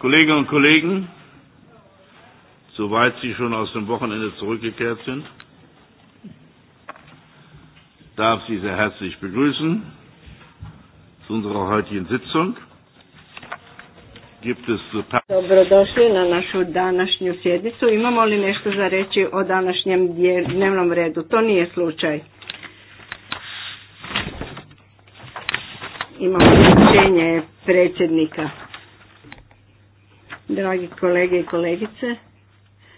Kolleginnen und Kollegen, soweit Sie schon aus dem Wochenende zurückgekehrt sind, darf Sie sehr herzlich begrüßen zu unserer heutigen Sitzung. Gibt es zu pa- Dobrodošli na našu današnju sjednicu. Imamo li nešto za reći o današnjem dnevnom redu? To nije slučaj. Imamo rješenje predsjednika dragi kolege i kolegice.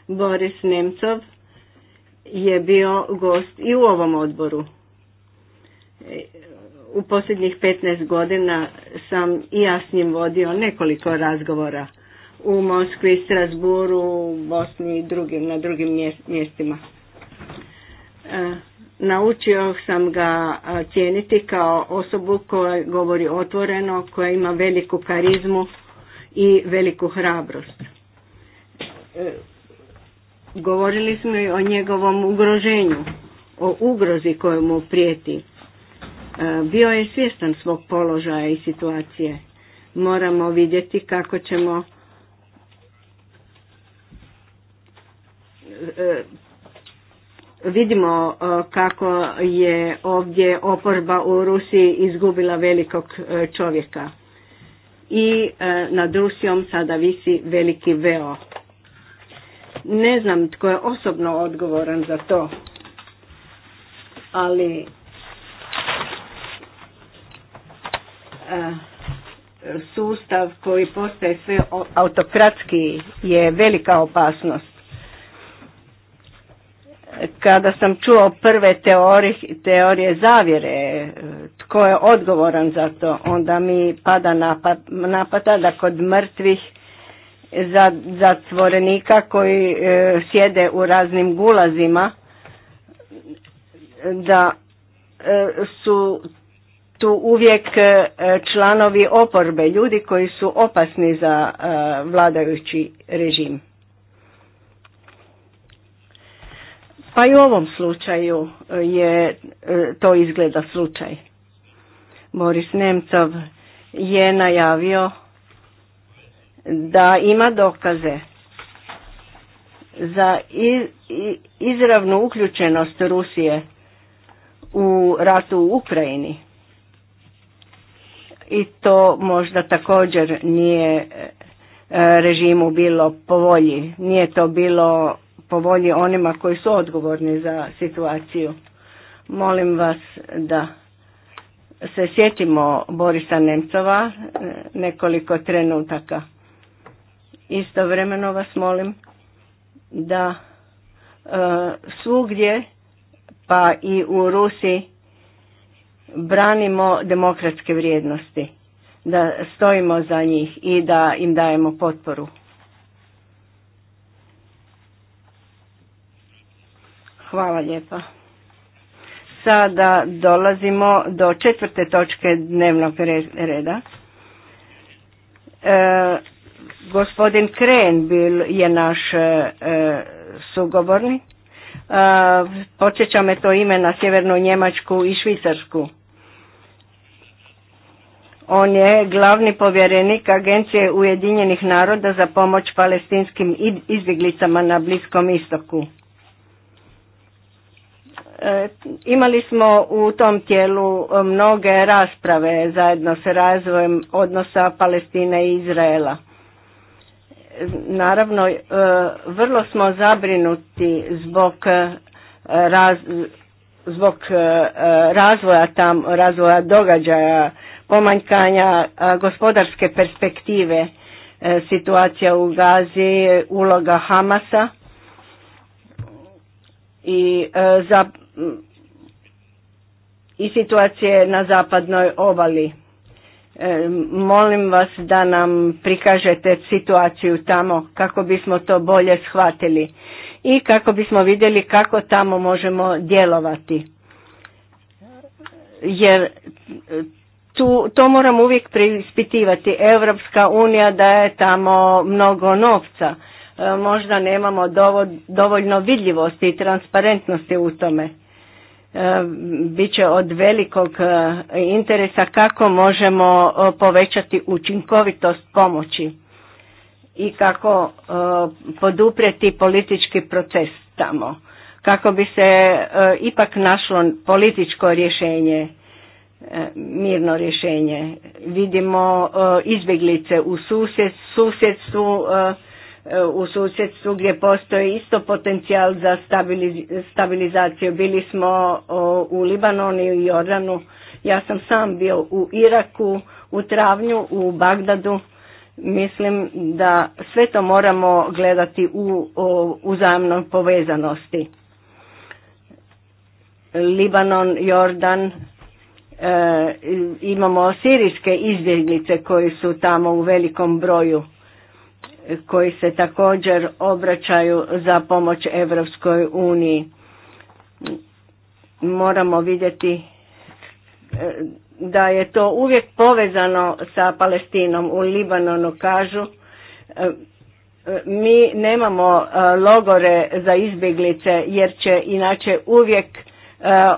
Boris Nemcov je bio gost i u ovom odboru. E, u posljednjih 15 godina sam i ja s njim vodio nekoliko razgovora u Moskvi, Strasburu, Bosni i drugim, na drugim mjestima. E, naučio sam ga e, cijeniti kao osobu koja govori otvoreno, koja ima veliku karizmu i veliku hrabrost. E, govorili smo i o njegovom ugroženju, o ugrozi koju mu prijeti. E, bio je svjestan svog položaja i situacije. Moramo vidjeti kako ćemo e, vidimo kako je ovdje oporba u Rusiji izgubila velikog čovjeka i e, nad Rusijom sada visi veliki veo. Ne znam tko je osobno odgovoran za to, ali e, sustav koji postaje sve autokratski je velika opasnost. Kada sam čuo prve teorije, teorije zavjere, e, tko je odgovoran za to, onda mi pada napada da kod mrtvih zatvorenika koji e, sjede u raznim gulazima, da e, su tu uvijek članovi oporbe, ljudi koji su opasni za vladajući režim. Pa i u ovom slučaju e, je e, to izgleda slučaj. Boris Nemcov je najavio da ima dokaze za izravnu uključenost Rusije u ratu u Ukrajini. I to možda također nije e, režimu bilo po volji, nije to bilo po volji onima koji su odgovorni za situaciju. Molim vas da se sjetimo Borisa Nemcova e, nekoliko trenutaka. Istovremeno vas molim da e, svugdje pa i u Rusiji branimo demokratske vrijednosti, da stojimo za njih i da im dajemo potporu. Hvala lijepa. Sada dolazimo do četvrte točke dnevnog reda. E, gospodin Kren bil je naš e, sugovornik. E, počeća me to ime na Sjevernu Njemačku i Švicarsku. On je glavni povjerenik Agencije Ujedinjenih naroda za pomoć palestinskim izbjeglicama na Bliskom istoku. E, imali smo u tom tijelu e, mnoge rasprave zajedno sa razvojem odnosa Palestine i Izraela. E, naravno, vrlo smo zabrinuti zbog zbog razvoja tam, razvoja događaja, pomanjkanja gospodarske perspektive, situacija u Gazi, uloga Hamasa i za i situacije na zapadnoj obali. E, molim vas da nam prikažete situaciju tamo kako bismo to bolje shvatili i kako bismo vidjeli kako tamo možemo djelovati. Jer tu, to moram uvijek prispitivati. Europska unija daje tamo mnogo novca. E, možda nemamo dovoljno vidljivosti i transparentnosti u tome. E, bit će od velikog e, interesa kako možemo e, povećati učinkovitost pomoći i kako poduprijeti politički proces tamo kako bi se ipak našlo političko rješenje mirno rješenje vidimo izbjeglice u susjedstvu E, u susjedstvu gdje postoji isto potencijal za stabilizaciju. Bili smo u Libanonu i Jordanu, ja sam sam bio u Iraku, u Travnju, u Bagdadu. Mislim da sve to moramo gledati u uzajamnoj povezanosti. Libanon, Jordan, e, imamo sirijske izbjeglice koji su tamo u velikom broju koji se također obraćaju za pomoć Europskoj uniji. Moramo vidjeti e, da je to uvijek povezano sa Palestinom. U Libanonu kažu e, e, mi nemamo logore za izbjeglice jer će inače uvijek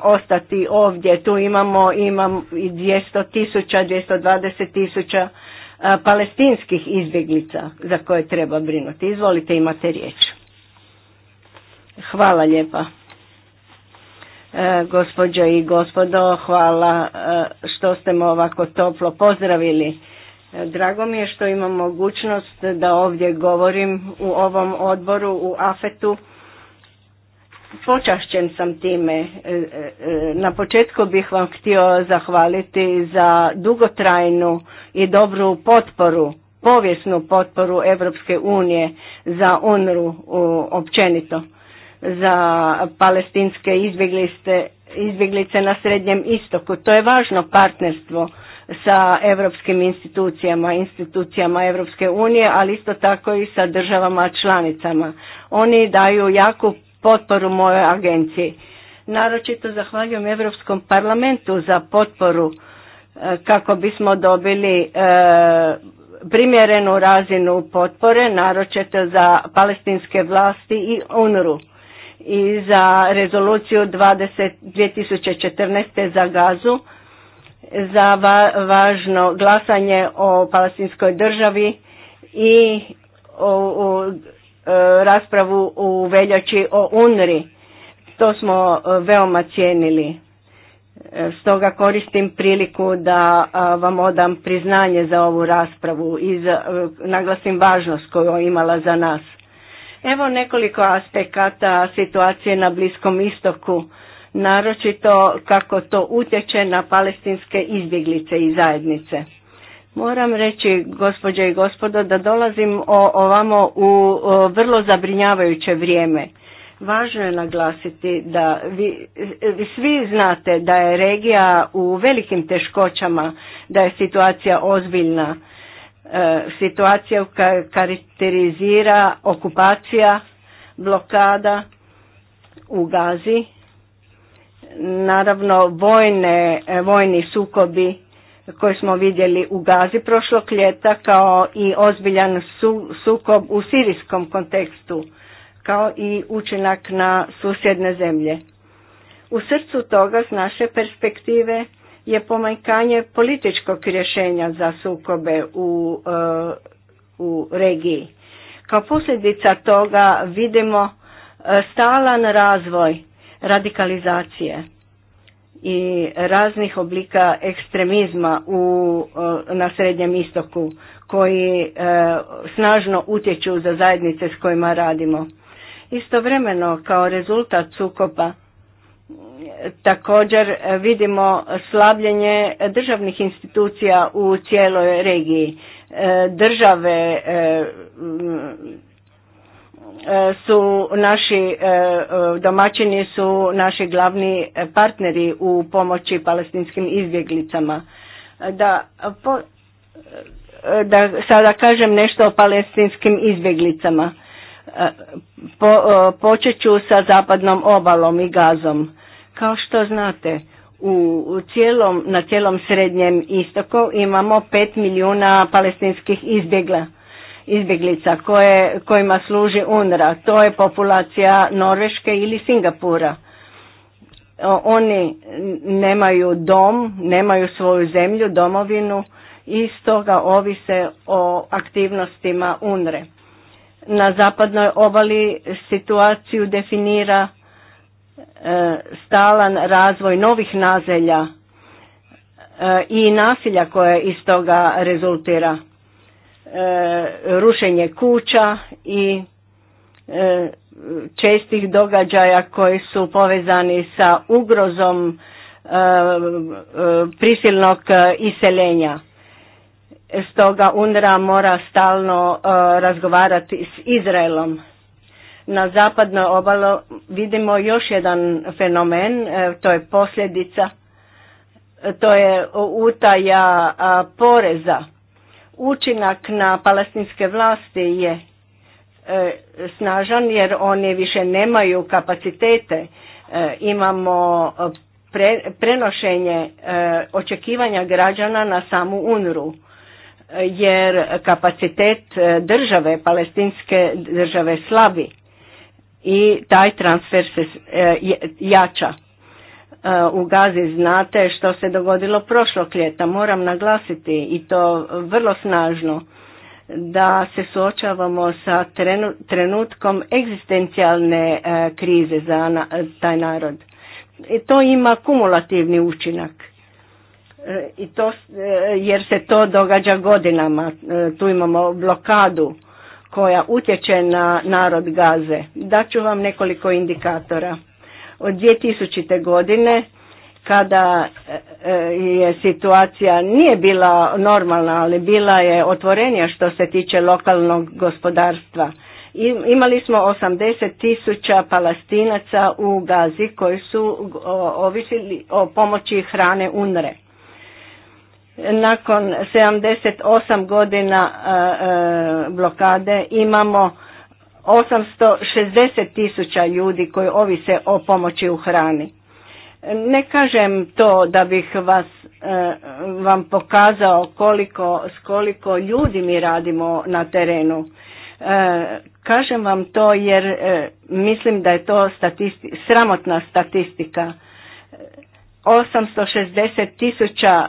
ostati ovdje. Tu imamo, i 200 tisuća, 220 tisuća palestinskih izbjeglica za koje treba brinuti. Izvolite, imate riječ. Hvala lijepa. E, gospođo i gospodo, hvala e, što ste me ovako toplo pozdravili. E, drago mi je što imam mogućnost da ovdje govorim u ovom odboru u Afetu Počašćen sam time. E, e, na početku bih vam htio zahvaliti za dugotrajnu i dobru potporu, povijesnu potporu Europske unije za UNRU općenito, za palestinske izbjeglice, izbjeglice na Srednjem istoku. To je važno partnerstvo sa europskim institucijama, institucijama Europske unije, ali isto tako i sa državama članicama. Oni daju jaku potporu mojoj agenciji. Naročito zahvaljujem Europskom parlamentu za potporu e, kako bismo dobili e, primjerenu razinu potpore, naročito za palestinske vlasti i UNRU i za rezoluciju 20, 2014. za gazu, za važno glasanje o palestinskoj državi i E, raspravu u veljači o UNRI. To smo e, veoma cijenili. E, stoga koristim priliku da vam odam priznanje za ovu raspravu i za, naglasim važnost koju je imala za nas. Evo nekoliko aspekata situacije na Bliskom istoku, naročito kako to utječe na palestinske izbjeglice i zajednice. Moram reći, gospođe i gospodo, da dolazim ovamo u vrlo zabrinjavajuće vrijeme. Važno je naglasiti da vi, svi znate da je regija u velikim teškoćama, da je situacija ozbiljna. E, situacija karakterizira okupacija, blokada u Gazi, naravno vojne, vojni sukobi koje smo vidjeli u Gazi prošlog ljeta kao i ozbiljan sukob u sirijskom kontekstu kao i učinak na susjedne zemlje. U srcu toga s naše perspektive je pomajkanje političkog rješenja za sukobe u, e, u regiji. Kao posljedica toga vidimo e, stalan razvoj radikalizacije i raznih oblika ekstremizma u, e, na Srednjem istoku koji e, snažno utječu za zajednice s kojima radimo. Istovremeno kao rezultat sukopa e, također vidimo slabljenje državnih institucija u cijeloj regiji. države e, E, su naši e, e, domaćini su naši glavni partneri u pomoći palestinskim izbjeglicama. Da, po, da sada kažem nešto o palestinskim izbjeglicama. Po, počet ću sa zapadnom obalom i gazom. Kao što znate, u, u cijelom, na cijelom srednjem istoku imamo pet milijuna palestinskih izbjegla izbjeglica koje, kojima služi UNRA. To je populacija Norveške ili Singapura. Oni nemaju dom, nemaju svoju zemlju, domovinu i stoga ovise o aktivnostima UNRE. Na zapadnoj obali situaciju definira e, stalan razvoj novih nazelja e, i nasilja koje iz toga rezultira. E, rušenje kuća i e, čestih događaja koji su povezani sa ugrozom e, prisilnog iseljenja. Stoga unra mora stalno razgovarati s Izraelom. Na zapadnoj obalo vidimo još jedan fenomen, to je posljedica, to je utaja poreza Učinak na palestinske vlasti je e, snažan jer oni više nemaju kapacitete. E, imamo e, prenošenje očekivanja građana na samu UNRU jer kapacitet države, palestinske države slabi i taj transfer se jača u Gazi znate što se dogodilo prošlog ljeta. Moram naglasiti i to vrlo snažno da se suočavamo sa trenutkom egzistencijalne e, krize za taj narod. I to ima kumulativni učinak. E, I to, e, jer se to događa godinama. Tu imamo blokadu koja utječe na narod Gaze. Daću vam nekoliko indikatora od 2000. godine kada e, e, je situacija nije bila normalna, ali bila je otvorenja što se tiče lokalnog gospodarstva. Imali smo 80 tisuća palestinaca u Gazi koji su ovisili o pomoći hrane UNRE. Nakon 78 godina e, blokade imamo 860 tisuća ljudi koji ovise o pomoći u hrani. Ne kažem to da bih vas, e, vam pokazao koliko, s koliko ljudi mi radimo na terenu. E, kažem vam to jer e, mislim da je to statisti, sramotna statistika. 860 tisuća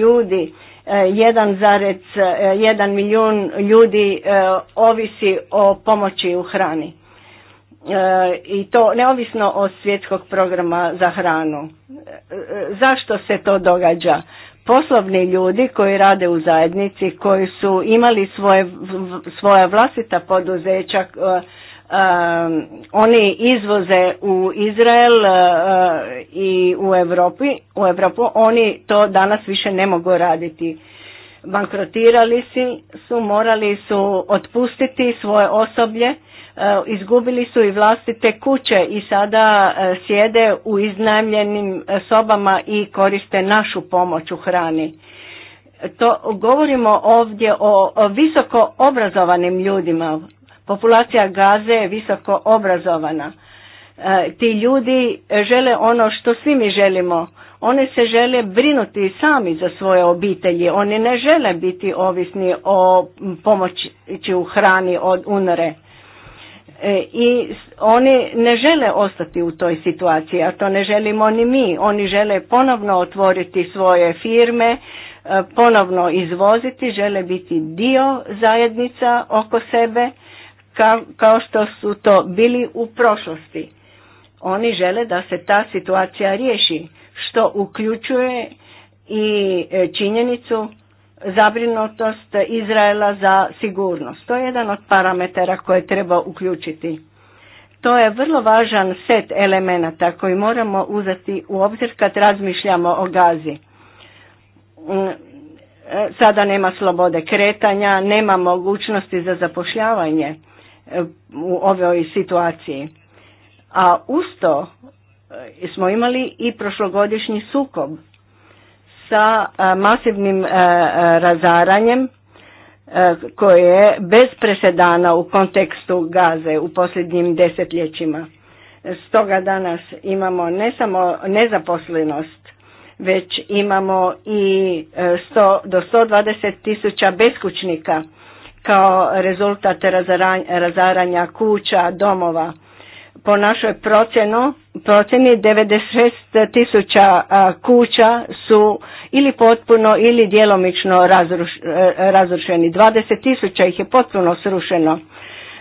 ljudi 1,1 e, milijun ljudi e, ovisi o pomoći u hrani. E, I to neovisno od svjetskog programa za hranu. Zašto se to događa? Poslovni ljudi koji rade u zajednici, koji su imali svoje, svoja vlastita poduzeća, oni izvoze u Izrael e, i u Europi, u Europu, oni to danas više ne mogu raditi. Bankrotirali si, su, morali su otpustiti svoje osoblje, e, izgubili su i vlastite kuće i sada e, sjede u iznajmljenim sobama i koriste našu pomoć u hrani. To govorimo ovdje o visoko obrazovanim ljudima, Populacija Gaze je visoko obrazovana. E, ti ljudi žele ono što svi mi želimo. Oni se žele brinuti sami za svoje obitelji. Oni ne žele biti ovisni o pomoći u hrani od unore. E, I oni ne žele ostati u toj situaciji, a to ne želimo ni mi. Oni žele ponovno otvoriti svoje firme, e, ponovno izvoziti, žele biti dio zajednica oko sebe kao, što su to bili u prošlosti. Oni žele da se ta situacija riješi, što uključuje i e, činjenicu zabrinutost Izraela za sigurnost. To je jedan od parametara koje treba uključiti. To je vrlo važan set elemenata koji moramo uzeti u obzir kad razmišljamo o Gazi. Mm, e, sada nema slobode kretanja, nema mogućnosti za zapošljavanje u ovoj situaciji. A usto e, smo imali i prošlogodišnji sukob sa e, masivnim e, razaranjem koje je bez presedana u kontekstu gaze u posljednjim desetljećima. Stoga danas imamo ne samo nezaposlenost, već imamo i 100 do 120 tisuća beskućnika kao rezultat razaranja kuća, domova. Po našoj procjenu, procjeni 96 tisuća kuća su ili potpuno ili djelomično e, razrušeni. 20 tisuća ih je potpuno srušeno.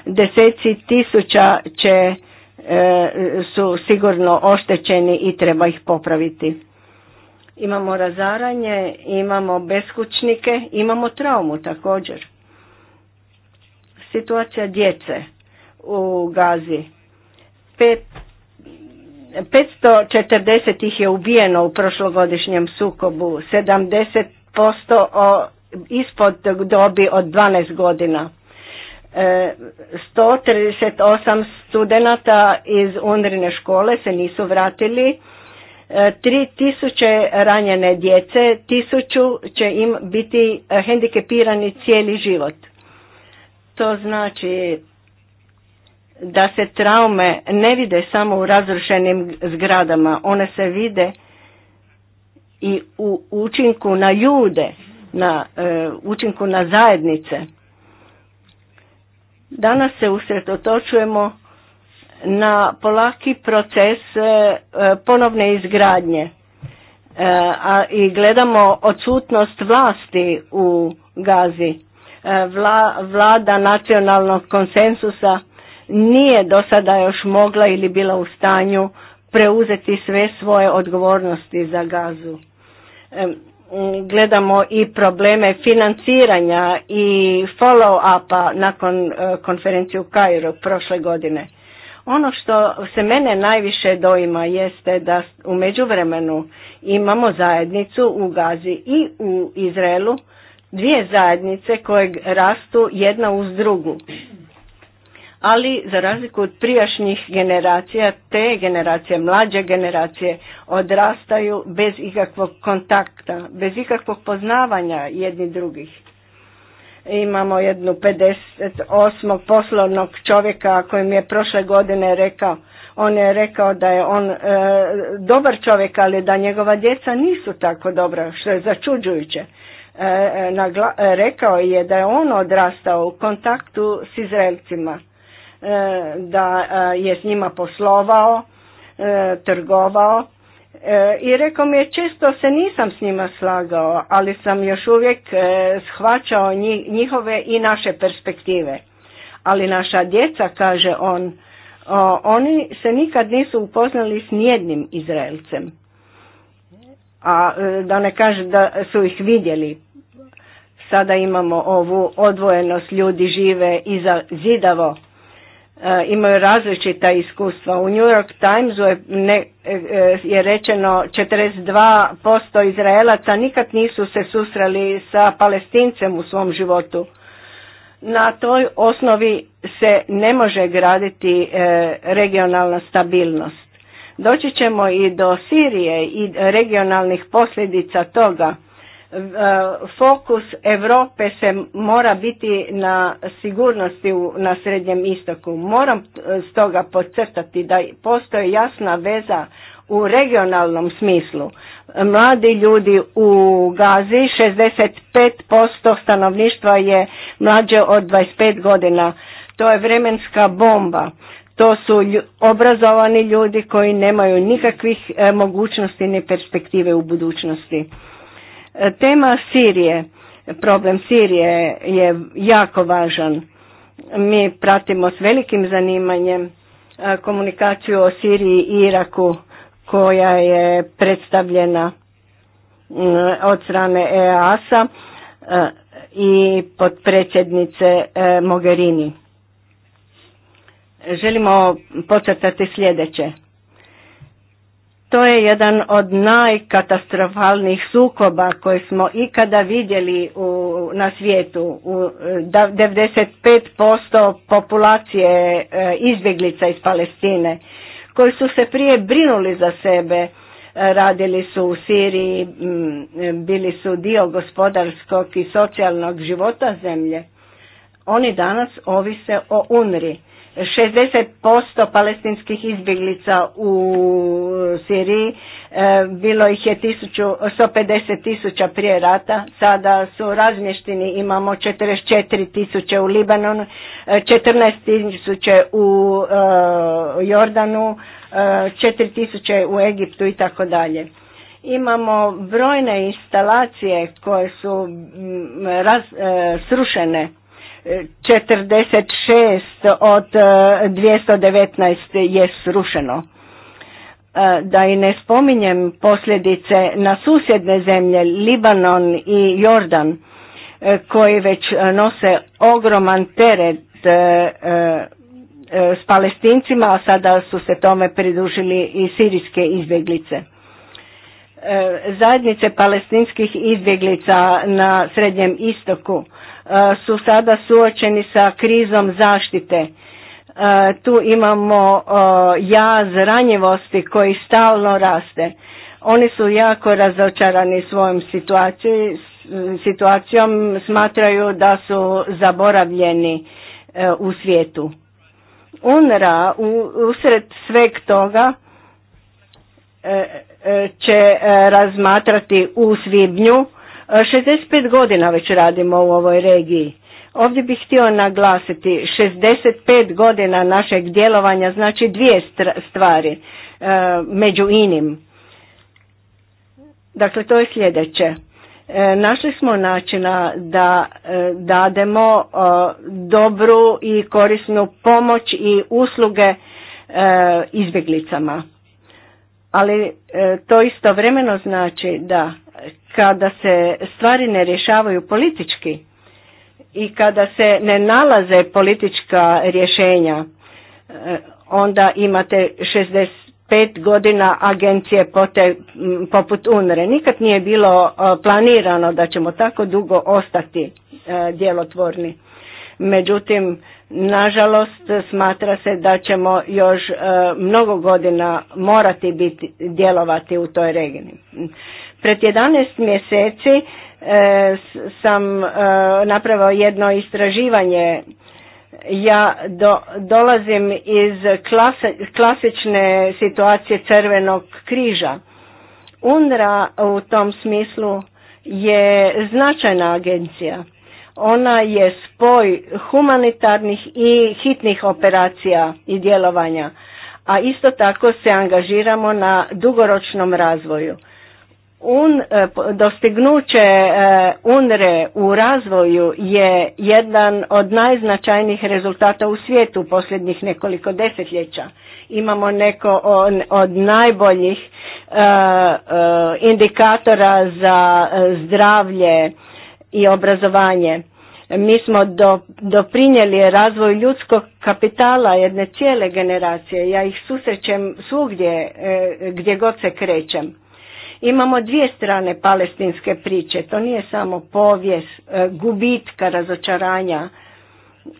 Deseci tisuća će, e, su sigurno oštećeni i treba ih popraviti. Imamo razaranje, imamo beskućnike, imamo traumu također situacija djece u Gazi. Pet, 540 ih je ubijeno u prošlogodišnjem sukobu, 70% ispod dobi od 12 godina. 138 e, studenta iz Undrine škole se nisu vratili, 3000 e, ranjene djece, 1000 će im biti hendikepirani cijeli život. To znači da se traume ne vide samo u razrušenim zgradama, one se vide i u učinku na ljude, na e, učinku na zajednice. Danas se usredotočujemo na polaki proces e, e, ponovne izgradnje a i gledamo odsutnost vlasti u Gazi vlada nacionalnog konsensusa nije do sada još mogla ili bila u stanju preuzeti sve svoje odgovornosti za gazu. Gledamo i probleme financiranja i follow-upa nakon e, konferencije u Kairu prošle godine. Ono što se mene najviše doima jeste da u međuvremenu imamo zajednicu u Gazi i u Izraelu dvije zajednice koje rastu jedna uz drugu. Ali za razliku od prijašnjih generacija, te generacije, mlađe generacije odrastaju bez ikakvog kontakta, bez ikakvog poznavanja jedni drugih. Imamo jednu 58. poslovnog čovjeka kojim je prošle godine rekao, on je rekao da je on e, dobar čovjek, ali da njegova djeca nisu tako dobra, što je začuđujuće. E, e, e, rekao je da je on odrastao u kontaktu s Izraelcima, da je s njima poslovao, trgovao i rekao mi je često se nisam s njima slagao, ali sam još uvijek shvaćao njihove i naše perspektive. Ali naša djeca, kaže on, oni se nikad nisu upoznali s nijednim Izraelcem a e, da ne kaže da su ih vidjeli. Sada imamo ovu odvojenost, ljudi žive iza zidavo, e, imaju različita iskustva. U New York Timesu je, ne, e, je rečeno 42% Izraelaca nikad nisu se susreli sa palestincem u svom životu. Na toj osnovi se ne može graditi regionalna stabilnost. Doći ćemo i do Sirije i regionalnih posljedica toga. E, fokus Europe se mora biti na sigurnosti na Srednjem istoku. Moram e, stoga podcrtati da postoji jasna veza u regionalnom smislu. Mladi ljudi u Gazi, 65% stanovništva je mlađe od 25 godina. To je vremenska bomba. To su obrazovani ljudi koji nemaju nikakvih e, mogućnosti ni perspektive u budućnosti. E, tema Sirije, problem Sirije je jako važan. Mi pratimo s velikim zanimanjem e, komunikaciju o Siriji i Iraku koja je predstavljena mm, od strane EASA i podpredsjednice Mogherini želimo pocrtati sljedeće. To je jedan od najkatastrofalnijih sukoba koje smo ikada vidjeli u, na svijetu. U, pet 95% populacije e, izbjeglica iz Palestine koji su se prije brinuli za sebe, e, radili su u Siriji, bili su dio gospodarskog i socijalnog života zemlje. Oni danas ovise o UNRI 60% palestinskih izbjeglica u eh, Siriji, eh, bilo ih je 150 tisuća prije rata, sada su razmješteni, imamo 44 tisuće u Libanonu, 14 eh, tisuće u Jordanu, 4 tisuće u Egiptu i tako dalje. Imamo brojne instalacije koje su mm, srušene 46 od 219 e, je srušeno. E, da i ne spominjem posljedice na susjedne zemlje, Libanon i Jordan, e, koji već nose ogroman teret s palestincima, a sada su se tome pridružili i sirijske izbjeglice. Zajednice palestinskih izbjeglica na Srednjem istoku E, su sada suočeni sa krizom zaštite. E, tu imamo e, jaz ranjivosti koji stalno raste. Oni su jako razočarani svojom situacijom, smatraju da su zaboravljeni u svijetu. UNRA usred sveg toga će razmatrati u svibnju 65 godina već radimo u ovoj regiji. Ovdje bih htio naglasiti 65 godina našeg djelovanja, znači dvije stvari e, među inim. Dakle, to je sljedeće. E, našli smo načina da e, dademo dobru i korisnu pomoć i usluge izbjeglicama. Ali to istovremeno znači da kada se stvari ne rješavaju politički i kada se ne nalaze politička rješenja, e, onda imate 65 godina agencije pote, poput UNRE. Nikad nije bilo e, planirano da ćemo tako dugo ostati e, djelotvorni. Međutim, nažalost, smatra se da ćemo još mnogo godina morati biti djelovati u toj regiji. Pred 11 mjeseci e, sam e, napravio jedno istraživanje ja dolazim iz klasične situacije crvenog križa unra u tom smislu je značajna agencija ona je spoj humanitarnih i hitnih operacija i djelovanja a isto tako se angažiramo na dugoročnom razvoju Un, e, dostignuće e, UNRE u razvoju je jedan od najznačajnijih rezultata u svijetu u posljednjih nekoliko desetljeća. Imamo neko od najboljih e, indikatora za zdravlje i obrazovanje. Mi smo do, doprinijeli razvoju ljudskog kapitala jedne cijele generacije. Ja ih susrećem svugdje gdje god se krećem Imamo dvije strane palestinske priče, to nije samo povijest e, gubitka, razočaranja,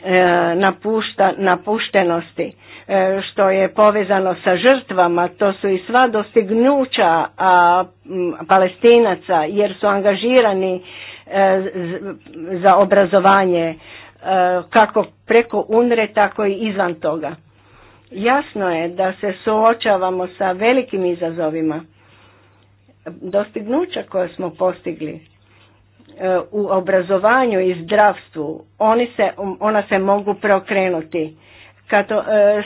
e, napušta, napuštenosti, e, što je povezano sa žrtvama, to su i sva dostignuća a, palestinaca jer su angažirani za obrazovanje kako preko UNRE, tako i izvan toga. Jasno je da se suočavamo sa velikim izazovima dostignuća koja smo postigli e, u obrazovanju i zdravstvu, oni se, ona se mogu preokrenuti. Kad e,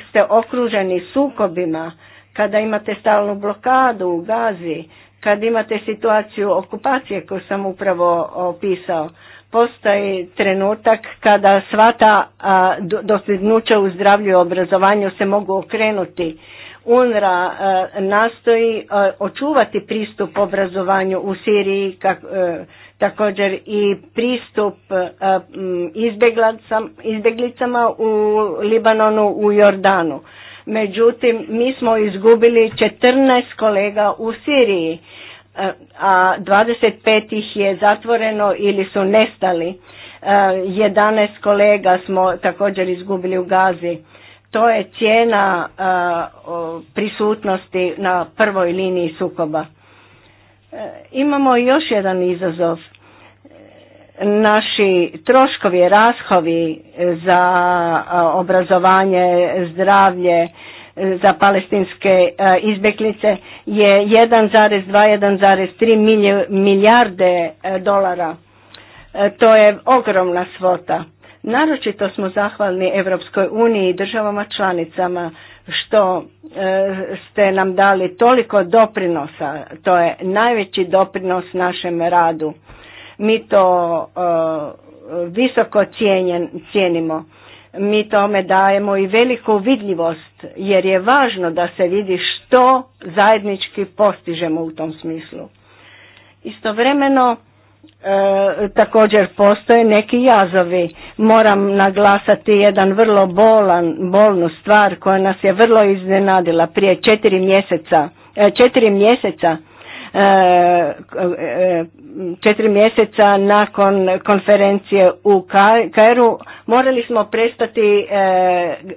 ste okruženi sukobima, kada imate stalnu blokadu u Gazi, kada imate situaciju okupacije koju sam upravo opisao, postoji trenutak kada sva ta dostignuća u zdravlju i obrazovanju se mogu okrenuti UNRA eh, nastoji eh, očuvati pristup obrazovanju u Siriji, eh, također i pristup izbjeglicama u Libanonu, u Jordanu. Međutim, mi smo izgubili 14 kolega u Siriji, a 25 ih je zatvoreno ili su nestali. 11 kolega smo također izgubili u Gazi to je cijena e, prisutnosti na prvoj liniji sukoba. E, imamo još jedan izazov. E, naši troškovi, rashovi za obrazovanje, zdravlje, za palestinske izbjeglice je 1,2-1,3 milijarde dolara. To je ogromna svota. Naročito smo zahvalni Europskoj uniji i državama članicama što e, ste nam dali toliko doprinosa. To je najveći doprinos našem radu. Mi to e, visoko cijenimo. Mi tome dajemo i veliku vidljivost jer je važno da se vidi što zajednički postižemo u tom smislu. Istovremeno E, također postoje neki jazovi. Moram naglasati jedan vrlo bolan, bolnu stvar koja nas je vrlo iznenadila prije četiri mjeseca. E, četiri mjeseca e, e, četiri mjeseca nakon konferencije u Kairu morali smo prestati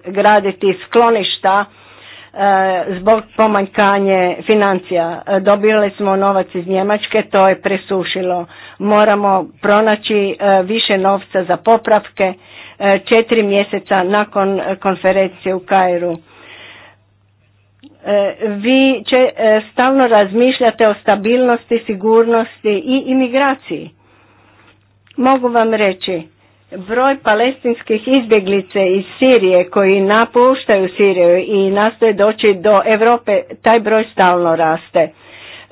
graditi skloništa Eh, zbog pomanjkanje financija. Eh, dobili smo novac iz Njemačke, to je presušilo. Moramo pronaći eh, više novca za popravke četiri mjeseca nakon konferencije u Kairu. Vi će, stalno razmišljate o stabilnosti, sigurnosti i imigraciji. Mogu vam reći, Broj palestinskih izbjeglice iz Sirije koji napuštaju Siriju i nastoje doći do Europe, taj broj stalno raste.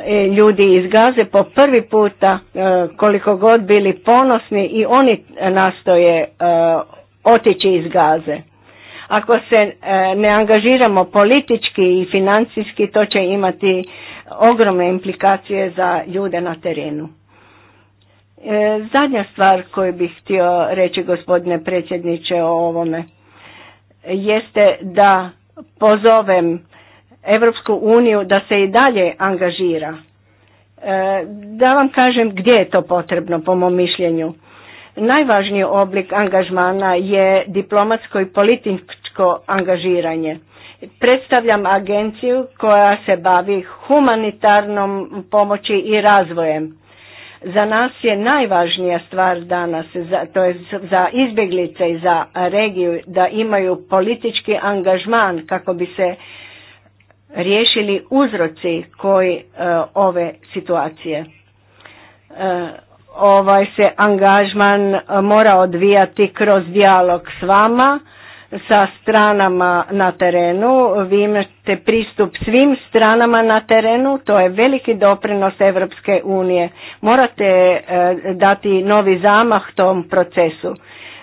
E, ljudi iz Gaze po prvi puta e, koliko god bili ponosni i oni nastoje e, otići iz Gaze. Ako se ne angažiramo politički i financijski to će imati ogromne implikacije za ljude na terenu. E, zadnja stvar koju bih htio reći gospodine predsjedniče o ovome jeste da pozovem Europsku uniju da se i dalje angažira. E, da vam kažem gdje je to potrebno po mom mišljenju. Najvažniji oblik angažmana je diplomatsko i političko angažiranje. Predstavljam agenciju koja se bavi humanitarnom pomoći i razvojem za nas je najvažnija stvar danas, to je za izbjeglice i za regiju, da imaju politički angažman kako bi se riješili uzroci koji e, ove situacije e, ovaj se angažman mora odvijati kroz dijalog s vama, sa stranama na terenu. Vi imate pristup svim stranama na terenu, to je veliki doprinos Europske unije. Morate e, dati novi zamah tom procesu.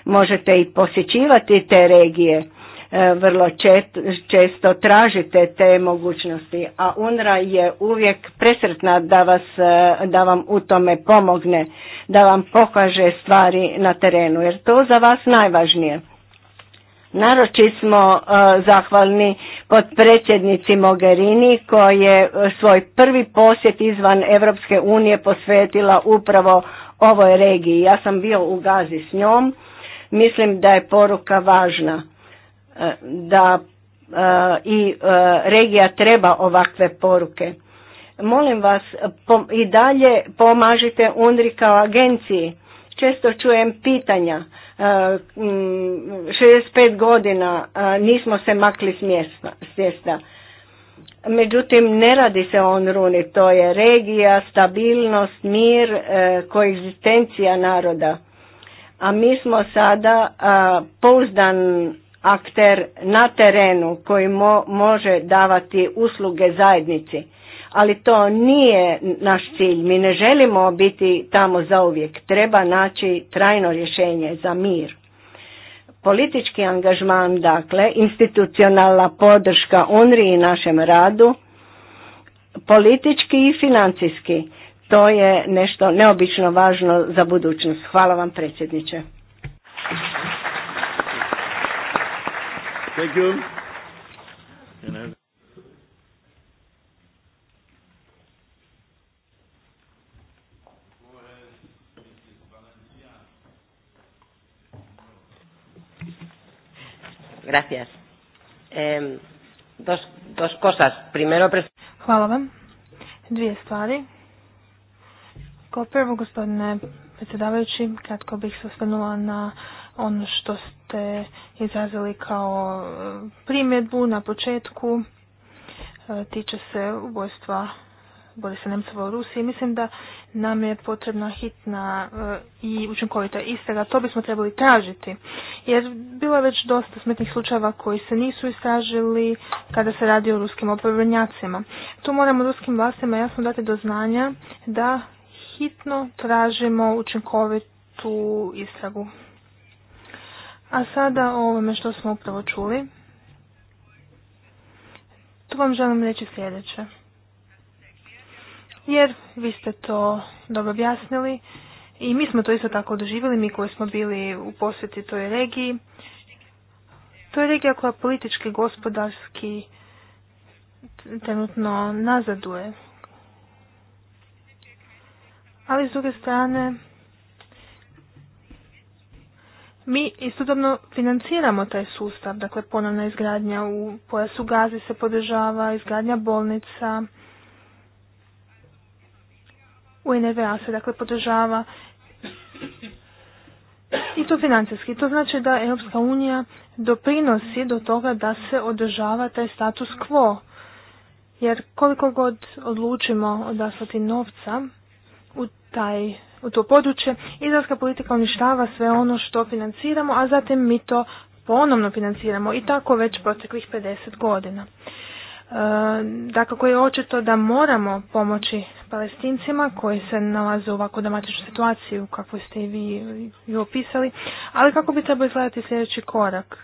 Možete i posjećivati te regije. E, vrlo često tražite te mogućnosti, a UNRA je uvijek presretna da, vas, e, da vam u tome pomogne, da vam pokaže stvari na terenu, jer to za vas najvažnije. Naroči smo e, zahvalni potpredsjednici Mogherini koja je e, svoj prvi posjet izvan Europske unije posvetila upravo ovoj regiji. Ja sam bio u Gazi s njom. Mislim da je poruka važna e, da i regija treba ovakve poruke. Molim vas i dalje pomažite UNRI kao agenciji Često čujem pitanja, 65 e, mm, godina e, nismo se makli s mjesta. Međutim, ne radi se on Runi, to je regija, stabilnost, mir, e, koegzistencija naroda. A mi smo sada pouzdan akter na terenu koji može davati usluge zajednici ali to nije naš cilj. Mi ne želimo biti tamo zauvijek. Treba naći trajno rješenje za mir. Politički angažman, dakle, institucionalna podrška UNRI i našem radu, politički i financijski. To je nešto neobično važno za budućnost. Hvala vam predsjedniče. Gracias. Hvala vam. Dvije stvari. Kao prvo, gospodine predsjedavajući, kratko bih se osvrnula na ono što ste izrazili kao e, primjedbu na početku. E, tiče se ubojstva Borisa Nemcova u Rusiji. Mislim da nam je potrebna hitna e, i učinkovita istraga. To bismo trebali tražiti. Jer bilo je već dosta smetnih slučajeva koji se nisu istražili kada se radi o ruskim opravljanjacima. Tu moramo ruskim vlastima jasno dati do znanja da hitno tražimo učinkovitu istragu. A sada o ovome što smo upravo čuli. Tu vam želim reći sljedeće jer vi ste to dobro objasnili i mi smo to isto tako doživjeli, mi koji smo bili u posjeti toj regiji. To je regija koja politički, gospodarski trenutno nazaduje. Ali s druge strane, mi istodobno financiramo taj sustav, dakle ponovna izgradnja u pojasu gazi se podržava, izgradnja bolnica, NVA se dakle podržava i to financijski. To znači da Europska unija doprinosi do toga da se održava taj status quo. Jer koliko god odlučimo odaslati novca u taj u to područje, izraelska politika uništava sve ono što financiramo, a zatim mi to ponovno financiramo i tako već proteklih 50 godina. Dakle, koji je očito da moramo pomoći palestincima koji se nalaze u ovakvu dramatičnu situaciju kako ste i vi ju opisali, ali kako bi trebao izgledati sljedeći korak?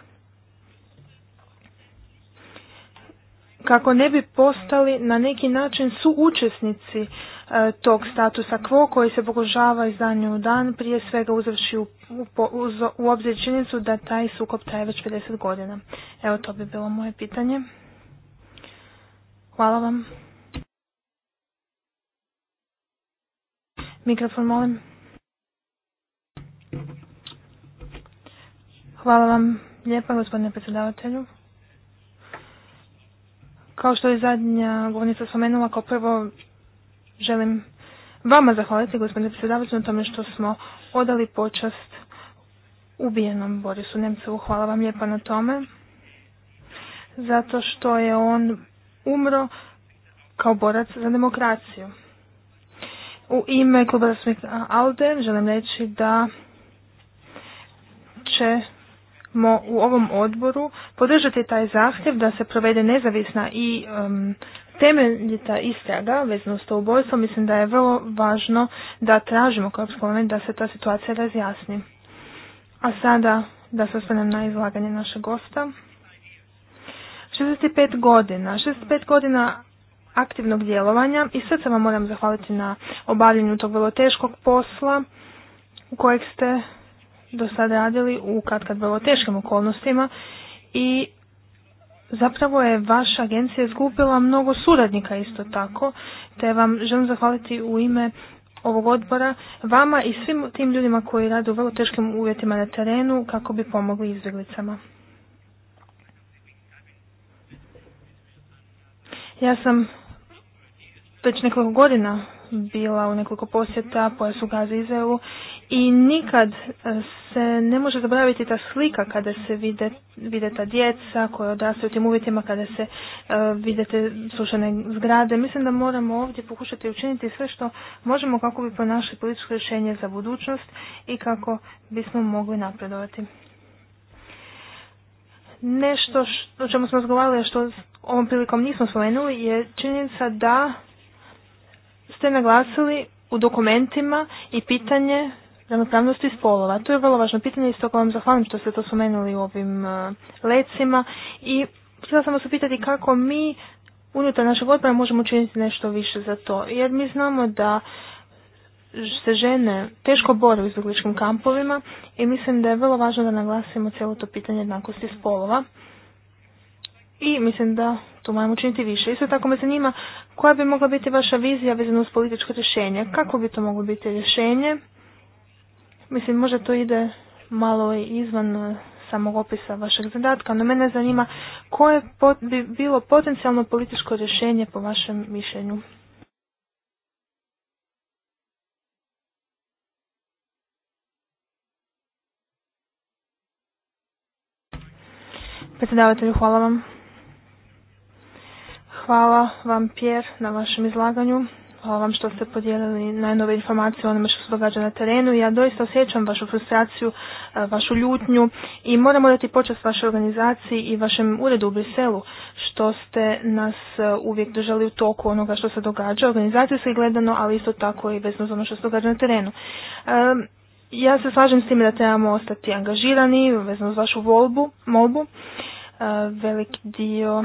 Kako ne bi postali na neki način suučesnici e, tog statusa quo koji se pokušava iz dana u dan, prije svega uzavši u, u, u obzir činjenicu da taj sukob traje već 50 godina. Evo to bi bilo moje pitanje. Hvala vam. Mikrofon molim. Hvala vam lijepa gospodine predsjedavatelju. Kao što je zadnja govornica spomenula, kao prvo želim vama zahvaliti gospodine predsjedavatelju na tome što smo odali počast ubijenom Borisu Nemcevu. Hvala vam lijepa na tome. Zato što je on umro kao borac za demokraciju. U ime kluba smith ALDE želim reći da ćemo u ovom odboru podržati taj zahtjev da se provede nezavisna i temeljita istraga vezano s to ubojstvo. Mislim da je vrlo važno da tražimo kao parlament da se ta situacija razjasni. A sada da se na izlaganje našeg gosta. 65 godina, 65 godina aktivnog djelovanja i sad vam moram zahvaliti na obavljanju tog vrlo teškog posla kojeg ste do sada radili u kad kad vrlo teškim okolnostima i zapravo je vaša agencija izgubila mnogo suradnika isto tako, te vam želim zahvaliti u ime ovog odbora vama i svim tim ljudima koji rade u vrlo teškim uvjetima na terenu kako bi pomogli izbjeglicama. Ja sam već nekoliko godina bila u nekoliko posjeta pojasu Gaza Izraelu i nikad e, se ne može zaboraviti ta slika kada se vide, vide ta djeca koja odrastaju u tim uvjetima, kada se uh, te slušane zgrade. Mislim da moramo ovdje pokušati učiniti sve što možemo kako bi pronašli političko rješenje za budućnost i kako bismo mogli napredovati. Nešto što, o čemu smo razgovarali, što ovom prilikom nismo spomenuli je činjenica da ste naglasili u dokumentima i pitanje ravnopravnosti spolova. To je vrlo važno pitanje i stoga vam zahvalim što ste to spomenuli u ovim uh, lecima i htjela sam vas upitati kako mi unutar našeg odbora možemo učiniti nešto više za to. Jer mi znamo da se žene teško bore u izbjegličkim kampovima i mislim da je vrlo važno da naglasimo cijelo to pitanje jednakosti spolova i mislim da to moramo učiniti više. Isto tako me zanima koja bi mogla biti vaša vizija vezana uz političko rješenje. Kako bi to moglo biti rješenje? Mislim, možda to ide malo izvan e, samog opisa vašeg zadatka, no mene zanima koje bi bilo potencijalno političko rješenje po vašem mišljenju. Predsjedavatelju, hvala vam. Hvala vam, Pierre, na vašem izlaganju. Hvala vam što ste podijelili najnove informacije o onome što se događa na terenu. Ja doista osjećam vašu frustraciju, e, vašu ljutnju i moramo dati počast vašoj organizaciji i vašem uredu u Briselu što ste nas e, uvijek držali u toku onoga što se događa, organizacijski gledano, ali isto tako i vezno za ono što se događa na terenu. E, ja se slažem s tim da trebamo ostati angažirani vezano za vašu volbu, molbu. Velik dio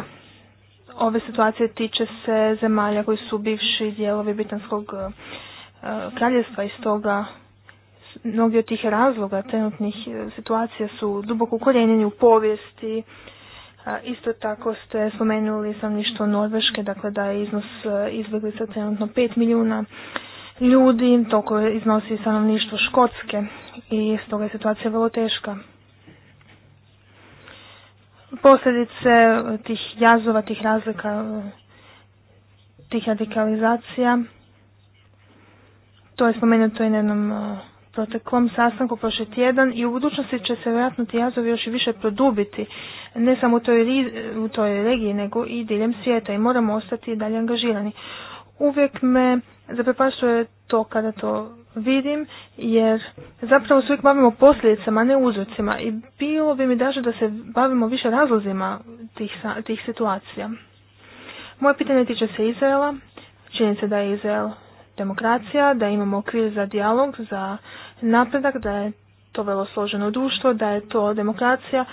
ove situacije tiče se zemalja koji su bivši dijelovi Britanskog e, kraljevstva i stoga mnogi od tih razloga trenutnih e, situacija su duboko ukorjenjeni u povijesti. E, isto tako ste spomenuli stanovništvo Norveške, dakle da je iznos sa trenutno 5 milijuna ljudi, toliko iznosi stanovništvo Škotske i stoga je situacija vrlo teška posljedice tih jazova, tih razlika, tih radikalizacija. To je spomenuto i na jednom e, proteklom sastanku prošli tjedan i u budućnosti će se vjerojatno ti jazovi još i više produbiti, ne samo u toj, u toj regiji, nego i diljem svijeta i moramo ostati dalje angažirani. Uvijek me zaprepašuje to kada to vidim, jer zapravo se uvijek bavimo posljedicama, ne uzrocima i bilo bi mi daže da se bavimo više razlozima tih, tih situacija. Moje pitanje tiče se Izraela, se da je Izrael demokracija, da imamo okvir za dijalog, za napredak, da je to velo složeno društvo, da je to demokracija, e,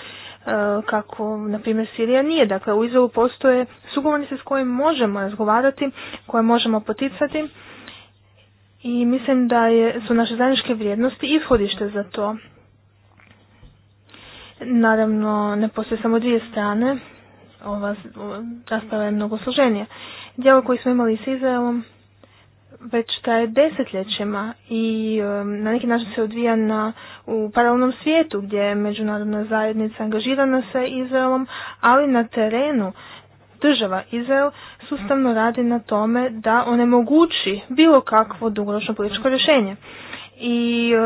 kako, na primjer, Sirija nije. Dakle, u Izraelu postoje sugovornice s kojim možemo razgovarati, koje možemo poticati i mislim da je, su naše zajedničke vrijednosti ishodište za to. Naravno, ne postoje samo dvije strane, ova rasprava je mnogo složenija. Djelo koji smo imali s Izraelom već traje desetljećima i na neki način se odvija na, u paralelnom svijetu gdje je međunarodna zajednica angažirana sa Izraelom, ali na terenu država Izrael sustavno radi na tome da onemogući bilo kakvo dugoročno političko rješenje. I e,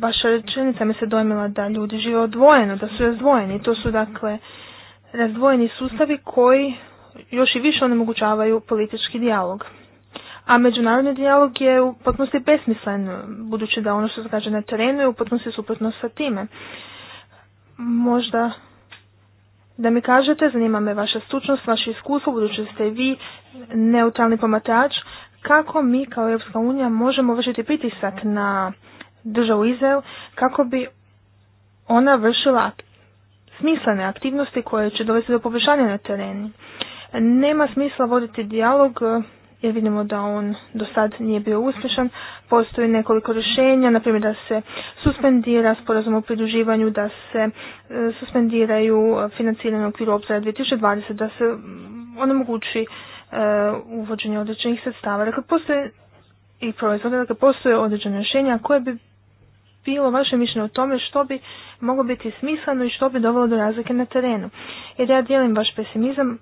vaša rečenica mi se dojmila da ljudi žive odvojeno, da su razdvojeni. To su dakle razdvojeni sustavi koji još i više onemogućavaju politički dijalog. A međunarodni dijalog je u potpunosti besmislen, budući da ono što se kaže na terenu je u potpunosti suprotno sa time. Možda da mi kažete, zanima me vaša stručnost, vaše iskustvo, budući ste vi neutralni pomatač, kako mi kao Europska unija možemo vršiti pritisak na državu Izrael kako bi ona vršila smislene aktivnosti koje će dovesti do poboljšanja na terenu. Nema smisla voditi dijalog jer vidimo da on do sad nije bio uspješan. Postoji nekoliko rješenja, na primjer da se suspendira sporazum o pridruživanju, da se e, suspendiraju financiranje u okviru obzora 2020, da se onemogući e, uvođenje određenih sredstava. Dakle, postoje i proizvoda, dakle, postoje određene rješenja koje bi bilo vaše mišljenje o tome što bi moglo biti smisleno i što bi dovelo do razlike na terenu. Jer ja dijelim vaš pesimizam,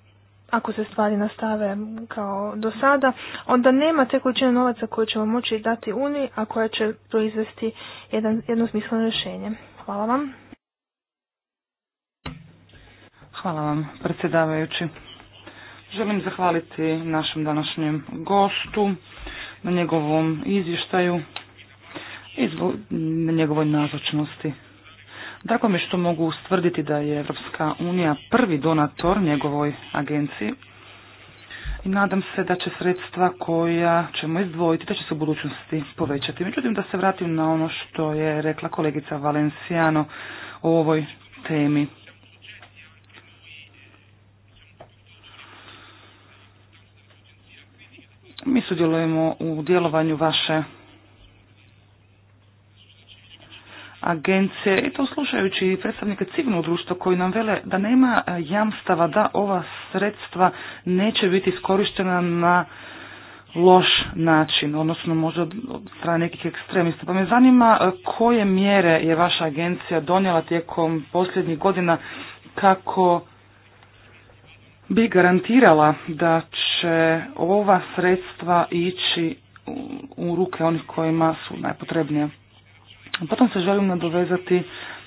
ako se stvari nastave kao do sada, onda nema te količine novaca koje ćemo moći dati Uniji, a koja će proizvesti jedan, jedno smisleno rješenje. Hvala vam. Hvala vam, predsjedavajući. Želim zahvaliti našem današnjem gostu na njegovom izvještaju i na njegovoj nazočnosti. Drago mi što mogu ustvrditi da je Evropska unija prvi donator njegovoj agenciji i nadam se da će sredstva koja ćemo izdvojiti, da će se u budućnosti povećati. Međutim, da se vratim na ono što je rekla kolegica Valenciano o ovoj temi. Mi sudjelujemo u djelovanju vaše agencije i to slušajući i predstavnike civilnog društva koji nam vele da nema e, jamstava da ova sredstva neće biti iskorištena na loš način, odnosno možda od strane nekih ekstremista. Pa me zanima e, koje mjere je vaša agencija donijela tijekom posljednjih godina kako bi garantirala da će ova sredstva ići u ruke onih kojima su najpotrebnije. Potom se želim nadovezati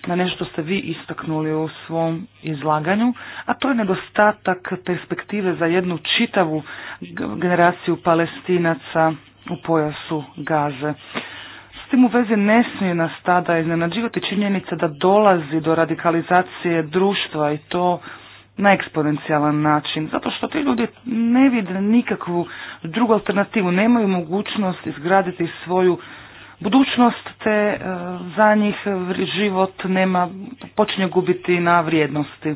na nešto ste vi istaknuli u svom izlaganju, a to je nedostatak perspektive za jednu čitavu generaciju palestinaca u pojasu Gaze. S tim u vezi ne smije nas tada iznenađivati činjenica da dolazi do radikalizacije društva i to na eksponencijalan način, zato što ti ljudi ne vide nikakvu drugu alternativu, nemaju mogućnost izgraditi svoju budućnost te e, za njih život nema, počinje gubiti na vrijednosti.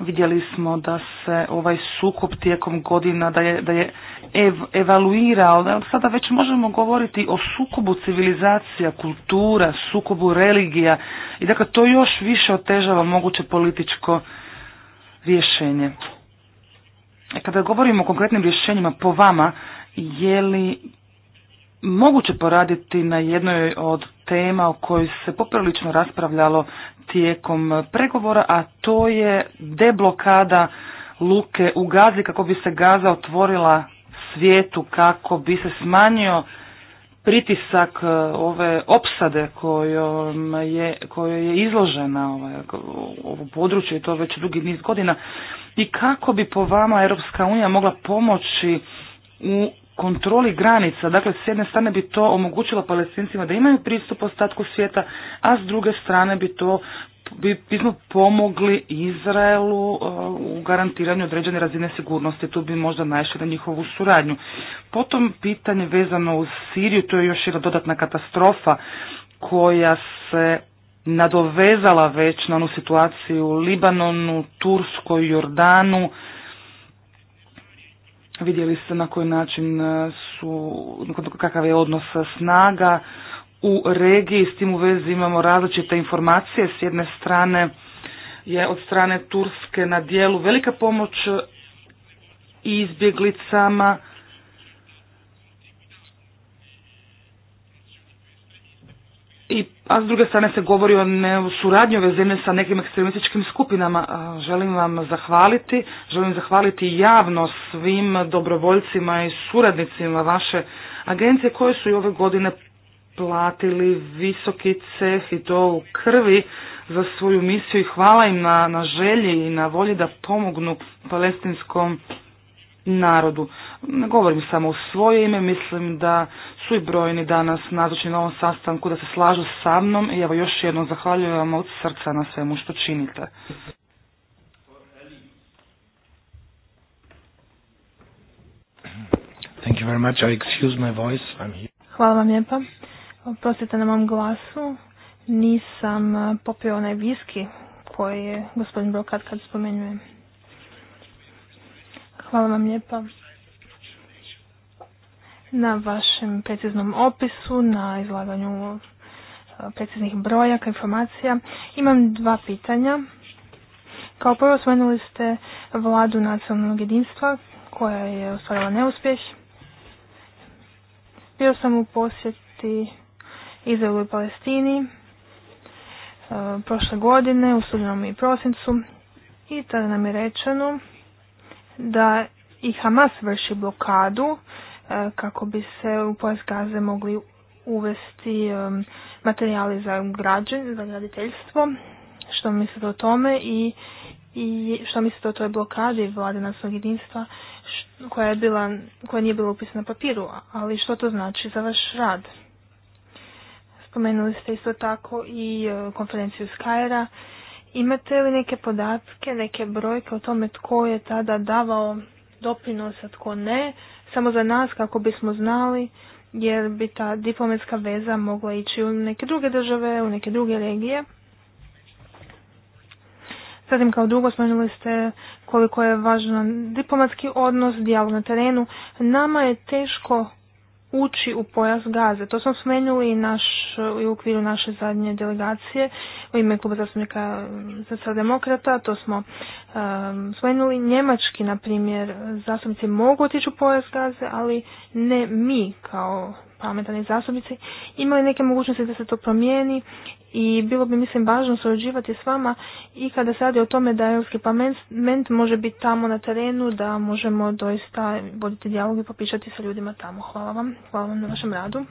Vidjeli smo da se ovaj sukob tijekom godina da je, da je ev, evaluirao, da sada već možemo govoriti o sukobu civilizacija, kultura, sukobu religija i dakle to još više otežava moguće političko rješenje. E, kada govorimo o konkretnim rješenjima po vama, je li moguće poraditi na jednoj od tema o kojoj se poprilično raspravljalo tijekom pregovora, a to je deblokada luke u Gazi kako bi se Gaza otvorila svijetu, kako bi se smanjio pritisak e, ove opsade kojom je, kojoj je izložena ovaj, ovo područje i to već dugi niz godina i kako bi po vama Europska unija mogla pomoći u kontroli granica. Dakle, s jedne strane bi to omogućilo palestincima da imaju pristup ostatku svijeta, a s druge strane bi to bi, bismo pomogli Izraelu uh, u garantiranju određene razine sigurnosti, tu bi možda našli na njihovu suradnju. Potom pitanje vezano uz Siriju, to je još jedna dodatna katastrofa koja se nadovezala već na onu situaciju u Libanonu, Turskoj, Jordanu, Vidjeli ste na koji način e, su, kakav je odnos snaga u regiji, s tim u vezi imamo različite informacije. S jedne strane je od strane Turske na dijelu velika pomoć izbjeglicama, I, a s druge strane se govori o suradnji ove zemlje sa nekim ekstremističkim skupinama. Želim vam zahvaliti, želim zahvaliti javno svim dobrovoljcima i suradnicima vaše agencije koje su i ove godine platili visoki cef i to u krvi za svoju misiju i hvala im na, na želji i na volji da pomognu palestinskom narodu. Ne govorim samo u svoje ime, mislim da su i brojni danas nazočni na ovom sastanku, da se slažu sa mnom i evo još jednom zahvaljujem vam od srca na svemu što činite. Hvala vam lijepa. Oprostite na mom glasu. Nisam popio onaj viski koji je gospodin Brokat kad spomenuje. Hvala vam lijepa na vašem preciznom opisu, na izlaganju e, preciznih brojaka, informacija. Imam dva pitanja. Kao prvo spomenuli ste vladu nacionalnog jedinstva koja je ostvarila neuspjeh. Bio sam u posjeti Izraelu i Palestini e, prošle godine u studenom i prosincu i tada nam je rečeno da i Hamas vrši blokadu e, kako bi se u pojas Gaze mogli uvesti e, materijali za za graditeljstvo. Što mislite o tome i, i što mislite o toj blokadi vlade nasnog jedinstva koja, je bila, koja nije bila upisana na papiru, ali što to znači za vaš rad? Spomenuli ste isto tako i e, konferenciju Skyra Imate li neke podatke, neke brojke o tome tko je tada davao doprinos, a tko ne, samo za nas kako bismo znali, jer bi ta diplomatska veza mogla ići u neke druge države, u neke druge regije. Zatim kao drugo spomenuli ste koliko je važan diplomatski odnos, dijalog na terenu. Nama je teško ući u pojas gaze. To smo spomenuli i, naš, i u okviru naše zadnje delegacije u ime kluba zastupnika mm, demokrata to smo um, spomenuli. Njemački, na primjer, zastupnici mogu otići u pojas gaze, ali ne mi kao pametani zastupnici imali neke mogućnosti da se to promijeni i bilo bi mislim važno surađivati s vama i kada se radi o tome da Europski parlament može biti tamo na terenu, da možemo doista voditi dijalog i popišati sa ljudima tamo. Hvala vam, hvala vam na vašem radu.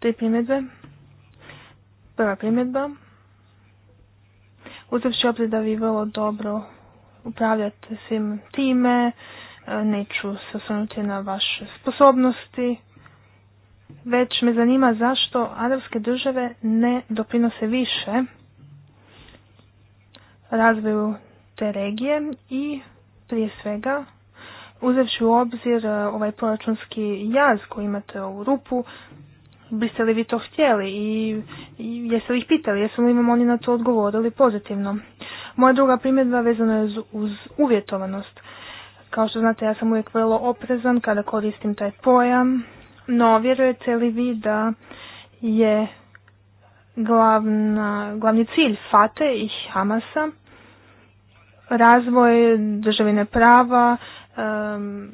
Tri primjedbe. Prva primjedba uzevši obzir da vi vrlo dobro upravljate svim time, e, neću se osvrnuti na vaše sposobnosti, već me zanima zašto arapske države ne doprinose više razvoju te regije i prije svega uzevši u obzir e, ovaj proračunski jaz koji imate u rupu, biste li vi to htjeli i jeste li ih pitali, jesu li vam oni na to odgovorili pozitivno. Moja druga primjedba vezana je uz uvjetovanost. Kao što znate, ja sam uvijek vrlo oprezan kada koristim taj pojam, no vjerujete li vi da je glavna, glavni cilj Fate i Hamasa razvoj državine prava,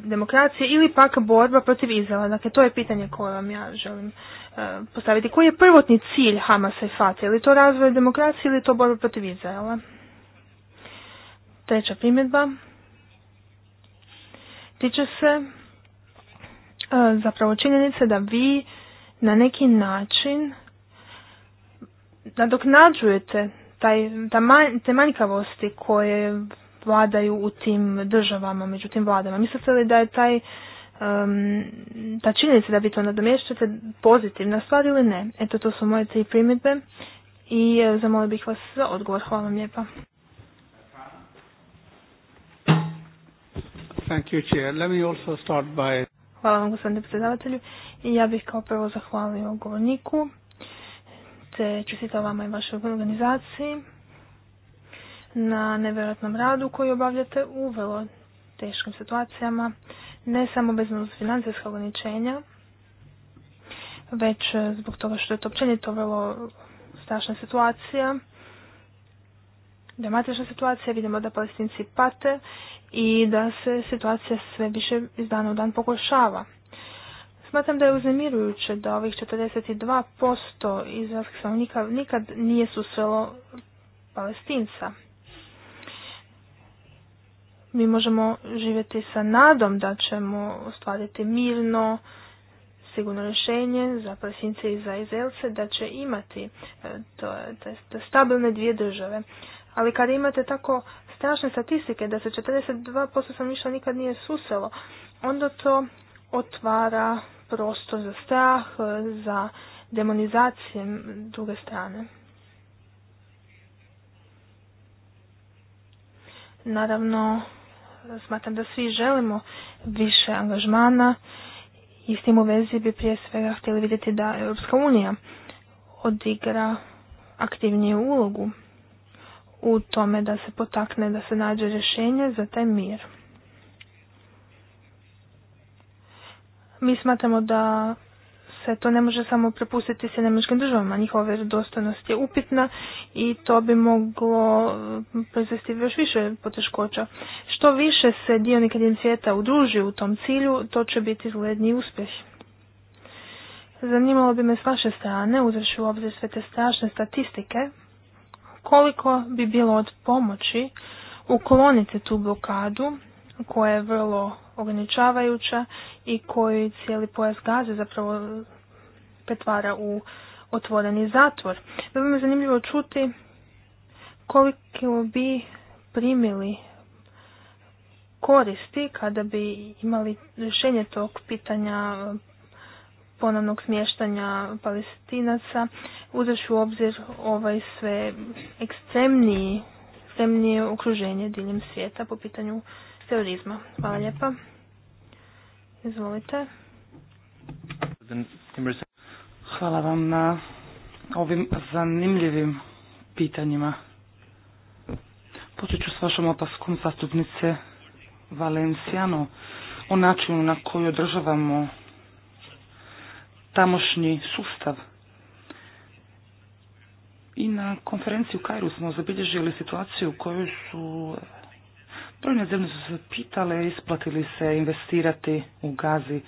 demokracije ili pak borba protiv Izraela. Dakle, to je pitanje koje vam ja želim E, postaviti. Koji je prvotni cilj Hamasa i Fatih? Je li to razvoj demokracije ili to borba protiv Izraela? Treća primjedba tiče se e, zapravo činjenice da vi na neki način nadoknađujete taj, te manjkavosti koje vladaju u tim državama, međutim vladama. Mislite li da je taj um, ta činjenica da bi to nadomješćate pozitivna stvar ili ne. Eto, to su moje tri primjedbe i e, zamolio bih vas za odgovor. Hvala vam lijepa. Thank you, Let me also start by... Hvala vam gospodine predsjedavatelju. I ja bih kao prvo zahvalio govorniku te čestitao vama i vašoj organizaciji na nevjerojatnom radu koji obavljate u vrlo teškim situacijama ne samo bez financijskog financijska ograničenja, već e, zbog toga što je to općenito vrlo strašna situacija, dramatična situacija, vidimo da palestinci pate i da se situacija sve više iz dana u dan pogoršava Smatram da je uznemirujuće da ovih 42% izraelskih stanovnika nikad nije susrelo palestinca mi možemo živjeti sa nadom da ćemo ostvariti mirno, sigurno rješenje za Palestince i za Izelce da će imati e, to, stabilne dvije države. Ali kada imate tako strašne statistike da se 42% stanovništva nikad nije suselo, onda to otvara prostor za strah, e, za demonizacije druge strane. Naravno, smatram da svi želimo više angažmana i s tim u vezi bi prije svega htjeli vidjeti da Europska unija odigra aktivniju ulogu u tome da se potakne da se nađe rješenje za taj mir. Mi smatramo da Dakle, to ne može samo prepustiti se nemačkim državama. Njihova vjerodostojnost je upitna i to bi moglo proizvesti još više poteškoća. Što više se dionika diljem svijeta udruži u tom cilju, to će biti izgledni uspjeh. Zanimalo bi me s vaše strane, uzreći u obzir sve te strašne statistike, koliko bi bilo od pomoći ukloniti tu blokadu koja je vrlo ograničavajuća i koji cijeli pojas gaze zapravo pretvara u otvoreni zatvor. Bilo bi me zanimljivo čuti koliko bi primili koristi kada bi imali rješenje tog pitanja ponovnog smještanja palestinaca, uzeš u obzir ovaj sve ekstremniji, ekstremnije okruženje diljem svijeta po pitanju terorizma. Hvala lijepa. Izvolite. Hvala vam na ovim zanimljivim pitanjima. Počet ću s vašom opaskom zastupnice Valenciano o načinu na koji održavamo tamošnji sustav. I na konferenciji u Kairu smo zabilježili situaciju u kojoj su brojne zemlje su se pitale isplatili se investirati u gazi,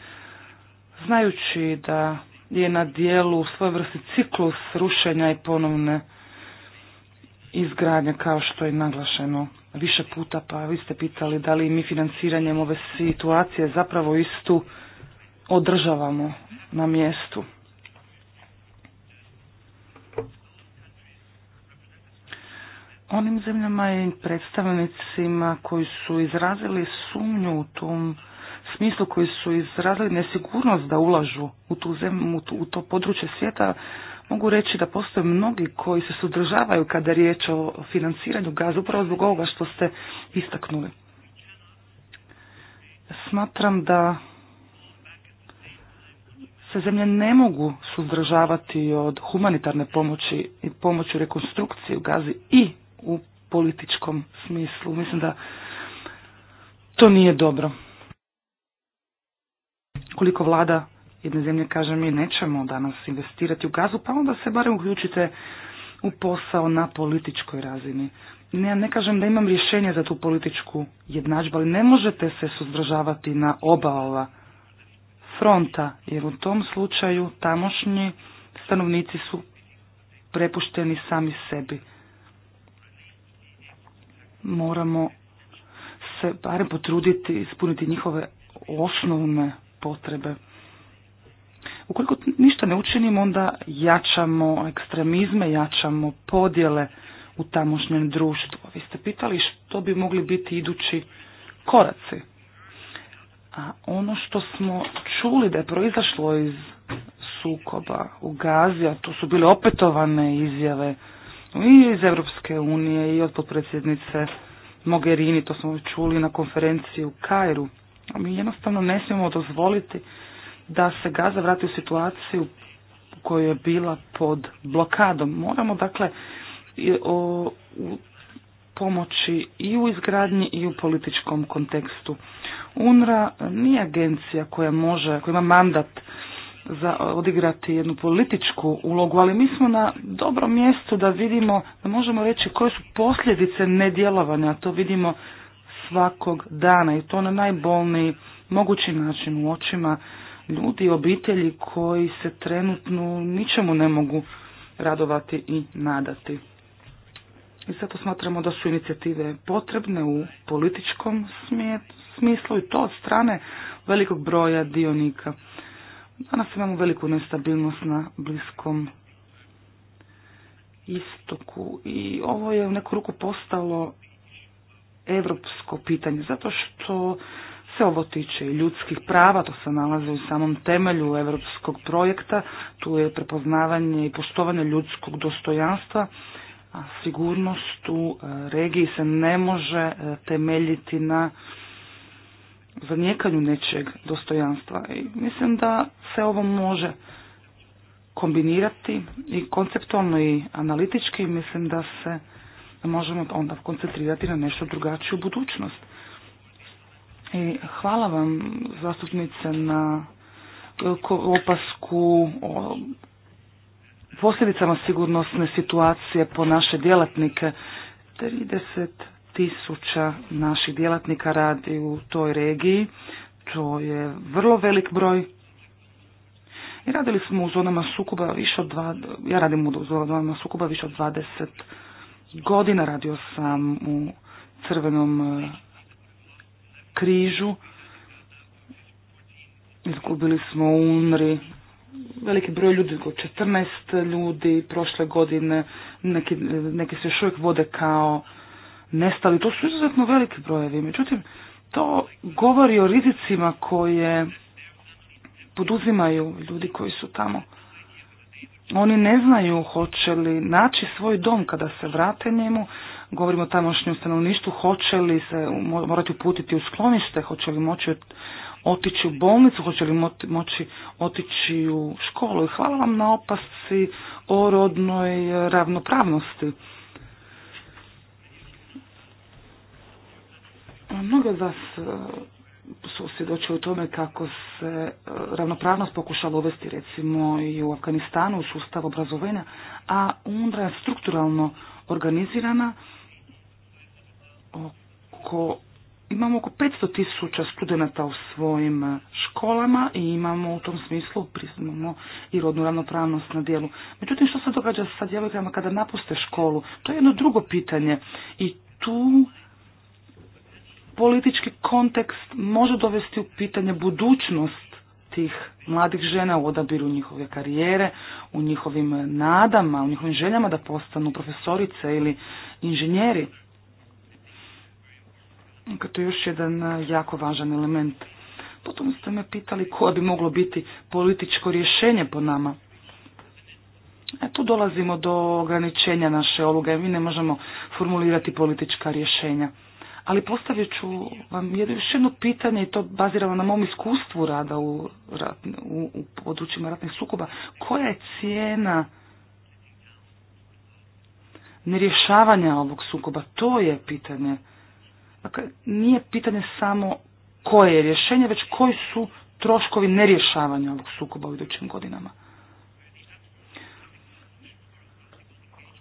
znajući da je na dijelu svoj vrsti ciklus rušenja i ponovne izgradnje kao što je naglašeno više puta, pa vi ste pitali da li mi financiranjem ove situacije zapravo istu održavamo na mjestu. Onim zemljama i predstavnicima koji su izrazili sumnju u tom smislu koji su izrazili nesigurnost da ulažu u, tu zemlju, u to područje svijeta, mogu reći da postoje mnogi koji se sudržavaju kada je riječ o financiranju gaza, upravo zbog ovoga što ste istaknuli. Smatram da se zemlje ne mogu sudržavati od humanitarne pomoći i pomoći rekonstrukciji u Gazi i u političkom smislu. Mislim da to nije dobro koliko vlada jedne zemlje kaže mi nećemo danas investirati u gazu, pa onda se barem uključite u posao na političkoj razini. ne ne kažem da imam rješenje za tu političku jednadžbu, ali ne možete se suzdržavati na ova fronta, jer u tom slučaju tamošnji stanovnici su prepušteni sami sebi. Moramo se barem potruditi ispuniti njihove osnovne potrebe. Ukoliko ništa ne učinimo, onda jačamo ekstremizme, jačamo podjele u tamošnjem društvu. Vi ste pitali što bi mogli biti idući koraci. A ono što smo čuli da je proizašlo iz sukoba u Gazi, a to su bile opetovane izjave i iz Europske unije i od potpredsjednice Mogherini, to smo čuli na konferenciji u Kairu. Mi jednostavno ne smijemo dozvoliti da se Gaza vrati u situaciju koja je bila pod blokadom. Moramo dakle o, pomoći i u izgradnji i u političkom kontekstu. UNRA nije agencija koja može, koja ima mandat za odigrati jednu političku ulogu, ali mi smo na dobrom mjestu da vidimo, da možemo reći koje su posljedice nedjelovanja, to vidimo svakog dana i to na najbolniji mogući način u očima ljudi, obitelji koji se trenutno ničemu ne mogu radovati i nadati. I zato smatramo da su inicijative potrebne u političkom smislu i to od strane velikog broja dionika. Danas imamo veliku nestabilnost na bliskom istoku i ovo je u neku ruku postalo europsko pitanje, zato što se ovo tiče i ljudskih prava, to se nalazi u samom temelju europskog projekta, tu je prepoznavanje i poštovanje ljudskog dostojanstva, a sigurnost u e, regiji se ne može e, temeljiti na zanijekanju nečeg dostojanstva. I mislim da se ovo može kombinirati i konceptualno i analitički mislim da se možemo onda koncentrirati na nešto drugačiju budućnost. I hvala vam zastupnice na opasku o posljedicama sigurnosne situacije po naše djelatnike. 30 tisuća naših djelatnika radi u toj regiji. To je vrlo velik broj. I radili smo u zonama sukoba više od dva, ja radim u zonama sukoba više od 20 godina, radio sam u Crvenom e, križu, izgubili smo umri UNRI veliki broj ljudi, 14 ljudi prošle godine, neki, neki se još uvijek vode kao nestali. To su izuzetno veliki brojevi. Međutim, to govori o rizicima koje poduzimaju ljudi koji su tamo. Oni ne znaju hoće li naći svoj dom kada se vrate njemu, govorimo o tamošnjem stanovništvu, hoće li se morati uputiti u sklonište, hoće li moći otići u bolnicu, hoće li moći otići u školu. I hvala vam na opasci o rodnoj ravnopravnosti. Mnogo vas su u tome kako se e, ravnopravnost pokušala uvesti recimo i u Afganistanu u sustav obrazovanja, a UNRWA je strukturalno organizirana oko Imamo oko 500 tisuća studenta u svojim e, školama i imamo u tom smislu priznamo i rodnu ravnopravnost na dijelu. Međutim, što se događa sa djevojkama kada napuste školu? To je jedno drugo pitanje i tu politički kontekst može dovesti u pitanje budućnost tih mladih žena u odabiru njihove karijere, u njihovim nadama, u njihovim željama da postanu profesorice ili inženjeri. Dakle, to je još jedan jako važan element. Potom ste me pitali koje bi moglo biti političko rješenje po nama. E, tu dolazimo do ograničenja naše oluge. Mi ne možemo formulirati politička rješenja ali postavit ću vam još jedno pitanje i to bazirano na mom iskustvu rada u, u, u područjima ratnih sukoba. Koja je cijena nerješavanja ovog sukoba? To je pitanje. Dakle, nije pitanje samo koje je rješenje, već koji su troškovi nerješavanja ovog sukoba u idućim godinama.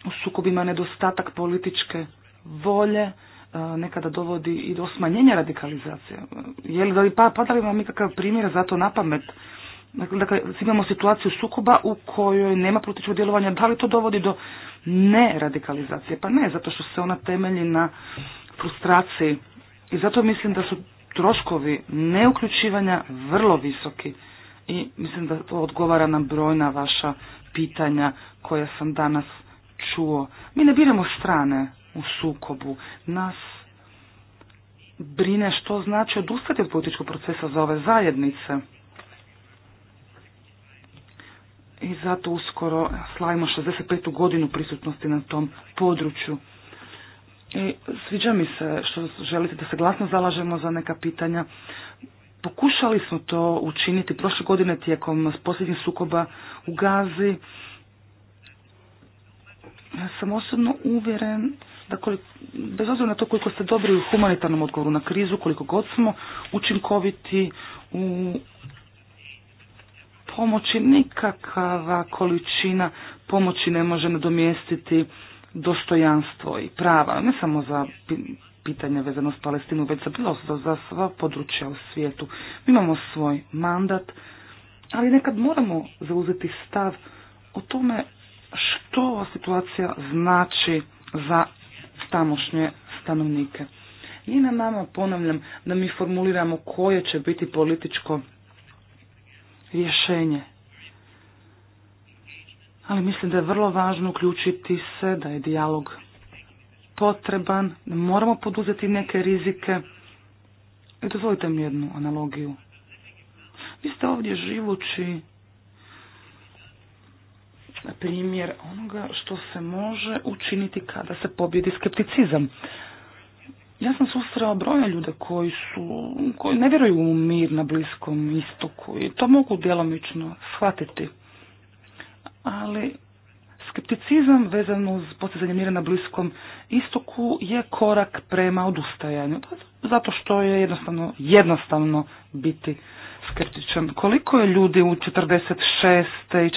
U sukobima nedostatak političke volje, nekada dovodi i do smanjenja radikalizacije. Je li, da li pa, pada li vam primjer za to na pamet? Dakle, dakle, imamo situaciju sukoba u kojoj nema političkog djelovanja. Da li to dovodi do neradikalizacije? Pa ne, zato što se ona temelji na frustraciji. I zato mislim da su troškovi neuključivanja vrlo visoki. I mislim da to odgovara na brojna vaša pitanja koja sam danas čuo. Mi ne biramo strane, u sukobu. Nas brine što znači odustati od političkog procesa za ove zajednice. I zato uskoro slavimo 65. godinu prisutnosti na tom području. I sviđa mi se što želite da se glasno zalažemo za neka pitanja. Pokušali smo to učiniti prošle godine tijekom posljednjih sukoba u Gazi. Ja sam osobno uvjeren da koliko, bez obzira na to koliko ste dobri u humanitarnom odgovoru na krizu, koliko god smo učinkoviti u pomoći, nikakva količina pomoći ne može nadomjestiti dostojanstvo i prava, ne samo za pitanja vezano s Palestinu, već za bilo za sva područja u svijetu. Mi imamo svoj mandat, ali nekad moramo zauzeti stav o tome što situacija znači za tamošnje stanovnike. I na nama ponavljam da mi formuliramo koje će biti političko rješenje. Ali mislim da je vrlo važno uključiti se, da je dijalog potreban, da moramo poduzeti neke rizike. I e, dozvolite mi jednu analogiju. Vi ste ovdje živući primjer onoga što se može učiniti kada se pobjedi skepticizam. Ja sam susrela brojne ljude koji su, koji ne vjeruju u mir na Bliskom istoku i to mogu djelomično shvatiti. Ali Skepticizam vezan uz postizanje mira na Bliskom istoku je korak prema odustajanju, zato što je jednostavno, jednostavno biti skeptičan. Koliko je ljudi u 46. i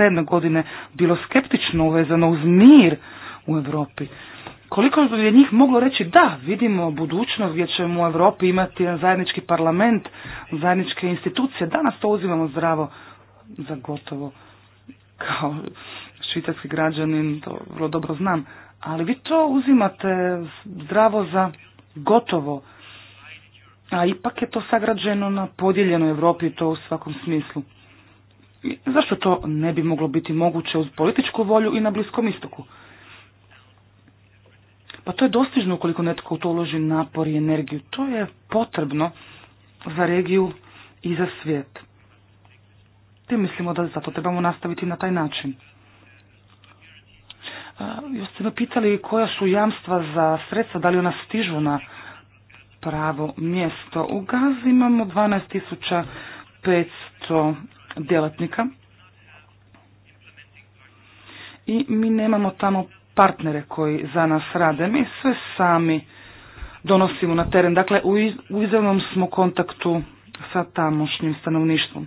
47. godine bilo skeptično uvezano uz mir u Europi? Koliko je njih moglo reći da, vidimo budućnost gdje ćemo u Europi imati jedan zajednički parlament, zajedničke institucije, danas to uzimamo zdravo za gotovo kao švicarski građanin, to vrlo dobro znam, ali vi to uzimate zdravo za gotovo, a ipak je to sagrađeno na podijeljenoj Europi to u svakom smislu. zašto to ne bi moglo biti moguće uz političku volju i na Bliskom istoku? Pa to je dostižno ukoliko netko u to uloži napor i energiju. To je potrebno za regiju i za svijet. Ti mislimo da zato trebamo nastaviti na taj način. Jeste me pitali koja su jamstva za sredstva, da li ona stižu na pravo mjesto. U Gazi imamo 12.500 djelatnika i mi nemamo tamo partnere koji za nas rade. Mi sve sami donosimo na teren. Dakle, u izravnom smo kontaktu sa tamošnjim stanovništvom.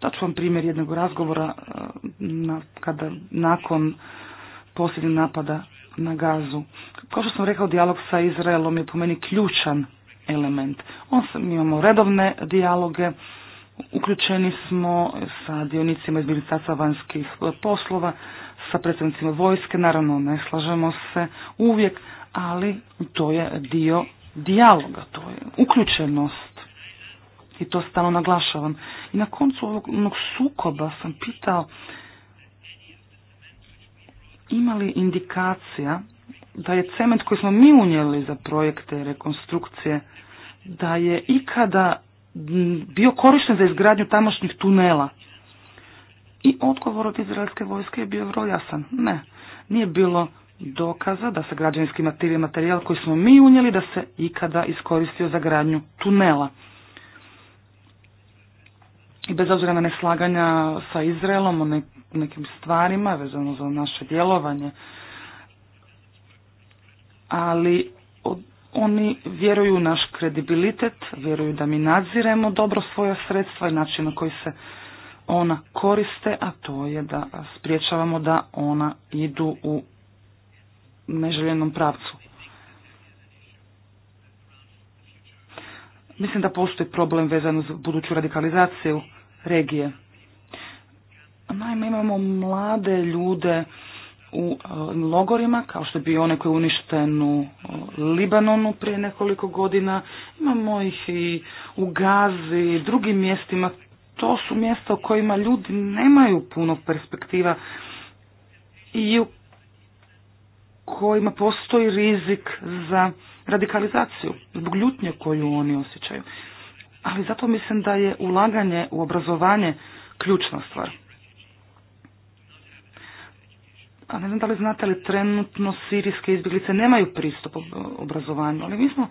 Da ću vam primjer jednog razgovora e, na, kada, nakon posljednjeg napada na gazu. Kao što sam rekao, dijalog sa Izraelom je po meni ključan element. On imamo redovne dijaloge, uključeni smo sa dionicima iz Ministarstva vanjskih poslova, sa predstavnicima vojske, naravno ne slažemo se uvijek, ali to je dio dijaloga, to je uključenost i to stano naglašavam. I na koncu ovog onog sukoba sam pitao ima li indikacija da je cement koji smo mi unijeli za projekte rekonstrukcije da je ikada bio korišten za izgradnju tamošnjih tunela. I odgovor od izraelske vojske je bio vrlo jasan. Ne, nije bilo dokaza da se građevinski materijal koji smo mi unijeli da se ikada iskoristio za gradnju tunela i bez obzira na neslaganja sa Izraelom o nekim stvarima vezano za naše djelovanje, ali oni vjeruju u naš kredibilitet, vjeruju da mi nadziremo dobro svoja sredstva i način na koji se ona koriste, a to je da spriječavamo da ona idu u neželjenom pravcu. Mislim da postoji problem vezano za buduću radikalizaciju regije. Naime, imamo mlade ljude u e, logorima, kao što bi one koje koji je uništen e, Libanonu prije nekoliko godina. Imamo ih i u Gazi i drugim mjestima. To su mjesta u kojima ljudi nemaju puno perspektiva i u kojima postoji rizik za radikalizaciju, zbog ljutnje koju oni osjećaju ali zato mislim da je ulaganje u obrazovanje ključna stvar. A ne znam da li znate li trenutno sirijske izbjeglice nemaju pristup obrazovanju, ali mi smo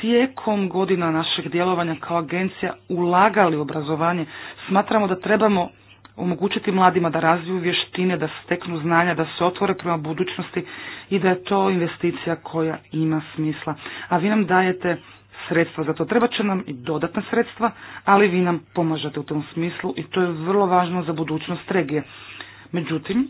tijekom godina našeg djelovanja kao agencija ulagali u obrazovanje. Smatramo da trebamo omogućiti mladima da razviju vještine, da steknu znanja, da se otvore prema budućnosti i da je to investicija koja ima smisla. A vi nam dajete sredstva za to. Treba će nam i dodatna sredstva, ali vi nam pomažete u tom smislu i to je vrlo važno za budućnost regije. Međutim,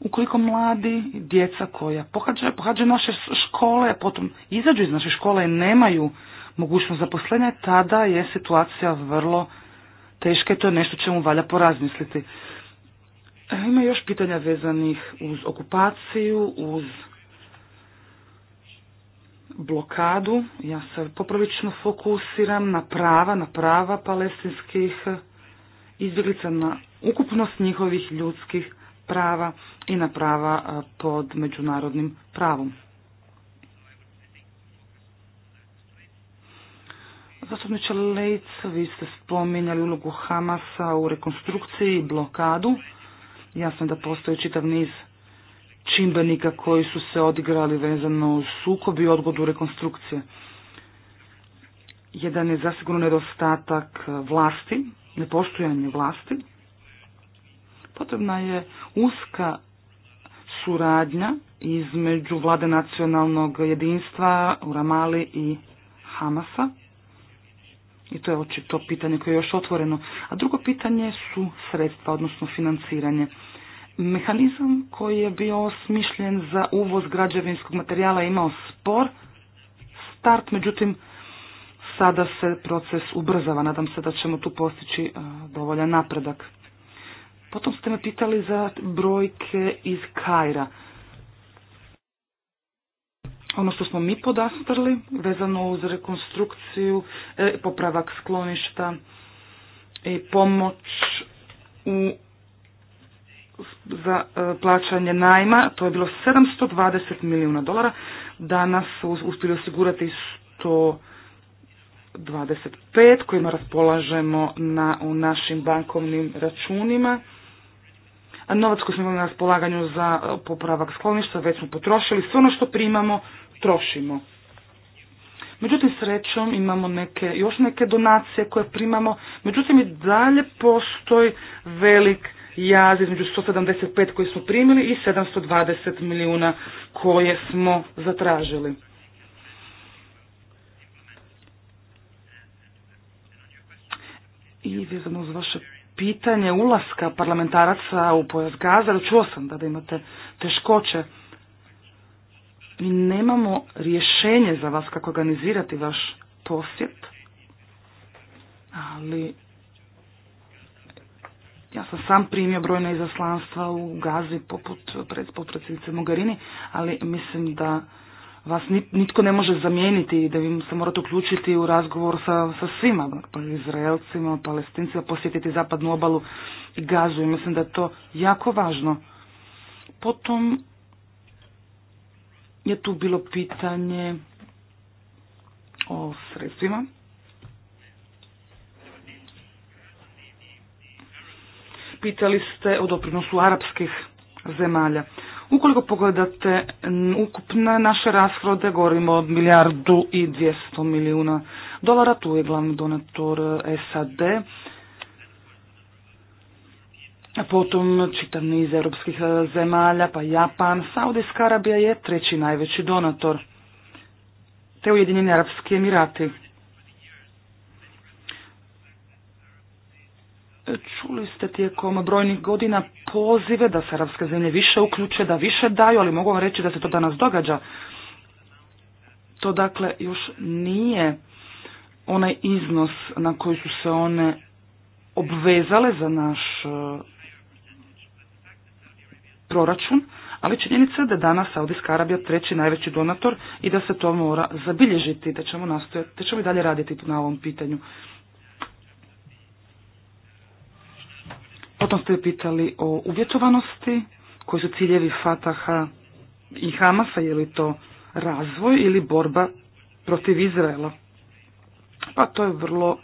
ukoliko mladi djeca koja pohađaju, naše škole, a potom izađu iz naše škole i nemaju mogućnost zaposlenja, tada je situacija vrlo teška i to je nešto čemu valja porazmisliti. E, ima još pitanja vezanih uz okupaciju, uz blokadu. Ja se poprilično fokusiram na prava, na prava palestinskih eh, izbjeglica, na ukupnost njihovih ljudskih prava i na prava eh, pod međunarodnim pravom. Zastupniče Lejc, vi ste spominjali ulogu Hamasa u rekonstrukciji i blokadu. Jasno je da postoji čitav niz čimbenika koji su se odigrali vezano uz sukob i odgodu rekonstrukcije. Jedan je zasigurno nedostatak vlasti, nepostojanje vlasti. Potrebna je uska suradnja između vlade nacionalnog jedinstva u Ramali i Hamasa. I to je očito pitanje koje je još otvoreno. A drugo pitanje su sredstva, odnosno financiranje. Mehanizam koji je bio osmišljen za uvoz građevinskog materijala je imao spor start, međutim sada se proces ubrzava. Nadam se da ćemo tu postići e, dovoljan napredak. Potom ste me pitali za brojke iz Kajra. Ono što smo mi podastrli vezano uz rekonstrukciju, e, popravak skloništa i pomoć u za e, plaćanje najma, to je bilo 720 milijuna dolara, danas su uspjeli osigurati 125 kojima raspolažemo na, u našim bankovnim računima. A novac koji smo imali na raspolaganju za popravak skloništa već smo potrošili, sve ono što primamo trošimo. Međutim, srećom imamo neke, još neke donacije koje primamo, međutim i dalje postoji velik jaz između 175 koji smo primili i 720 milijuna koje smo zatražili. I vezano uz vaše pitanje ulaska parlamentaraca u pojas Gaza, čuo sam da, da imate teškoće. Mi nemamo rješenje za vas kako organizirati vaš posjet, ali ja sam sam primio brojne izaslanstva u Gazi poput potpredsjednice mogarini ali mislim da vas nitko ne može zamijeniti i da vi se morate uključiti u razgovor sa, sa svima, pa Izraelcima, Palestincima, posjetiti zapadnu obalu i Gazu i mislim da je to jako važno. Potom je tu bilo pitanje o sredstvima. pitali ste o doprinosu arapskih zemalja. Ukoliko pogledate ukupne naše rashode, govorimo o milijardu i 200 milijuna dolara, tu je glavni donator SAD, a potom čitav niz europskih e, zemalja, pa Japan, Saudijska Arabija je treći najveći donator, te Ujedinjeni Arabski Emirati. Čuli ste tijekom brojnih godina pozive da se arapske zemlje više uključe, da više daju, ali mogu vam reći da se to danas događa. To dakle još nije onaj iznos na koji su se one obvezale za naš e, proračun, ali činjenica je da je danas Saudijska Arabija treći najveći donator i da se to mora zabilježiti, da ćemo, nastojati, da ćemo i dalje raditi na ovom pitanju. Potom ste pitali o uvjetovanosti, koji su ciljevi Fataha i Hamasa, je li to razvoj ili borba protiv Izraela. Pa to je vrlo,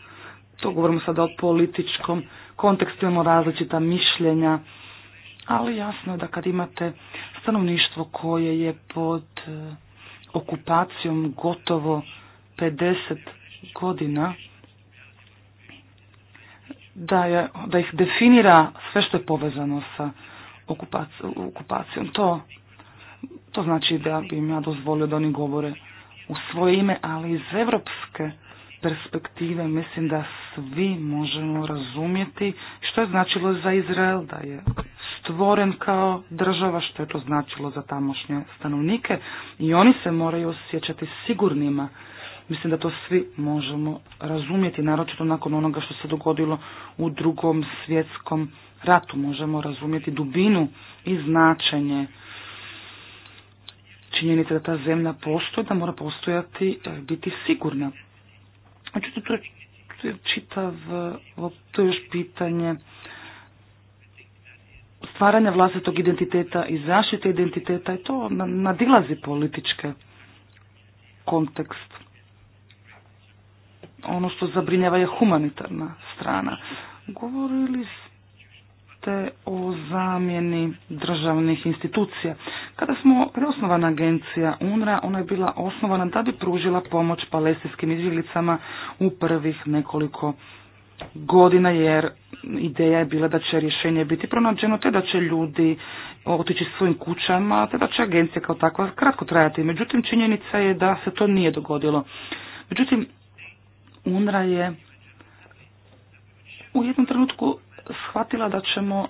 to govorimo sada o političkom kontekstu, imamo različita mišljenja, ali jasno je da kad imate stanovništvo koje je pod eh, okupacijom gotovo 50 godina, da, je, da ih definira sve što je povezano sa okupacijom. To, to znači da bi im ja dozvolio da oni govore u svoje ime, ali iz evropske perspektive mislim da svi možemo razumjeti što je značilo za Izrael, da je stvoren kao država, što je to značilo za tamošnje stanovnike i oni se moraju osjećati sigurnima Mislim da to svi možemo razumjeti, naročito nakon onoga što se dogodilo u drugom svjetskom ratu. Možemo razumjeti dubinu i značenje činjenice da ta zemlja postoji, da mora postojati, e, biti sigurna. Znači, to je čitav, e, to je još pitanje stvaranja vlastitog identiteta i zaštite identiteta i to nadilazi političke kontekst ono što zabrinjava je humanitarna strana. Govorili ste o zamjeni državnih institucija. Kada smo preosnovana agencija UNRA, ona je bila osnovana da bi pružila pomoć palestinskim izbjeglicama u prvih nekoliko godina jer ideja je bila da će rješenje biti pronađeno te da će ljudi otići svojim kućama te da će agencija kao takva kratko trajati. Međutim, činjenica je da se to nije dogodilo. Međutim, UNRA je u jednom trenutku shvatila da ćemo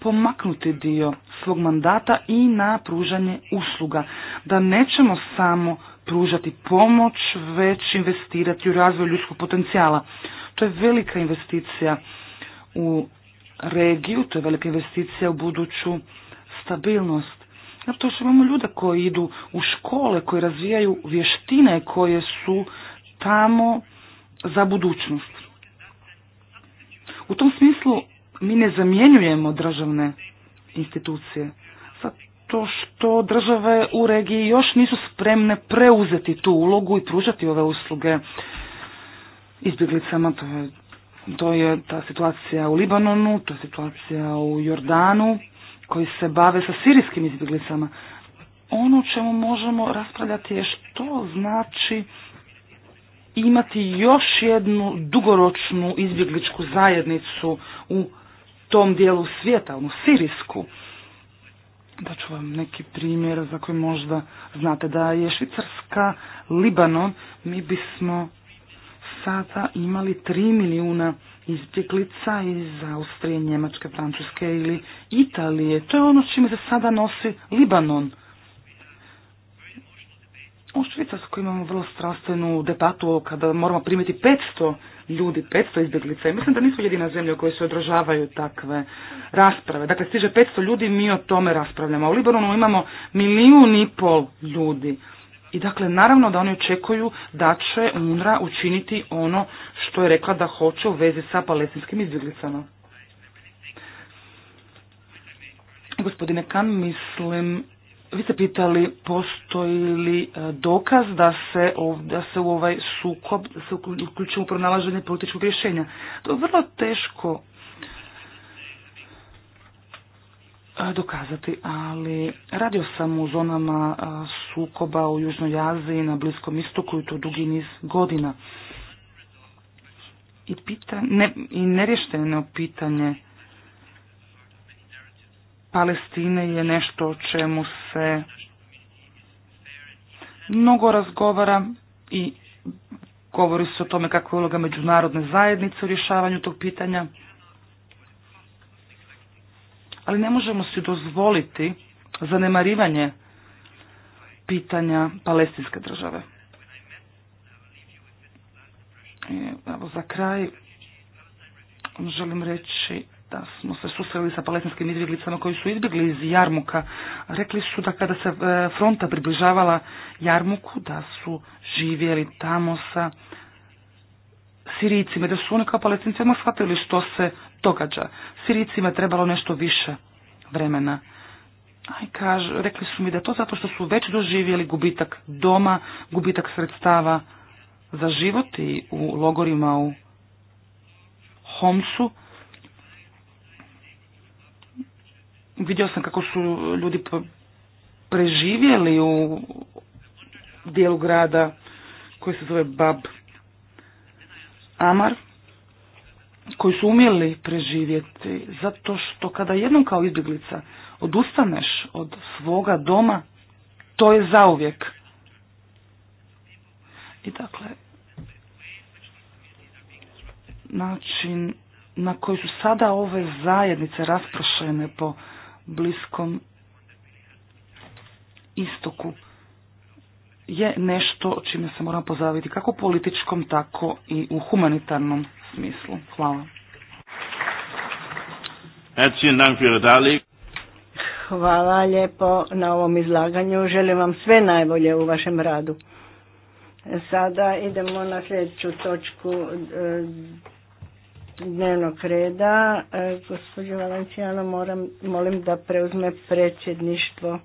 pomaknuti dio svog mandata i na pružanje usluga. Da nećemo samo pružati pomoć, već investirati u razvoj ljudskog potencijala. To je velika investicija u regiju, to je velika investicija u buduću stabilnost. Zato što imamo ljude koji idu u škole, koji razvijaju vještine koje su tamo za budućnost. U tom smislu mi ne zamjenjujemo državne institucije zato što države u regiji još nisu spremne preuzeti tu ulogu i pružati ove usluge izbjeglicama. To je, to je ta situacija u Libanonu, to je situacija u Jordanu koji se bave sa sirijskim izbjeglicama. Ono čemu možemo raspravljati je što znači imati još jednu dugoročnu izbjegličku zajednicu u tom dijelu svijeta, u sirijsku. Da ću vam neki primjer za koji možda znate da je Švicarska, Libanon, mi bismo sada imali 3 milijuna izbjeglica iz Austrije, Njemačke, Francuske ili Italije. To je ono s čime se sada nosi Libanon. U Švicarskoj imamo vrlo strastvenu debatu kada moramo primiti 500 ljudi, 500 izbjeglica. I mislim da nismo jedina zemlja u kojoj se održavaju takve rasprave. Dakle, stiže 500 ljudi, mi o tome raspravljamo. U Libanonu imamo milijun i pol ljudi. I dakle, naravno da oni očekuju da će UNRA učiniti ono što je rekla da hoće u vezi sa palestinskim izbjeglicama. Gospodine Kam, mislim vi ste pitali postoji li e, dokaz da se, da se u ovaj sukob, da se uključimo u pronalaženje političkog rješenja. To je vrlo teško e, dokazati, ali radio sam u zonama e, sukoba u Južnoj Aziji, na Bliskom istoku i to dugi niz godina. I, pita, ne, i nerješteno pitanje Palestine je nešto o čemu se mnogo razgovara i govori se o tome kakva je uloga međunarodne zajednice u rješavanju tog pitanja. Ali ne možemo si dozvoliti zanemarivanje pitanja palestinske države. I, za kraj želim reći da smo se susreli sa palestinskim izbjeglicama koji su izbjegli iz Jarmuka. Rekli su da kada se e, fronta približavala Jarmuku, da su živjeli tamo sa Sirijcima, da su oni kao palestincima shvatili što se događa. Sirijcima je trebalo nešto više vremena. Aj, rekli su mi da to zato što su već doživjeli gubitak doma, gubitak sredstava za život i u logorima u Homsu Vidio sam kako su ljudi preživjeli u dijelu grada koji se zove Bab Amar, koji su umjeli preživjeti, zato što kada jednom kao izbjeglica odustaneš od svoga doma, to je zauvijek. I dakle, način na koji su sada ove zajednice rasprošene po Bliskom istoku je nešto čime se moram pozabaviti kako u političkom, tako i u humanitarnom smislu. Hvala. Hvala lijepo na ovom izlaganju. Želim vam sve najbolje u vašem radu. Sada idemo na sljedeću točku e, dnevnog reda. E, gospođo Valencijano, molim da preuzme predsjedništvo.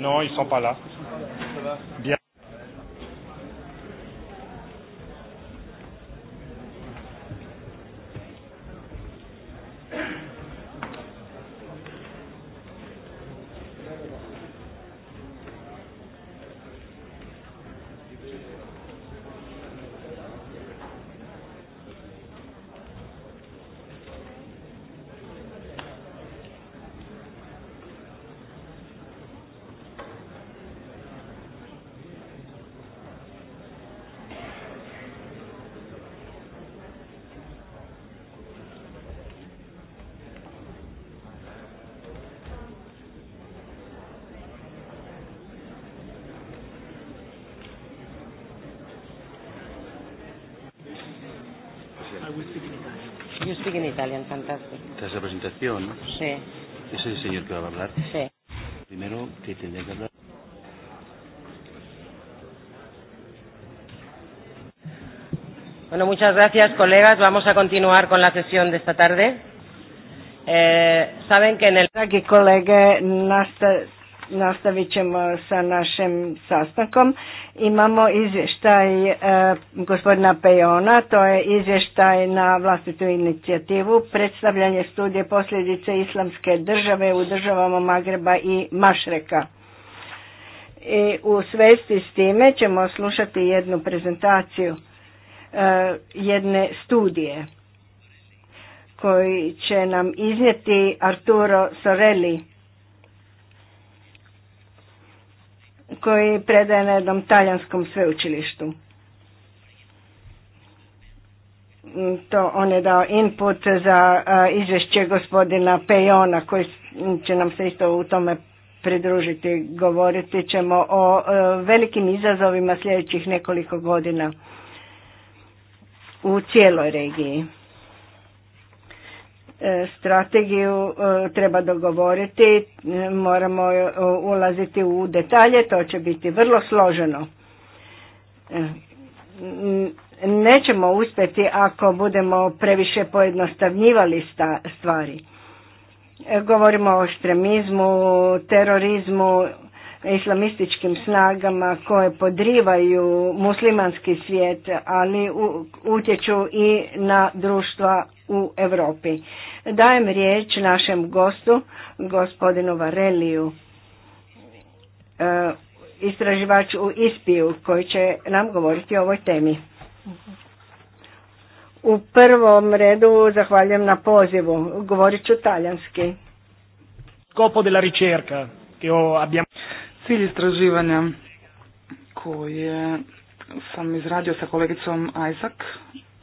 Non, ils sont pas là. Bien. speak in Italian, fantastic. Tras la presentación, sí. es el señor que va a hablar. Sí. Primero, que tendría que hablar. Bueno, muchas gracias, colegas. Vamos a continuar con la sesión de esta tarde. Eh, saben que en el... Dragi colegas, nastavit ćemo sa našim sastankom. Imamo izvještaj e, gospodina Pejona, to je izvještaj na vlastitu inicijativu, predstavljanje studije posljedice islamske države u državama Magreba i Mašreka. I u svesti s time ćemo slušati jednu prezentaciju e, jedne studije koji će nam iznijeti Arturo Sorelli koji predaje na jednom talijanskom sveučilištu. Mm, to on je dao input za izvješće gospodina Pejona koji će nam se isto u tome pridružiti. Govoriti ćemo o e, velikim izazovima sljedećih nekoliko godina u cijeloj regiji strategiju e, treba dogovoriti, e, moramo e, ulaziti u detalje, to će biti vrlo složeno. Nećemo uspjeti ako budemo previše pojednostavnjivali stvari. Govorimo o ekstremizmu, terorizmu, islamističkim snagama koje podrivaju muslimanski svijet, ali utječu i na društva u Europi. Dajem riječ našem gostu, gospodinu Vareliju, e, istraživaču u Ispiju, koji će nam govoriti o ovoj temi. U prvom redu zahvaljujem na pozivu. Govorit ću talijanski. Scopo della ricerca che abbiamo... Cilj istraživanja koje sam izradio sa kolegicom Isaac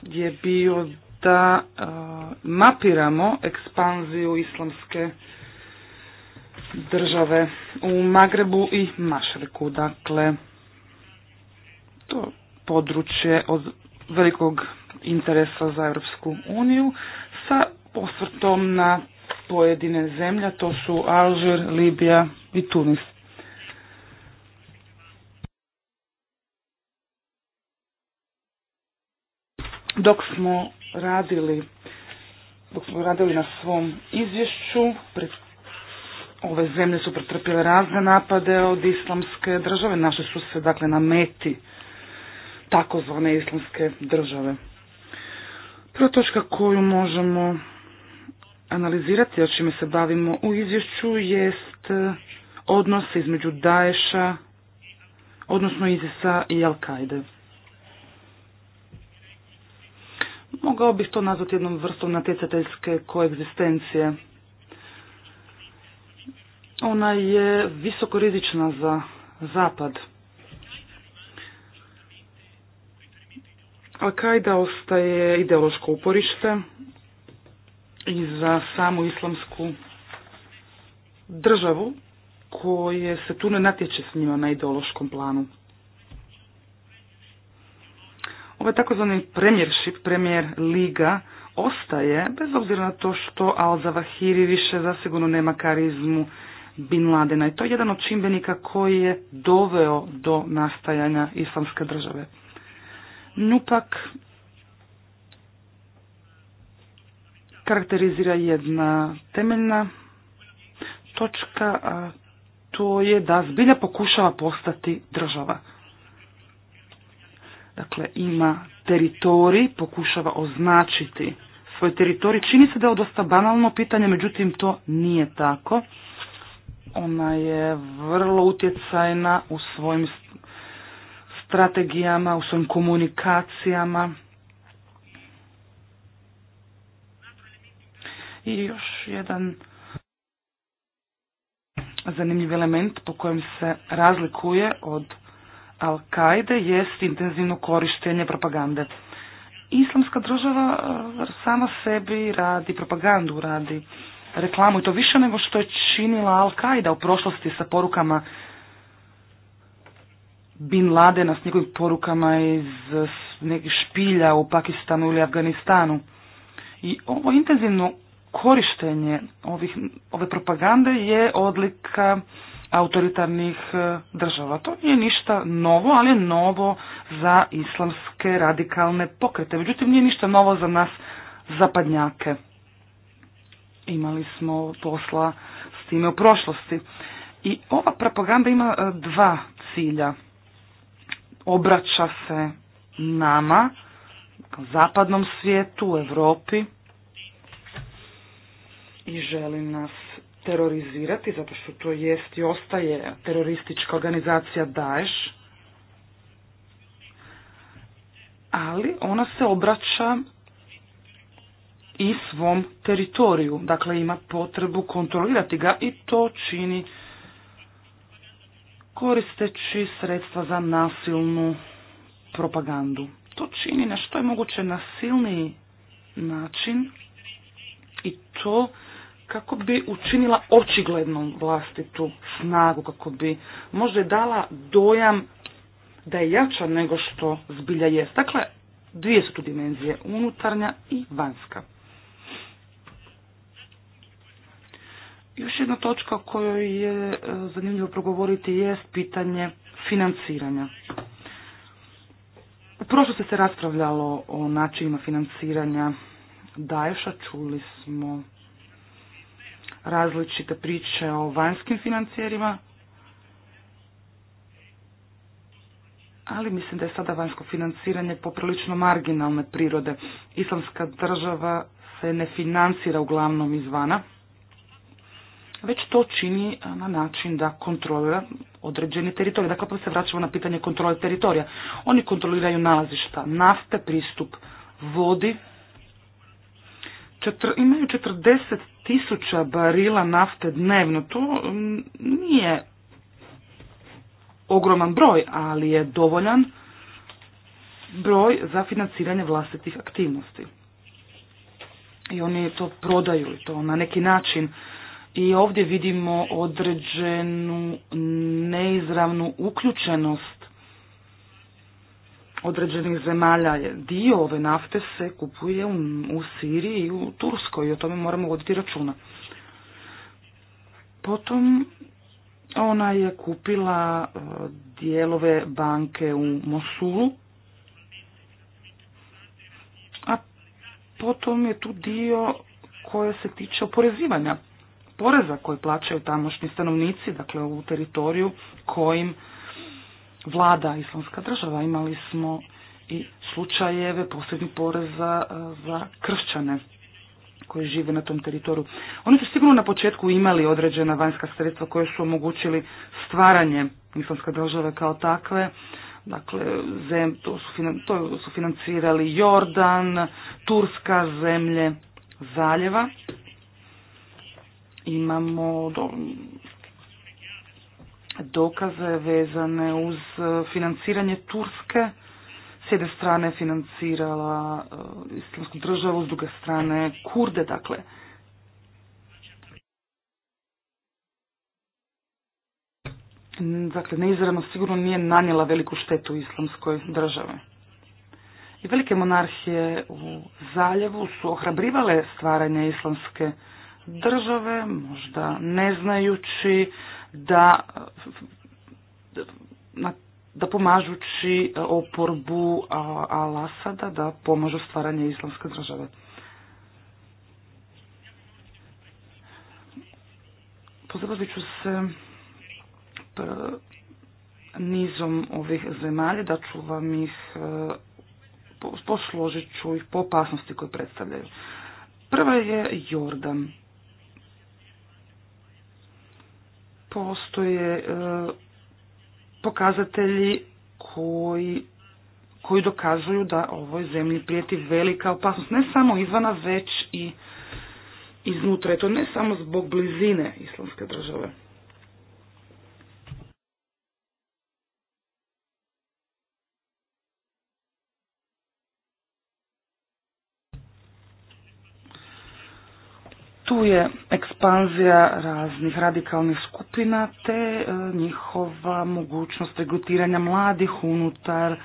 je bio da e, mapiramo ekspanziju islamske države u Magrebu i Mašreku. Dakle, to područje od velikog interesa za Europsku uniju sa osvrtom na pojedine zemlje, to su Alžir, Libija i Tunis. Dok smo radili, dok smo radili na svom izvješću, pred, ove zemlje su pretrpile razne napade od islamske države, naše su se dakle na meti takozvane islamske države. Prva točka koju možemo analizirati, o čime se bavimo u izvješću, jest odnos između Daesha, odnosno Izisa i Al-Kaide. Mogao bih to nazvati jednom vrstom natjecateljske koegzistencije. Ona je visoko rizična za zapad. Al-Qaida ostaje ideološko uporište i za samu islamsku državu koje se tu ne natječe s njima na ideološkom planu. Ovaj takozvani premiership, premijer liga, ostaje, bez obzira na to što Al-Zawahiri više zasigurno nema karizmu Bin Ladena. I to je jedan od čimbenika koji je doveo do nastajanja islamske države. Nupak karakterizira jedna temeljna točka, a to je da zbilja pokušava postati država dakle ima teritorij, pokušava označiti svoj teritorij. Čini se da je dosta banalno pitanje, međutim to nije tako. Ona je vrlo utjecajna u svojim strategijama, u svojim komunikacijama. I još jedan zanimljiv element po kojem se razlikuje od Al-Kaide jest intenzivno korištenje propagande. Islamska država e, sama sebi radi propagandu, radi reklamu i to više nego što je činila Al-Kaida u prošlosti sa porukama Bin Ladena s njegovim porukama iz nekih špilja u Pakistanu ili Afganistanu. I ovo intenzivno korištenje ovih, ove propagande je odlika autoritarnih e, država. To nije ništa novo, ali je novo za islamske radikalne pokrete. Međutim, nije ništa novo za nas zapadnjake. Imali smo posla s time u prošlosti. I ova propaganda ima e, dva cilja. Obraća se nama, zapadnom svijetu, u Europi i želi nas terorizirati, zato što to jest i ostaje teroristička organizacija Daesh, ali ona se obraća i svom teritoriju, dakle ima potrebu kontrolirati ga i to čini koristeći sredstva za nasilnu propagandu. To čini na što je moguće nasilniji način i to kako bi učinila očiglednom vlastitu snagu, kako bi možda dala dojam da je jača nego što zbilja jest. Dakle, dvije su tu dimenzije, unutarnja i vanjska. Još jedna točka o kojoj je e, zanimljivo progovoriti jest pitanje financiranja. U prošlosti se raspravljalo o načinima financiranja Daješa, čuli smo različite priče o vanjskim financijerima, ali mislim da je sada vanjsko financiranje poprilično marginalne prirode. Islamska država se ne financira uglavnom izvana, već to čini na način da kontrolira određeni teritorij. Dakle, pa se vraćamo na pitanje kontrole teritorija. Oni kontroliraju nalazišta nafte, pristup vodi. imaju tisuća barila nafte dnevno. To mm, nije ogroman broj, ali je dovoljan broj za financiranje vlastitih aktivnosti. I oni to prodaju to na neki način. I ovdje vidimo određenu neizravnu uključenost određenih zemalja, dio ove nafte se kupuje u, u Siriji i u Turskoj i o tome moramo voditi računa. Potom ona je kupila e, dijelove banke u Mosulu, a potom je tu dio koje se tiče oporezivanja poreza koje plaćaju tamošnji stanovnici, dakle u teritoriju kojim vlada islamska država. Imali smo i slučajeve posebnih poreza e, za kršćane koji žive na tom teritoriju. Oni su sigurno na početku imali određena vanjska sredstva koje su omogućili stvaranje islamske države kao takve. Dakle, zem, to, su, to financirali Jordan, Turska, zemlje zaljeva. Imamo do, dokaze vezane uz eh, financiranje Turske. S jedne strane financirala eh, islamsku državu, s druge strane Kurde, dakle. Dakle, neizravno sigurno nije nanijela veliku štetu islamskoj državi. I velike monarhije u zaljevu su ohrabrivale stvaranje islamske države, možda ne znajući da da pomažući oporbu Al-Asada da pomažu stvaranje islamske države. Pozabavit ću se e, nizom ovih zemalja, da ću vam ih e, posložit ću ih po opasnosti koje predstavljaju. Prva je Jordan. postoje e, pokazatelji koji, koji dokazuju da ovoj zemlji prijeti velika opasnost, ne samo izvana, već i iznutra. to ne samo zbog blizine islamske države. Tu je ekspanzija raznih radikalnih skupina te e, njihova mogućnost regrutiranja mladih unutar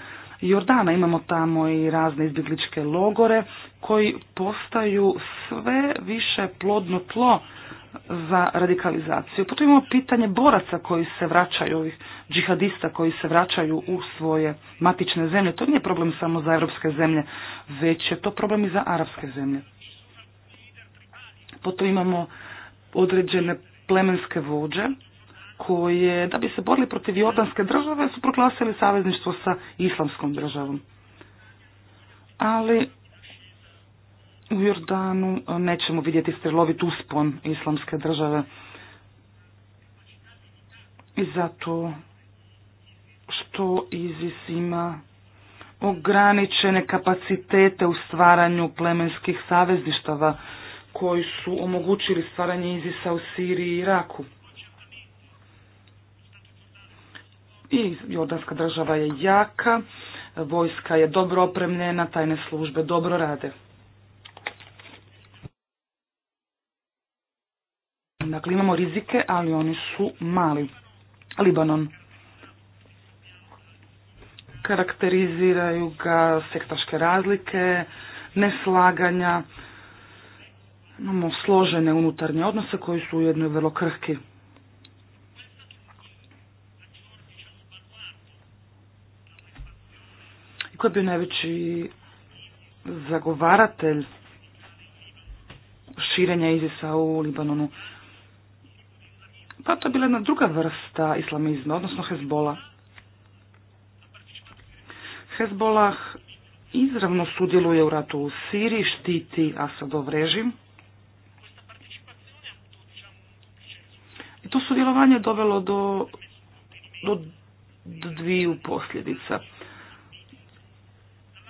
Jordana. Imamo tamo i razne izbjegličke logore koji postaju sve više plodno tlo za radikalizaciju. Potom imamo pitanje boraca koji se vraćaju, ovih džihadista koji se vraćaju u svoje matične zemlje. To nije problem samo za evropske zemlje, već je to problem i za arapske zemlje. Potom imamo određene plemenske vođe koje, da bi se borili protiv Jordanske države, su proglasili savezništvo sa islamskom državom. Ali u Jordanu nećemo vidjeti strelovit uspon islamske države. I zato što ISIS ima ograničene kapacitete u stvaranju plemenskih savezništava koji su omogućili stvaranje Izisa u Siriji i Iraku. I Jordanska država je jaka, vojska je dobro opremljena, tajne službe dobro rade. Dakle, imamo rizike, ali oni su mali. Libanon. Karakteriziraju ga sektaške razlike, neslaganja, Imamo složene unutarnje odnose koji su ujedno i vrlo krhki. I koji je bio najveći zagovaratelj širenja Izisa u Libanonu? Pa to je bila jedna druga vrsta islamizma, odnosno Hezbola. Hezbolah izravno sudjeluje u ratu u Siriji, štiti Asadov režim. To sudjelovanje dovelo do, do, dviju posljedica.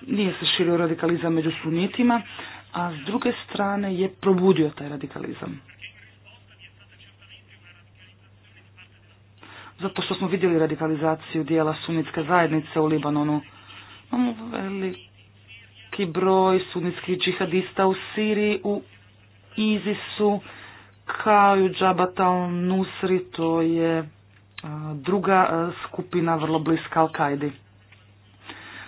Nije se širio radikalizam među sunnitima, a s druge strane je probudio taj radikalizam. Zato što smo vidjeli radikalizaciju dijela sunnitske zajednice u Libanonu. Imamo veliki broj sunnitskih džihadista u Siriji, u Izisu, kao i u Nusri, to je druga skupina vrlo bliska Al-Kaidi.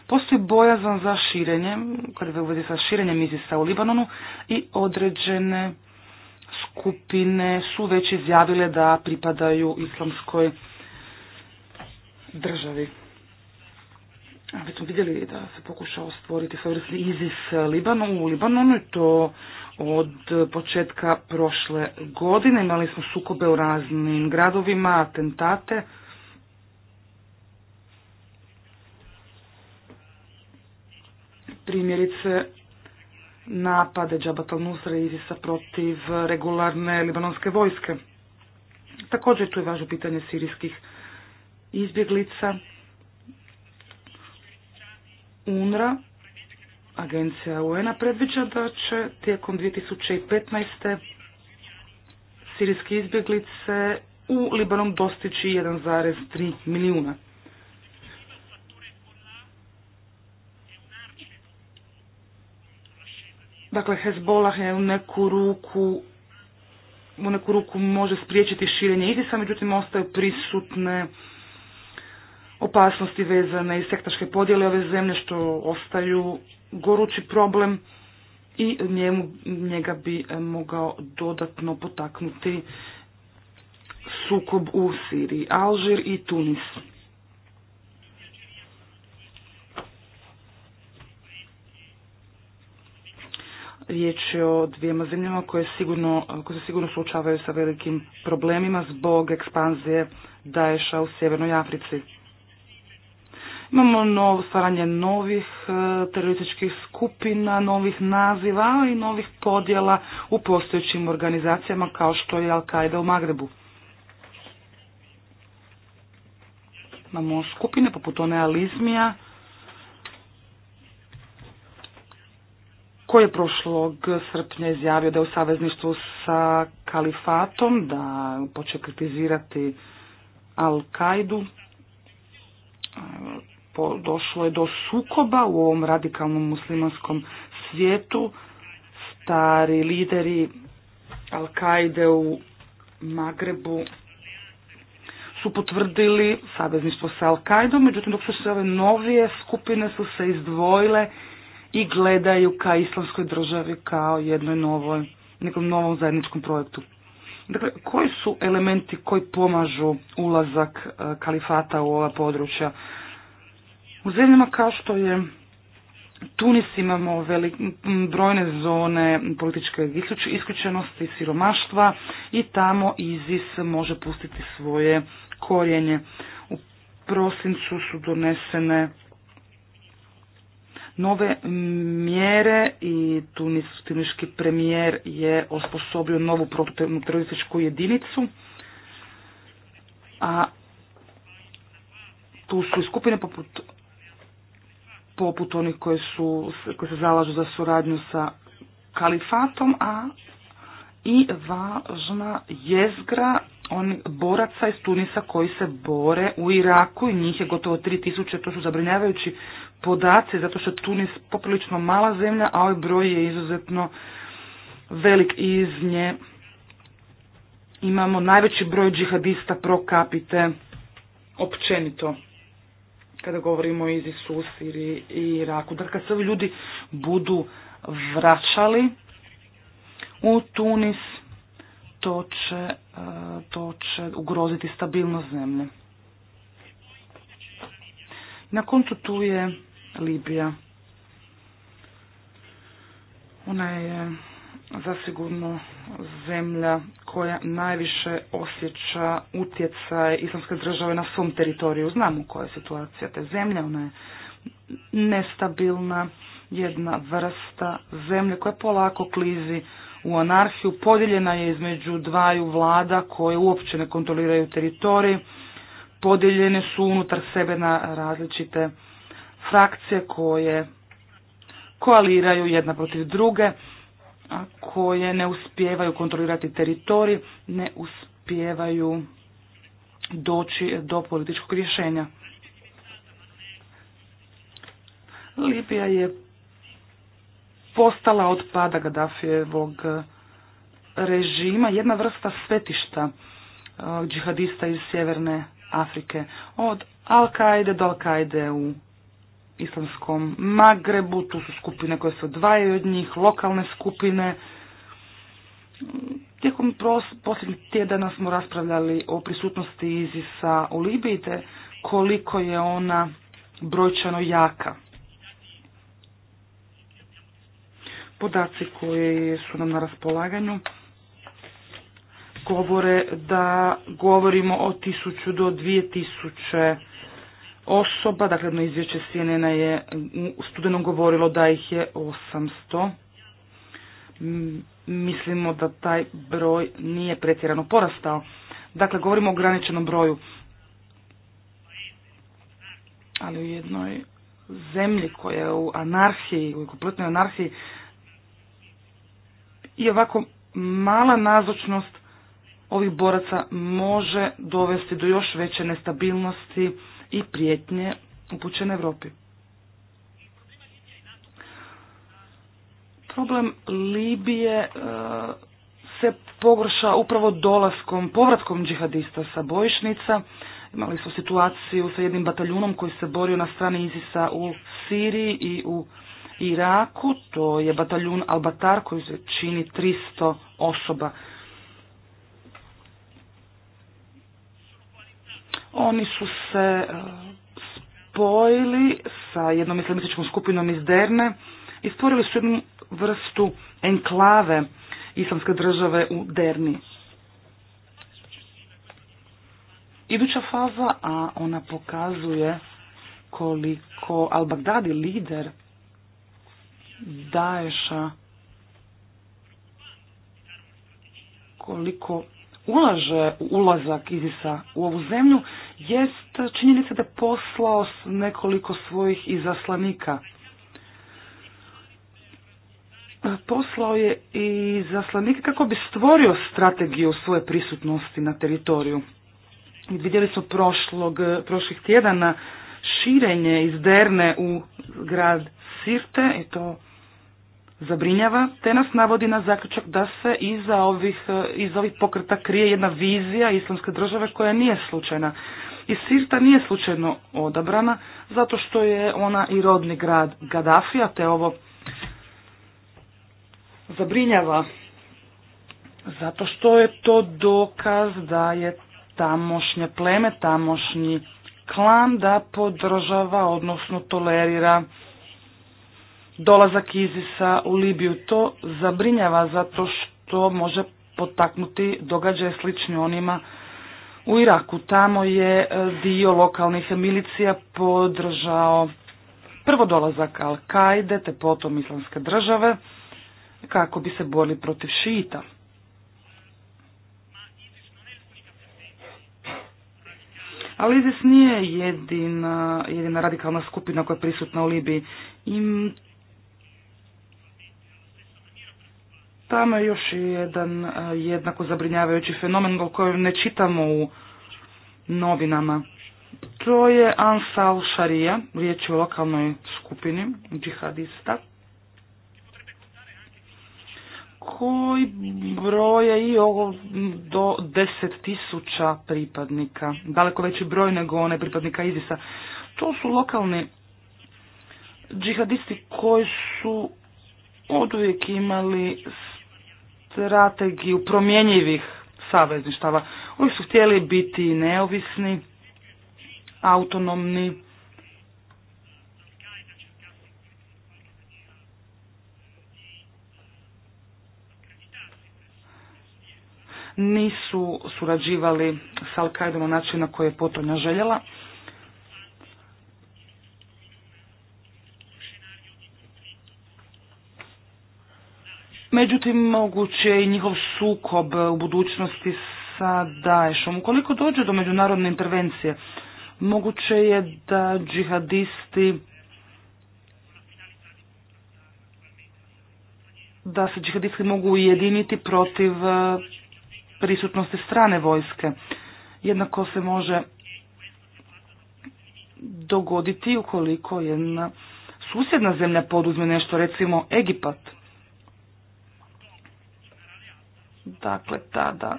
Postoji bojazan za širenje, kada je uvezi sa širenjem izisa u Libanonu i određene skupine su već izjavile da pripadaju islamskoj državi. Već smo vidjeli da se pokušao stvoriti svojevrsni izis Libanu. U Libanonu i to od početka prošle godine. Imali smo sukobe u raznim gradovima, atentate. Primjerice napade Džabat al-Nusra Izisa protiv regularne libanonske vojske. Također tu je važno pitanje sirijskih izbjeglica. UNRA, agencija un predviđa da će tijekom 2015. sirijske izbjeglice u Libanom dostići 1,3 milijuna. Dakle, Hezbollah je u neku ruku u neku ruku može spriječiti širenje ISIS-a, međutim ostaju prisutne opasnosti vezane i sektaške podjele ove zemlje što ostaju gorući problem i njemu, njega bi e, mogao dodatno potaknuti sukob u Siriji, Alžir i Tunis. Riječ je o dvijema zemljama koje, sigurno, koje se sigurno suočavaju sa velikim problemima zbog ekspanzije Daesha u Sjevernoj Africi. Imamo novo stvaranje novih e, terorističkih skupina, novih naziva i novih podjela u postojećim organizacijama kao što je al qaeda u Magrebu. Imamo skupine poput one Alizmija, koji je prošlog srpnja izjavio da je u savezništvu sa kalifatom, da poče kritizirati Al-Kaidu došlo je do sukoba u ovom radikalnom muslimanskom svijetu. Stari lideri Al-Kaide u Magrebu su potvrdili savezništvo sa Al-Kaidom, međutim dok su se ove novije skupine su se izdvojile i gledaju ka islamskoj državi kao jednoj novoj, nekom novom zajedničkom projektu. Dakle, koji su elementi koji pomažu ulazak e, kalifata u ova područja? U zemljama kao što je Tunis imamo velik, brojne zone političke isključenosti, siromaštva i tamo ISIS može pustiti svoje korijenje. U prosincu su donesene nove mjere i Tunis, tuniški premijer je osposobio novu terorističku jedinicu, a tu su i skupine poput poput onih koji, su, koji se zalažu za suradnju sa kalifatom, a i važna jezgra onih boraca iz Tunisa koji se bore u Iraku i njih je gotovo 3000, to su zabrinjavajući podaci zato što je Tunis poprilično mala zemlja, a ovaj broj je izuzetno velik i iz nje imamo najveći broj džihadista pro kapite općenito kada govorimo o Izisu, i Iraku. Da dakle, kad se ovi ljudi budu vraćali u Tunis, to će, e, to će ugroziti stabilnost zemlje. Na koncu tu je Libija. Ona je zasigurno zemlja koja najviše osjeća utjecaj islamske države na svom teritoriju. Znamo koja je situacija te zemlje, ona je nestabilna, jedna vrsta zemlje koja polako klizi u anarhiju, podijeljena je između dvaju vlada koje uopće ne kontroliraju teritorij, podijeljene su unutar sebe na različite frakcije koje koaliraju jedna protiv druge koje ne uspijevaju kontrolirati teritorij, ne uspijevaju doći do političkog rješenja. Libija je postala od pada Gaddafijevog režima jedna vrsta svetišta e, džihadista iz Sjeverne Afrike. Od Al-Kaide do al u islamskom Magrebu, tu su skupine koje se odvajaju od njih, lokalne skupine. Tijekom posljednjih tjedana smo raspravljali o prisutnosti Izisa u Libiji te koliko je ona brojčano jaka. Podaci koji su nam na raspolaganju govore da govorimo o tisuću do 2000 osoba, dakle jedno izvješće CNN-a je u studenom govorilo da ih je 800. Mislimo da taj broj nije pretjerano porastao. Dakle, govorimo o ograničenom broju. Ali u jednoj zemlji koja je u anarhiji, u kompletnoj anarhiji, i ovako mala nazočnost ovih boraca može dovesti do još veće nestabilnosti, i prijetnje upućene Europi. Problem Libije e, se pogorša upravo dolaskom, povratkom džihadista sa bojišnica. Imali smo situaciju sa jednim bataljunom koji se borio na strani Izisa u Siriji i u Iraku. To je bataljun Albatar koji se čini 300 osoba. Oni su se e, spojili sa jednom islamističkom skupinom iz Derne i stvorili su jednu vrstu enklave islamske države u Derni. Iduća faza, a ona pokazuje koliko Al-Baghdadi, lider Daesha, koliko ulaže ulazak Izisa u ovu zemlju jest činjenica da je poslao nekoliko svojih izaslanika. Poslao je i zaslanike kako bi stvorio strategiju svoje prisutnosti na teritoriju. Vidjeli smo prošlog, prošlih tjedana širenje iz Derne u grad Sirte i to zabrinjava, te nas navodi na zaključak da se iza ovih, e, iza ovih pokreta krije jedna vizija islamske države koja nije slučajna. I Sirta nije slučajno odabrana zato što je ona i rodni grad Gadafija, te ovo zabrinjava zato što je to dokaz da je tamošnje pleme, tamošnji klan da podržava, odnosno tolerira dolazak Izisa u Libiju. To zabrinjava zato što može potaknuti događaje slični onima u Iraku. Tamo je e, dio lokalnih milicija podržao prvo dolazak Al-Kaide te potom islamske države kako bi se borili protiv šita. Ali ISIS nije jedina, jedina radikalna skupina koja je prisutna u Libiji. I Tamo je još jedan e, jednako zabrinjavajući fenomen o kojem ne čitamo u novinama. To je Ansal Sharia, riječ je o lokalnoj skupini džihadista, koji broje i ovo do deset pripadnika, daleko veći broj nego one pripadnika Izisa. To su lokalni džihadisti koji su oduvijek imali strategiju promjenjivih savezništava. Oni su htjeli biti neovisni, autonomni, nisu surađivali s Al-Qaidom na način na koji je potonja željela. Međutim, moguće je i njihov sukob u budućnosti sa Daeshom. Ukoliko dođe do međunarodne intervencije, moguće je da džihadisti da se džihadisti mogu ujediniti protiv eh, prisutnosti strane vojske. Jednako se može dogoditi ukoliko jedna susjedna zemlja poduzme nešto, recimo Egipat. Dakle, tada,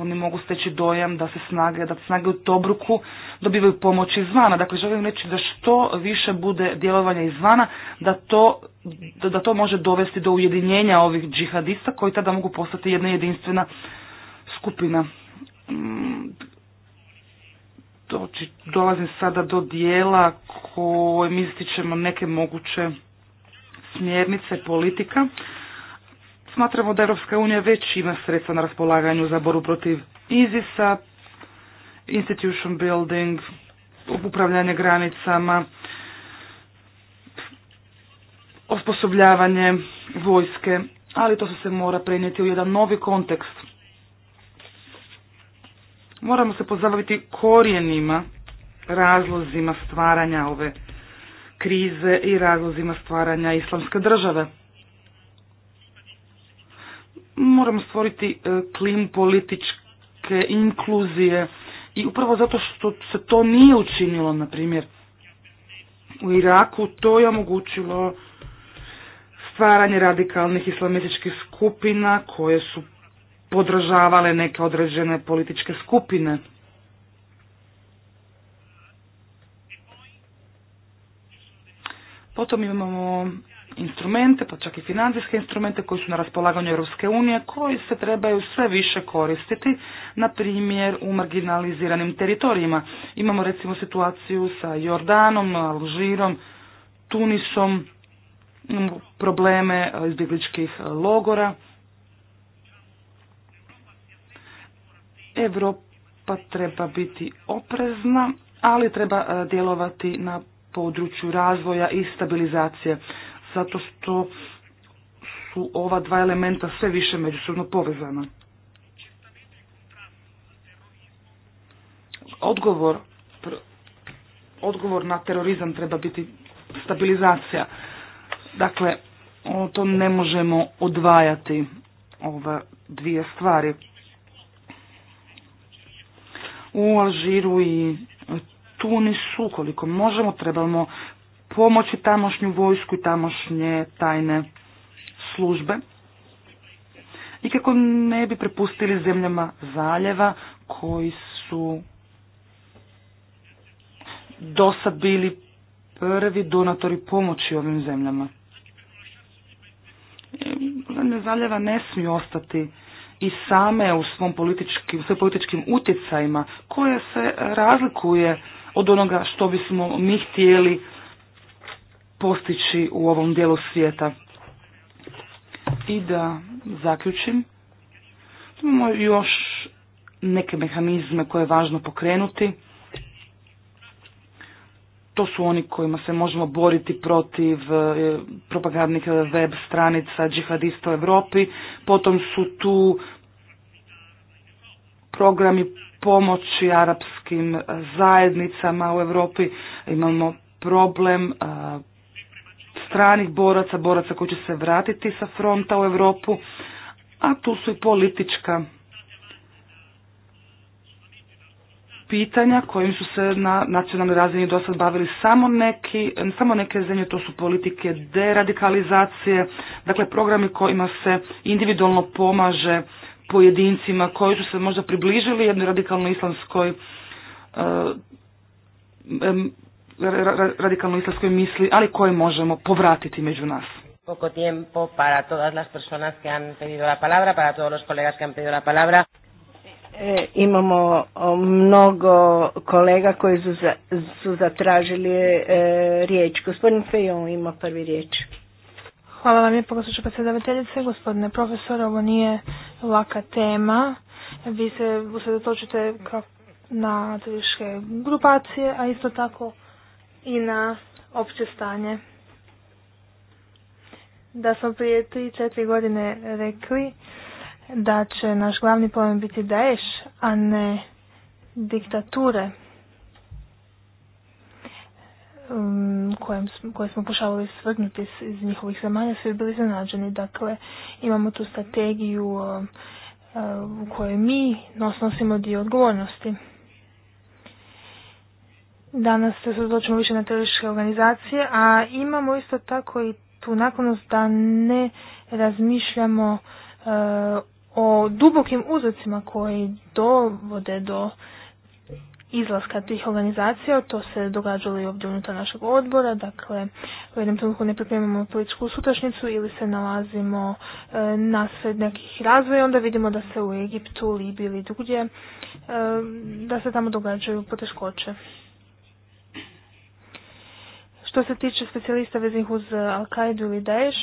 oni mogu steći dojam da se snage, da snage u Tobruku dobivaju pomoć izvana. Dakle, želim reći da što više bude djelovanja izvana, da to, da to može dovesti do ujedinjenja ovih džihadista koji tada mogu postati jedna jedinstvena skupina. Mm, doći, dolazim sada do dijela koje ističemo neke moguće smjernice politika. Smatramo da Europska unija već ima sredstva na raspolaganju za boru protiv ISIS-a, institution building, upravljanje granicama, osposobljavanje vojske, ali to se mora prenijeti u jedan novi kontekst. Moramo se pozabaviti korijenima, razlozima stvaranja ove krize i razlozima stvaranja islamske države moramo stvoriti e, klim političke inkluzije i upravo zato što se to nije učinilo, na primjer, u Iraku, to je omogućilo stvaranje radikalnih islamističkih skupina koje su podržavale neke određene političke skupine. Potom imamo instrumente, pa čak i financijske instrumente koji su na raspolaganju Europske unije, koji se trebaju sve više koristiti, na primjer u marginaliziranim teritorijima. Imamo recimo situaciju sa Jordanom, Alžirom, Tunisom, probleme eh, izbjegličkih eh, logora. Europa treba biti oprezna, ali treba eh, djelovati na području razvoja i stabilizacije zato što su ova dva elementa sve više međusobno povezana. Odgovor, odgovor na terorizam treba biti stabilizacija. Dakle, to ne možemo odvajati ove dvije stvari. U Alžiru i Tunisu, koliko možemo, trebamo pomoći tamošnju vojsku i tamošnje tajne službe i kako ne bi prepustili zemljama zaljeva koji su do sad bili prvi donatori pomoći ovim zemljama. Zemlje zaljeva ne smiju ostati i same u svom političkim, svojim političkim utjecajima koje se razlikuje od onoga što bismo mi htjeli postići u ovom dijelu svijeta. I da zaključim, imamo još neke mehanizme koje je važno pokrenuti. To su oni kojima se možemo boriti protiv e, propagandnih web stranica džihadista u Europi. Potom su tu programi pomoći arapskim zajednicama u Europi. Imamo problem e, stranih boraca, boraca koji će se vratiti sa fronta u Europu, a tu su i politička pitanja kojim su se na nacionalnoj razini do sad bavili samo, neki, samo neke zemlje, to su politike deradikalizacije, dakle programi kojima se individualno pomaže pojedincima koji su se možda približili jednoj radikalno islamskoj eh, radikalno islamskoj misli, ali koje možemo povratiti među nas. Poco tiempo para todas las personas que han pedido la palabra, para todos los colegas que han pedido la palabra. E, imamo mnogo kolega koji su, za, su zatražili e, riječ. Gospodin Fejon ima prvi riječ. Hvala vam lijepo, gospođo predsjedavateljice. Gospodine profesor, ovo nije laka tema. Vi se usredotočite na teoriške grupacije, a isto tako i na opće stanje. Da smo prije tri, četiri godine rekli da će naš glavni problem biti Daesh, a ne diktature um, koje smo pokušavali svrgnuti iz, njihovih zemalja, svi bili zanađeni. Dakle, imamo tu strategiju uh, u kojoj mi nosimo dio odgovornosti. Danas se suzločimo više na teoriške organizacije, a imamo isto tako i tu naklonost da ne razmišljamo eh, o dubokim uzrocima koji dovode do izlaska tih organizacija, to se događalo i ovdje unutar našeg odbora, dakle u jednom trenutku ne pripremimo političku sutrašnicu ili se nalazimo e, na sred nekih razvoja, onda vidimo da se u Egiptu, Libiji ili drugdje, eh, da se tamo događaju poteškoće. Što se tiče specijalista veznih uz eh, Al-Qaidu ili Daesh,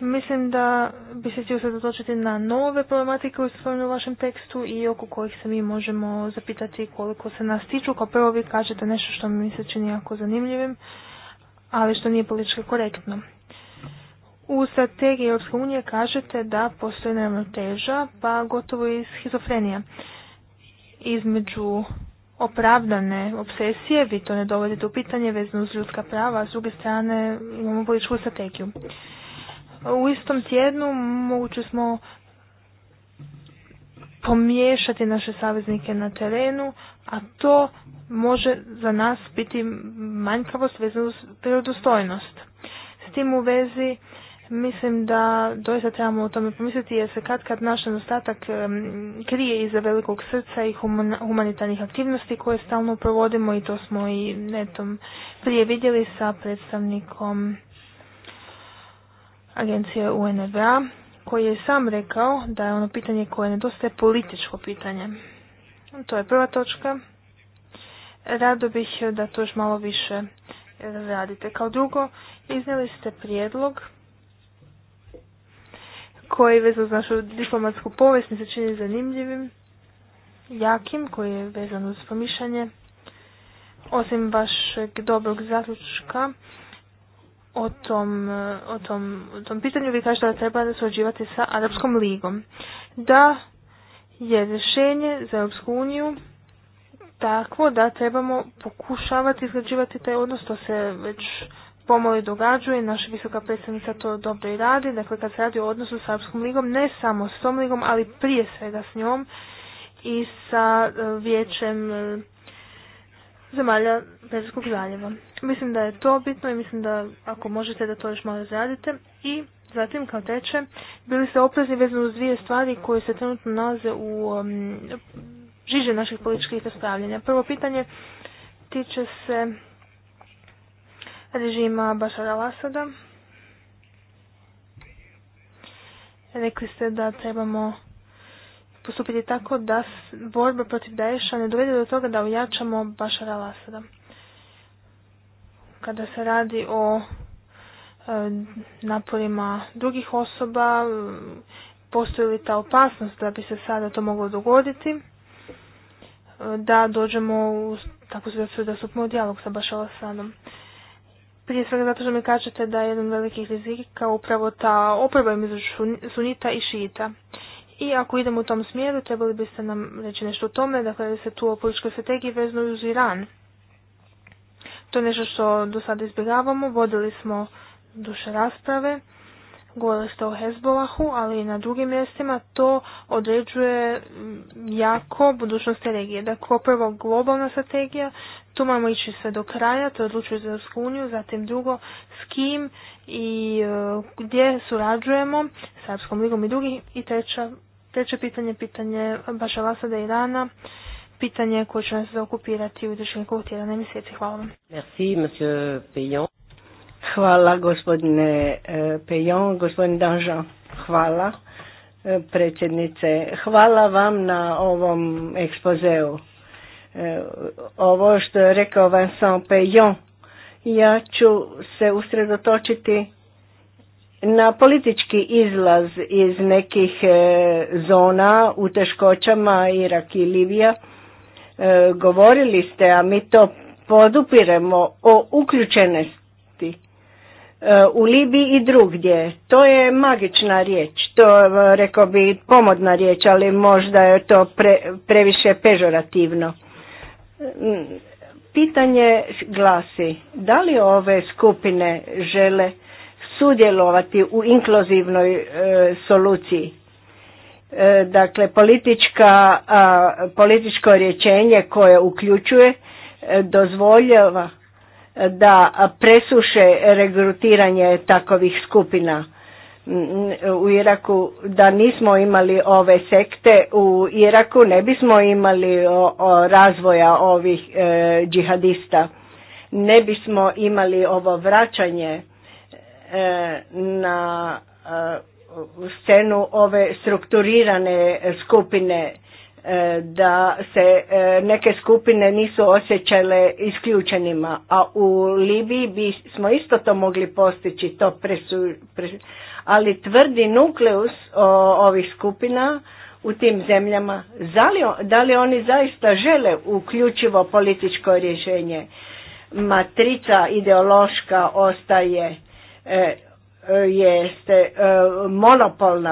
mislim da bi se htio usredotočiti na nove problematike u vašem tekstu i oko kojih se mi možemo zapitati koliko se nas tiču. Kao prvo vi kažete nešto što mi se čini jako zanimljivim, ali što nije politički korektno. U strategiji Europske unije kažete da postoji neravnoteža, pa gotovo i schizofrenija između opravdane obsesije, vi to ne dovodite u pitanje vezno uz ljudska prava, a s druge strane imamo političku strategiju. U istom tjednu moguće smo pomiješati naše saveznike na terenu, a to može za nas biti manjkavost vezno uz prirodostojnost. S tim u vezi Mislim da doista trebamo o tome pomisliti jer se kad kad naš nedostatak krije iza velikog srca i humanitarnih aktivnosti koje stalno provodimo i to smo i netom prije vidjeli sa predstavnikom agencije UNVA koji je sam rekao da je ono pitanje koje nedostaje političko pitanje. To je prva točka. Rado bih da to još malo više radite. Kao drugo, iznijeli ste prijedlog koji vezan uz našu diplomatsku povijest mi se čini zanimljivim, jakim, koji je vezan uz pomišljanje. Osim vašeg dobrog zaključka o tom, o tom, o tom pitanju, vi kažete da treba surađivati sa Arapskom ligom. Da je rješenje za Europsku uniju takvo da trebamo pokušavati izgrađivati taj odnos, to se već pomalo događuje, naša visoka predstavnica to dobro i radi, dakle kad se radi o odnosu s Arabskom ligom, ne samo s tom ligom, ali prije svega s njom i sa e, vijećem e, zemalja Perzijskog zaljeva. Mislim da je to bitno i mislim da ako možete da to još malo izradite. I zatim kao treće, bili ste oprezni vezano uz dvije stvari koje se trenutno nalaze u um, žiže naših političkih raspravljanja. Prvo pitanje tiče se režima Bašara Lasada. Rekli ste da trebamo postupiti tako da borba protiv Daesha ne dovede do toga da ojačamo Bašara Lasada. Kada se radi o e, naporima drugih osoba, postoji li ta opasnost da bi se sada to moglo dogoditi, e, da dođemo u takvu situaciju da stupimo u dijalog sa Bašala Sadom. Prije svega zato što mi kažete da je jedan velikih rizika upravo ta oprava između sunita i šita. I ako idemo u tom smjeru, trebali biste nam reći nešto o tome, dakle se tu o političkoj strategiji veznu uz Iran. To je nešto što do sada izbjegavamo, vodili smo duše rasprave govorili ste o Hezbolahu, ali i na drugim mjestima to određuje jako budućnost te regije. Dakle, prvo globalna strategija, tu moramo ići sve do kraja, to odlučuje za Europsku uniju, zatim drugo s kim i e, gdje surađujemo s Arabskom ligom i drugim i treće pitanje, pitanje Baša Lasada i rana, pitanje koje će nas zaokupirati u idućih nekoliko tjedana mjeseci. Hvala vam. Merci, monsieur Hvala gospodine e, Pejon, gospodin Danžan, hvala e, predsjednice. Hvala vam na ovom ekspozeu. E, ovo što je rekao Vincent Pejon, ja ću se usredotočiti na politički izlaz iz nekih zona u teškoćama Irak i Libija. Govorili ste, a mi to podupiremo o uključenosti E, u Libiji i drugdje. To je magična riječ, to e, rekao bi pomodna riječ, ali možda je to previše pežorativno. Mm, pitanje glasi, da li ove skupine žele sudjelovati u inkluzivnoj e, soluciji? dakle, politička, a, političko rječenje koje uključuje dozvoljava da presuše regrutiranje takovih skupina mm, u Iraku, da nismo imali ove sekte u Iraku, ne bismo imali razvoja ovih e, džihadista, ne bismo imali ovo vraćanje e, na e, scenu ove strukturirane skupine E, da se e, neke skupine nisu osjećale isključenima, a u Libiji bismo smo isto to mogli postići, to presu, ali tvrdi nukleus o, ovih skupina u tim zemljama, da li, da li oni zaista žele uključivo političko rješenje? Matrica ideološka ostaje e, e jeste e,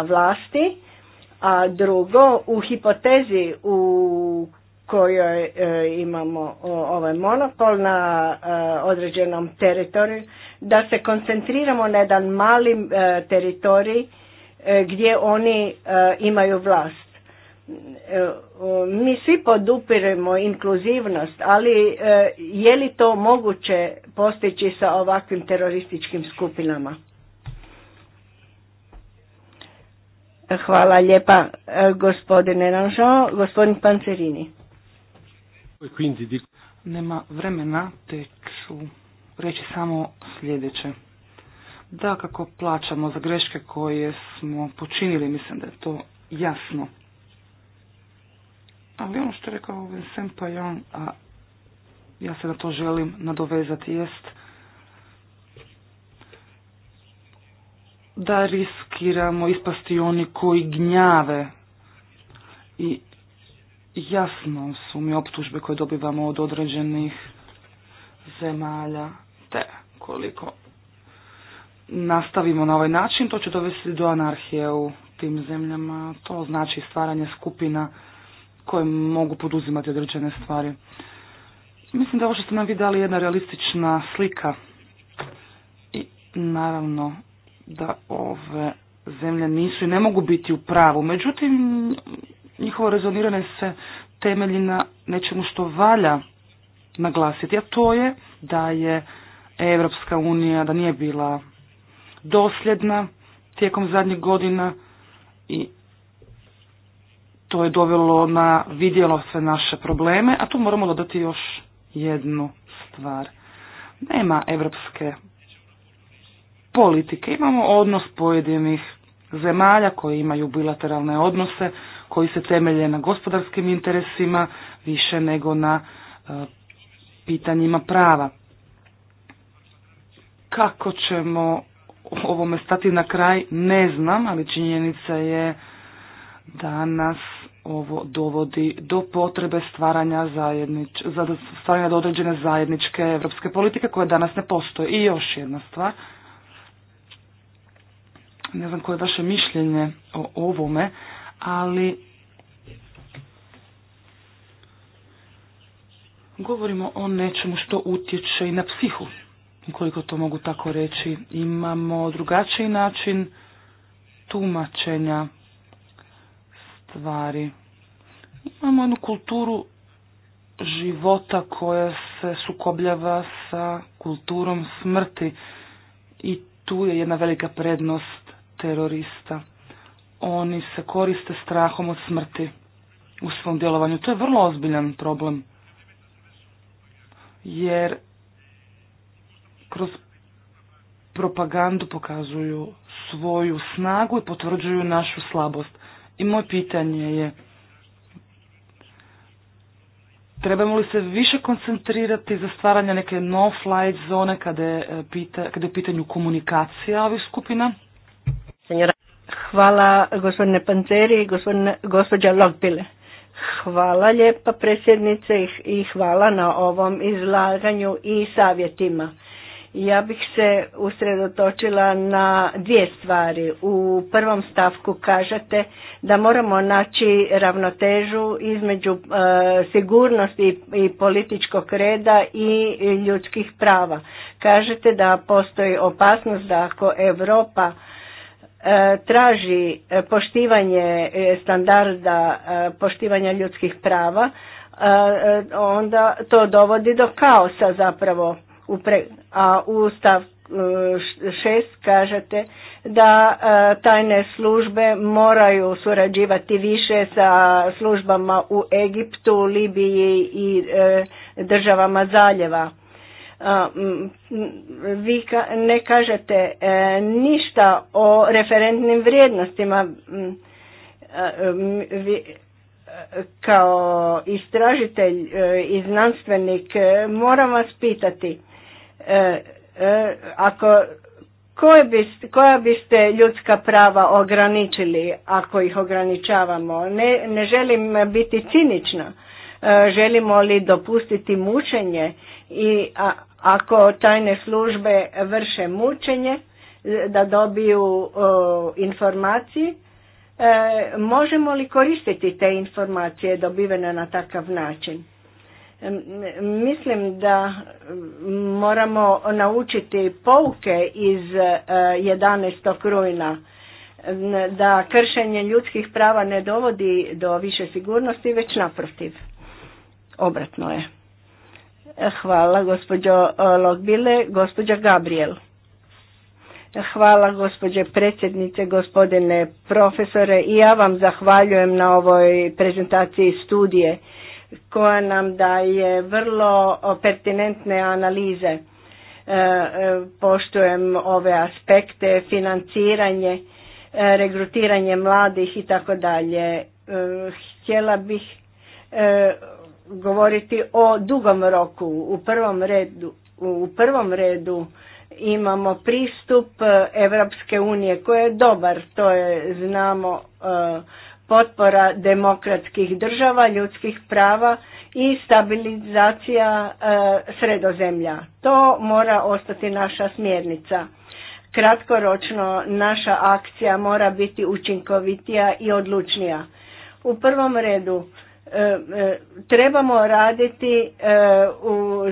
vlasti, a drugo, u hipotezi u kojoj e, imamo ovaj monopol na e, određenom teritoriju, da se koncentriramo na jedan mali e, teritorij gdje oni imaju vlast. Mi svi podupiremo inkluzivnost, ali je li to moguće postići sa ovakvim terorističkim skupinama? Hvala lijepa e, gospodine Ranžo, gospodin Pancerini. Nema vremena, te ću reći samo sljedeće. Da, kako plaćamo za greške koje smo počinili, mislim da je to jasno. Ali ono što je rekao Vincent Pajon, a ja se na to želim nadovezati, jest da riskiramo ispasti oni koji gnjave i jasno su mi optužbe koje dobivamo od određenih zemalja te koliko nastavimo na ovaj način to će dovesti do anarhije u tim zemljama to znači stvaranje skupina koje mogu poduzimati određene stvari mislim da ovo što ste nam vi dali jedna realistična slika i naravno da ove zemlje nisu i ne mogu biti u pravu. Međutim, njihovo rezoniranje se temelji na nečemu što valja naglasiti, a to je da je Europska unija, da nije bila dosljedna tijekom zadnjih godina i to je dovelo na vidjelo sve naše probleme, a tu moramo dodati još jednu stvar. Nema evropske politike. Imamo odnos pojedinih zemalja koji imaju bilateralne odnose, koji se temelje na gospodarskim interesima više nego na e, pitanjima prava. Kako ćemo ovome stati na kraj ne znam, ali činjenica je da nas ovo dovodi do potrebe stvaranja, zajednič, stvaranja do određene zajedničke evropske politike koja danas ne postoji. I još jedna stvar, ne znam koje je vaše mišljenje o ovome, ali govorimo o nečemu što utječe i na psihu. Ukoliko to mogu tako reći, imamo drugačiji način tumačenja stvari. Imamo jednu kulturu života koja se sukobljava sa kulturom smrti i tu je jedna velika prednost terorista. Oni se koriste strahom od smrti u svom djelovanju. To je vrlo ozbiljan problem. Jer kroz propagandu pokazuju svoju snagu i potvrđuju našu slabost. I moje pitanje je trebamo li se više koncentrirati za stvaranje neke no flight zone kada je, e, kada je u pitanju komunikacija ovih skupina? Hvala gospodine Panceri i gospođa Logbile. Hvala lijepa predsjednice i hvala na ovom izlaganju i savjetima. Ja bih se usredotočila na dvije stvari. U prvom stavku kažete da moramo naći ravnotežu između e, sigurnosti i političkog reda i ljudskih prava. Kažete da postoji opasnost da ako Europa E, traži e, poštivanje e, standarda poštivanja ljudskih prava, onda to dovodi do kaosa zapravo. A u stav šest kažete da tajne službe moraju surađivati više sa službama u Egiptu, Libiji i državama zaljeva vi ne kažete e, ništa o referentnim vrijednostima e, kao istražitelj e, i znanstvenik moram vas pitati ako koje biste, koja biste ljudska prava ograničili ako ih ograničavamo? Ne, ne želim biti cinična. Želimo li dopustiti mučenje? i ako tajne službe vrše mučenje e, da dobiju informacije, e, možemo li koristiti te informacije dobivene na takav način? Mislim da moramo naučiti pouke iz 11. E, rujna da kršenje ljudskih prava ne dovodi do više sigurnosti, već naprotiv. Obratno je. Hvala gospođo e, Logbile, gospođa Gabriel. Hvala gospođe predsjednice, gospodine profesore i ja vam zahvaljujem na ovoj prezentaciji studije koja nam daje vrlo pertinentne analize. E, e, poštujem ove aspekte, financiranje, regrutiranje mladih i tako dalje. Htjela bih govoriti o dugom roku. U prvom redu, u prvom redu imamo pristup e, Evropske unije koji je dobar, to je znamo e, potpora demokratskih država, ljudskih prava i stabilizacija e, sredozemlja. To mora ostati naša smjernica. Kratkoročno naša akcija mora biti učinkovitija i odlučnija. U prvom redu E, e, trebamo raditi, e,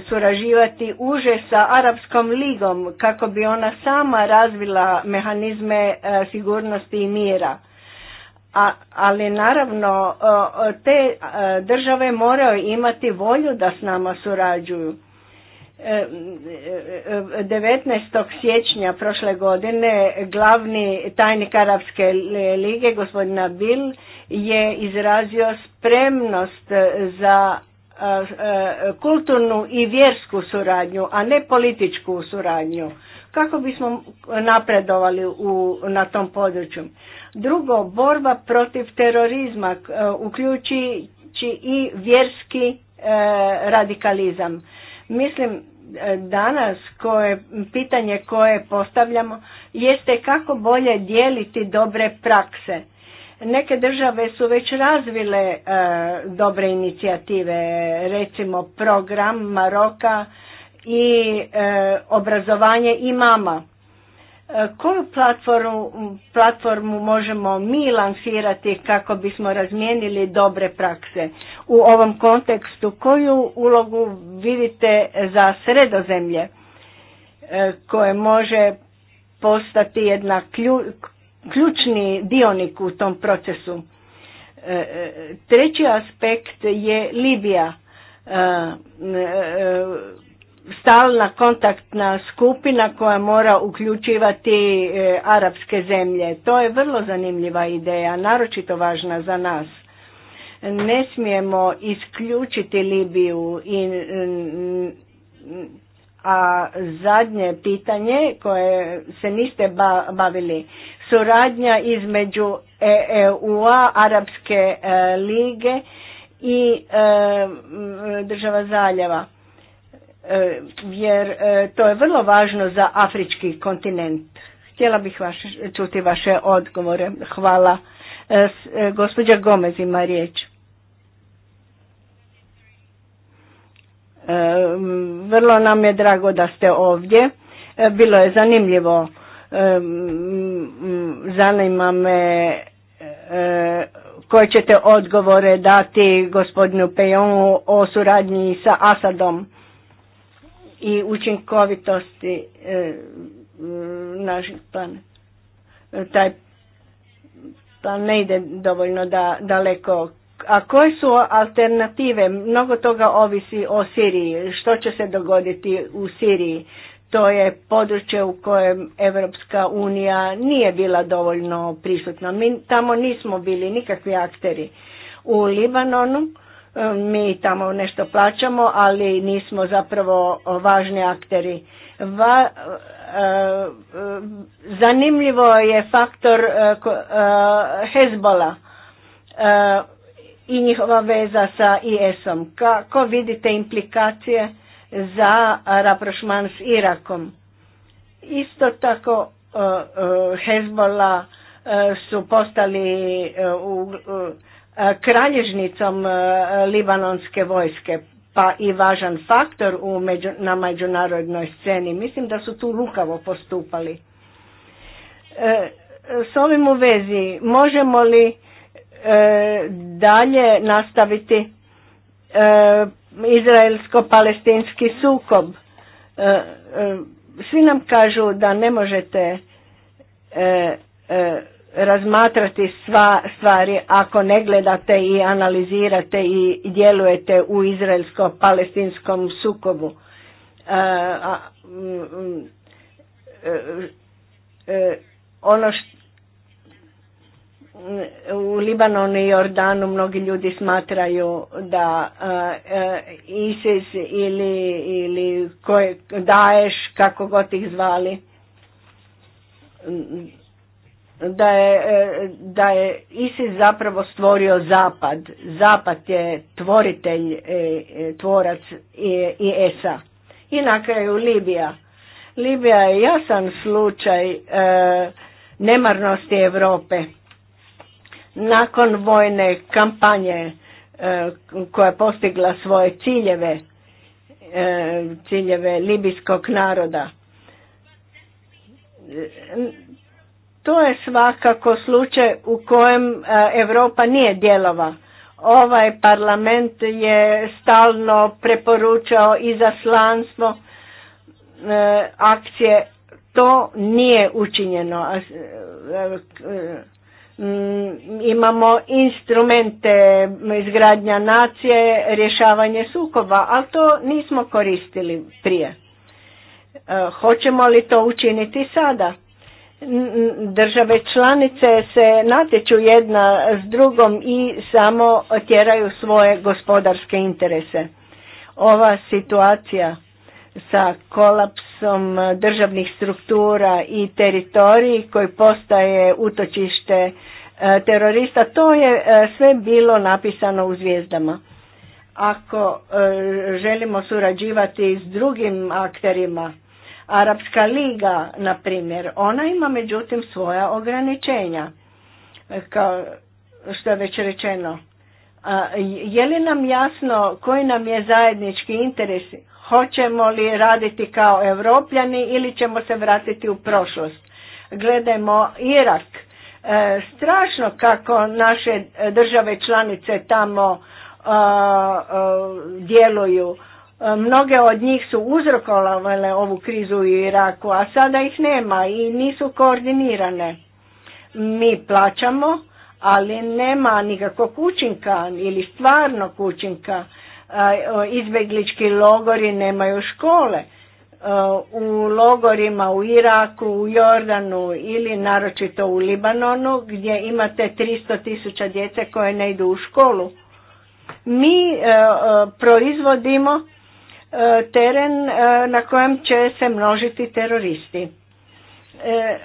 surađivati uže sa Arapskom ligom kako bi ona sama razvila mehanizme sigurnosti i mira. A, ali naravno te države moraju imati volju da s nama surađuju. 19. siječnja prošle godine glavni tajnik Arabske lige gospodin bil je izrazio spremnost za kulturnu i vjersku suradnju, a ne političku suradnju. Kako bismo napredovali u, na tom području? Drugo, borba protiv terorizma uključujući i vjerski e, radikalizam Mislim e, danas koje pitanje koje postavljamo jeste kako bolje dijeliti dobre prakse. Neke države su već razvile e, dobre inicijative, recimo program Maroka i e, obrazovanje imama. E, koju platformu, platformu možemo mi lansirati kako bismo razmijenili dobre prakse? U ovom kontekstu koju ulogu vidite za sredozemlje e, koje može postati jedna klju, ključni dionik u tom procesu? E, treći aspekt je Libija stalna kontaktna skupina koja mora uključivati e, arapske zemlje. To je vrlo zanimljiva ideja, naročito važna za nas. Ne smijemo isključiti Libiju i a zadnje pitanje koje se niste bavili, suradnja između EU-a, e Arapske e, lige i država Zaljeva E, jer e, to je vrlo važno za afrički kontinent. Htjela bih čuti vaše odgovore. Hvala. E, gospođa Gomez ima riječ. Vrlo nam je drago da ste ovdje. Bilo je zanimljivo. Zanima me koje ćete odgovore dati gospodinu Pejonu o suradnji sa Asadom i učinkovitosti e, e, naših plan. E, taj plan ne ide dovoljno da, daleko. A koje su alternative? Mnogo toga ovisi o Siriji. Što će se dogoditi u Siriji? To je područje u kojem Evropska unija nije bila dovoljno prisutna. Mi tamo nismo bili nikakvi akteri. U Libanonu mi tamo nešto plaćamo, ali nismo zapravo važni akteri. Va, e, e, zanimljivo je faktor e, Hezbola i njihova veza sa IS-om. Kako vidite implikacije za raprošman s Irakom? Isto tako Hezbola su postali u kralježnicom e, libanonske vojske pa i važan faktor u na međunarodnoj sceni. Mislim da su tu lukavo postupali. E, s ovim u vezi možemo li e, dalje nastaviti e, izraelsko-palestinski sukob? Svi nam kažu da ne možete razmatrati sva stvari ako ne gledate i analizirate i djelujete u izraelsko-palestinskom sukobu. E, mm, mm, e, e, ono u Libanonu i Jordanu mnogi ljudi smatraju da ISIS ili, ili koje, Daesh, kako god ih zvali, da je, e, da je ISIS zapravo stvorio Zapad. Zapad je tvoritelj, e, e, tvorac IS-a. I na kraju Libija. Libija je jasan slučaj nemarnosti Europe. Nakon vojne kampanje koja je postigla svoje ciljeve, ciljeve libijskog naroda, to je svakako slučaj u kojem e, Europa nije djelova. Ovaj parlament je stalno preporučao izaslanstvo e, akcije. To nije učinjeno. E, imamo instrumente izgradnja nacije, rješavanje sukoba, ali to nismo koristili prije. Hoćemo li to učiniti sada? Države članice se natječu jedna s drugom i samo tjeraju svoje gospodarske interese. Ova situacija sa kolapsom državnih struktura i teritoriji koji postaje utočište e, terorista, to je e, sve bilo napisano u zvijezdama. Ako e, želimo surađivati s drugim akterima, Arapska liga, na primjer, ona ima međutim svoja ograničenja, e, kao što je već rečeno. A, je li nam jasno koji nam je zajednički interes? Hoćemo li raditi kao europljani ili ćemo se vratiti u prošlost? Gledajmo Irak. E, strašno kako naše države članice tamo djeluju E, mnoge od njih su uzrokovale ovu krizu u Iraku, a sada ih nema i nisu koordinirane. Mi plaćamo, ali nema nikakvog učinka ili stvarnog učinka. E, Izbeglički logori nemaju škole. E, u logorima u Iraku, u Jordanu ili naročito u Libanonu gdje imate 300 tisuća djece koje ne idu u školu. Mi proizvodimo E, teren e, na kojem će se množiti teroristi. E,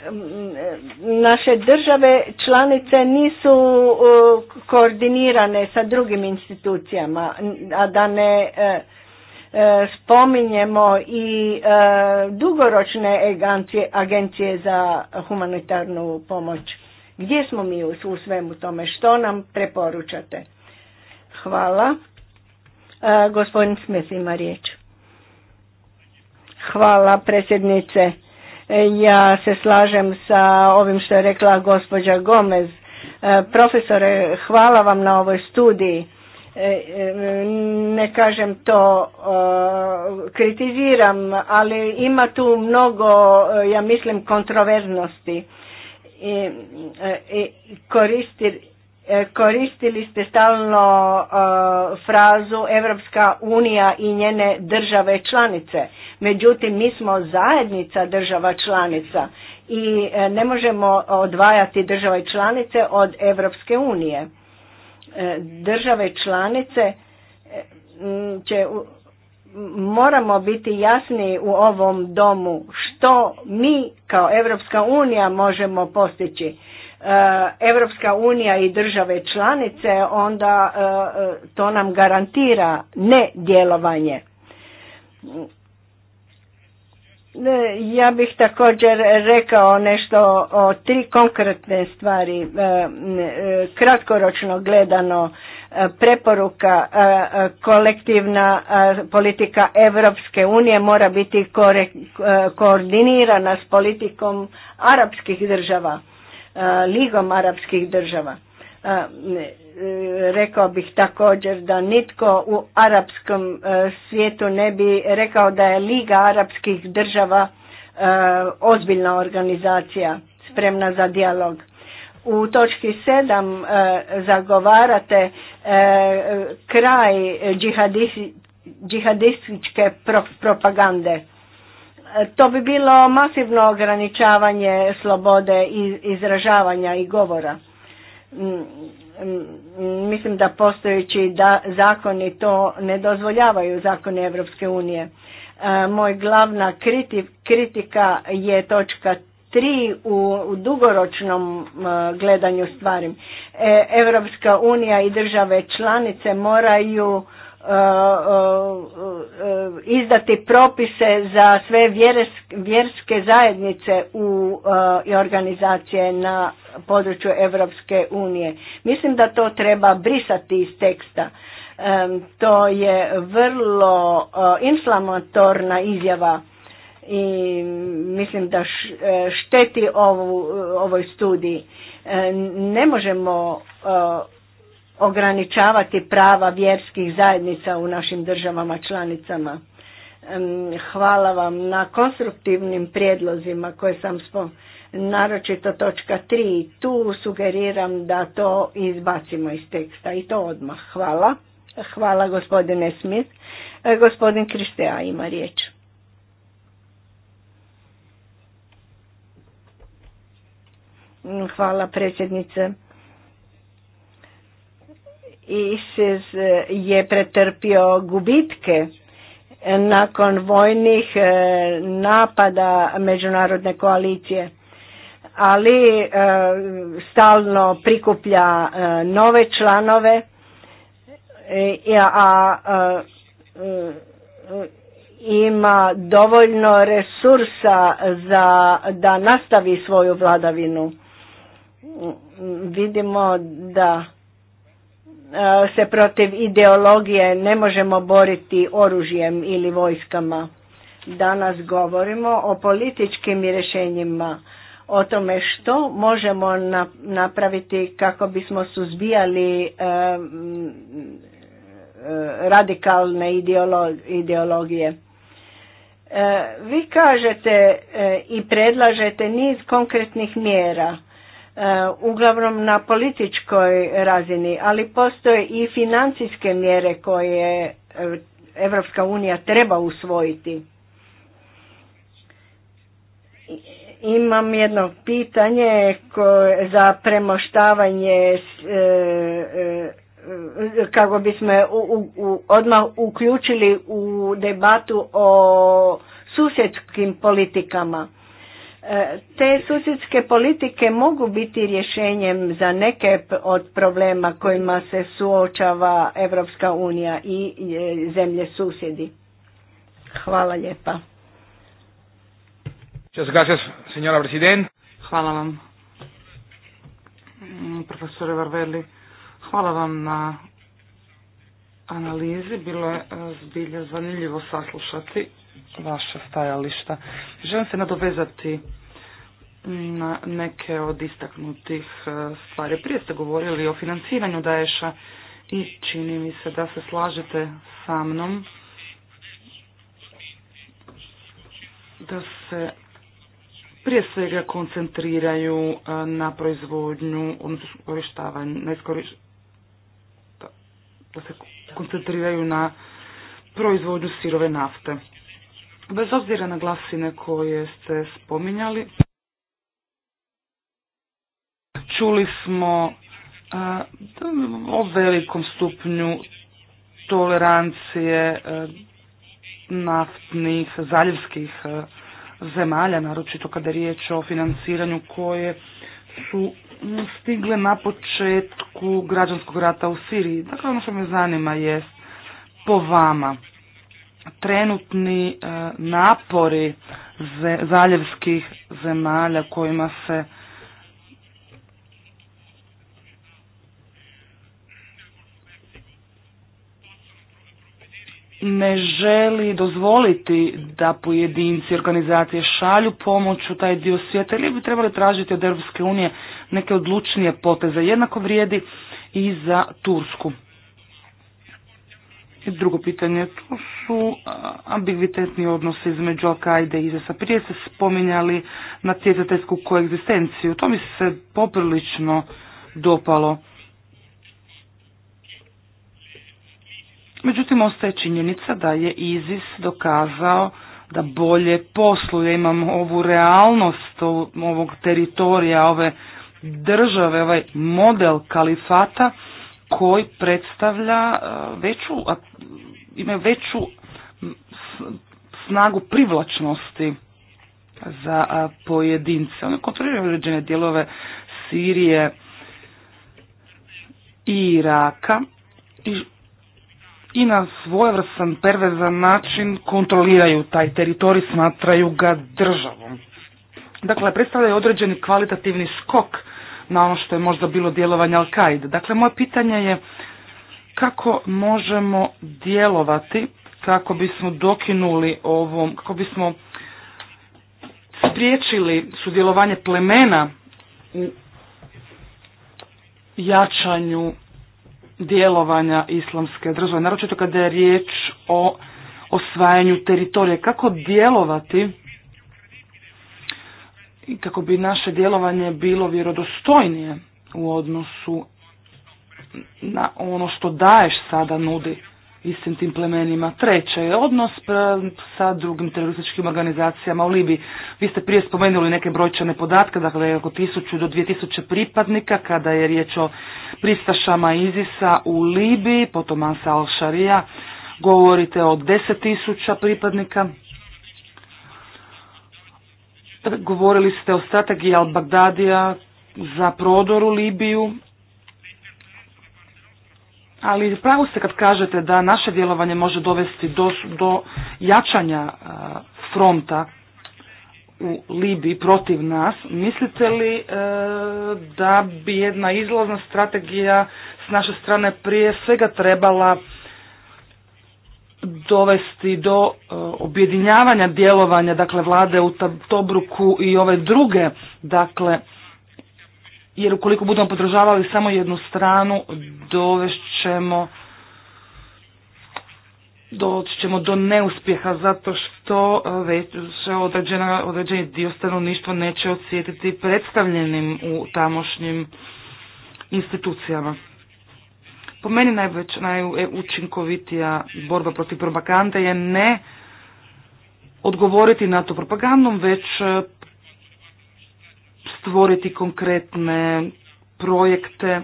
naše države članice nisu koordinirane sa drugim institucijama, a da ne spominjemo i dugoročne agencije za humanitarnu pomoć. Gdje smo mi u svemu tome? Što nam preporučate? Hvala. Gospodin Smith ima riječ. Hvala predsjednice. E, ja se slažem sa ovim što je rekla gospođa Gomez. E, profesore, hvala vam na ovoj studiji. E, ne kažem to, kritiziram, ali ima tu mnogo, ja mislim, kontroverznosti. I koristi E, koristili ste stalno e, frazu Evropska unija i njene države članice. Međutim, mi smo zajednica država članica i e, ne možemo odvajati države članice od Evropske unije. Države članice će moramo biti jasni u ovom domu što mi kao Evropska unija možemo postići Europska unija i države članice, onda e, e, to nam garantira ne djelovanje. E, ja bih također rekao nešto o tri konkretne stvari. Kratkoročno gledano preporuka kolektivna politika Europske unije mora biti koordinirana s politikom arapskih država Ligom arapskih država. E, rekao bih također da nitko u arapskom e, svijetu ne bi rekao da je Liga arapskih država e, ozbiljna organizacija spremna za dijalog. U točki sedam zagovarate kraj džihadističke propagande to bi bilo masivno ograničavanje slobode izražavanja i govora. Mm, mm, mislim da postojeći da zakoni to ne dozvoljavaju zakone Europske unije. E, moj glavna kritika je točka tri u dugoročnom e, gledanju stvari. Europska unija i države članice moraju Eh, eh, eh, izdati propise za sve vjerske zajednice u i organizacije na području Europske unije. Mislim da to treba brisati iz teksta. To je vrlo inflamatorna izjava i mislim da šteti ovoj studiji. Ne možemo ograničavati prava vjerskih zajednica u našim državama članicama. Hvala vam na konstruktivnim prijedlozima koje sam spom... naročito točka 3. Tu sugeriram da to izbacimo iz teksta i to odmah. Hvala. Hvala gospodine Smith. E, gospodin Kristea ima riječ. Hvala predsjednice. ISIS e, je pretrpio gubitke nakon vojnih e, napada međunarodne koalicije ali e, stalno prikuplja nove članove a ima dovoljno resursa za da nastavi svoju vladavinu vidimo da E, se protiv ideologije ne možemo boriti oružjem ili vojskama. Danas govorimo o političkim rješenjima, o tome što možemo napraviti kako bismo suzbijali e, e, radikalne ideologije. Vi kažete i predlažete niz konkretnih mjera E, uglavnom na političkoj razini, ali postoje i financijske mjere koje e, Evropska unija treba usvojiti. Imam jedno pitanje za premoštavanje e, kako bismo odmah uključili u debatu o susjedskim politikama E, te susjedske politike mogu biti rješenjem za neke od problema kojima se suočava Europska unija i e, zemlje susjedi. Hvala lijepa. Hvala vam, mm, profesore Varveli. Hvala vam na analizi. Bilo je e, zbilja zanimljivo saslušati vaša stajališta. Želim se nadovezati na neke od istaknutih e, stvari. Prije ste govorili o financiranju Daesha i čini mi se da se slažete sa mnom da se prije svega koncentriraju e, na proizvodnju, odnosno iskorištavanje, na da se koncentriraju na proizvodnju sirove nafte. Bez obzira na glasine koje ste spominjali, čuli smo e, a, o velikom stupnju tolerancije e, naftnih zaljevskih e, zemalja, naročito kada je riječ o financiranju koje su stigle na početku građanskog rata u Siriji. Dakle, ono što me zanima jest po vama trenutni e, napori zaljevskih zemalja kojima se ne želi dozvoliti da pojedinci organizacije šalju pomoć u taj dio svijeta ili bi trebali tražiti od Europske unije neke odlučnije poteze. Jednako vrijedi i za Tursku. I Drugo pitanje, to su ambigvitetni odnosi između Al-Qaide i isis Prije se spominjali na natjecateljsku koegzistenciju. To mi se poprilično dopalo. Međutim, ostaje činjenica da je ISIS dokazao da bolje posluje. Imamo ovu realnost ovog teritorija, ove države, ovaj model kalifata – koji predstavlja e, veću, imaju veću snagu privlačnosti za pojedince. Oni kontroliraju određene dijelove Sirije i Iraka i, i na svojevrstan, pervezan način kontroliraju taj teritorij, smatraju ga državom. Dakle, predstavljaju određeni kvalitativni skok na ono što je možda bilo djelovanje al qaida Dakle, moje pitanje je kako možemo djelovati kako bismo dokinuli ovom, kako bismo spriječili sudjelovanje plemena u jačanju djelovanja islamske države, naročito kada je riječ o osvajanju teritorije. Kako djelovati i kako bi naše djelovanje bilo vjerodostojnije u odnosu na ono što daješ sada nudi istim tim plemenima. Treće je odnos e, sa drugim terorističkim organizacijama u Libiji. Vi ste prije spomenuli neke brojčane podatke, dakle oko 1000 do 2000 pripadnika kada je riječ o pristašama Izisa u Libiji, potom Ansa al-Sharia, govorite o 10.000 pripadnika. Govorili ste o strategiji Al-Bagdadija za prodor u Libiju, ali pravo ste kad kažete da naše djelovanje može dovesti do, jačanja fronta u Libiji protiv nas, mislite li e, da bi jedna izlazna strategija s naše strane prije svega trebala dovesti do e, objedinjavanja djelovanja dakle vlade u Tobruku i ove druge dakle jer ukoliko budemo podržavali samo jednu stranu dovešćemo doći ćemo do neuspjeha zato što e, već određena, određeni dio stanovništva neće osjetiti predstavljenim u tamošnjim institucijama. Po meni najveć, najučinkovitija borba protiv propagande je ne odgovoriti na to propagandom, već e, stvoriti konkretne projekte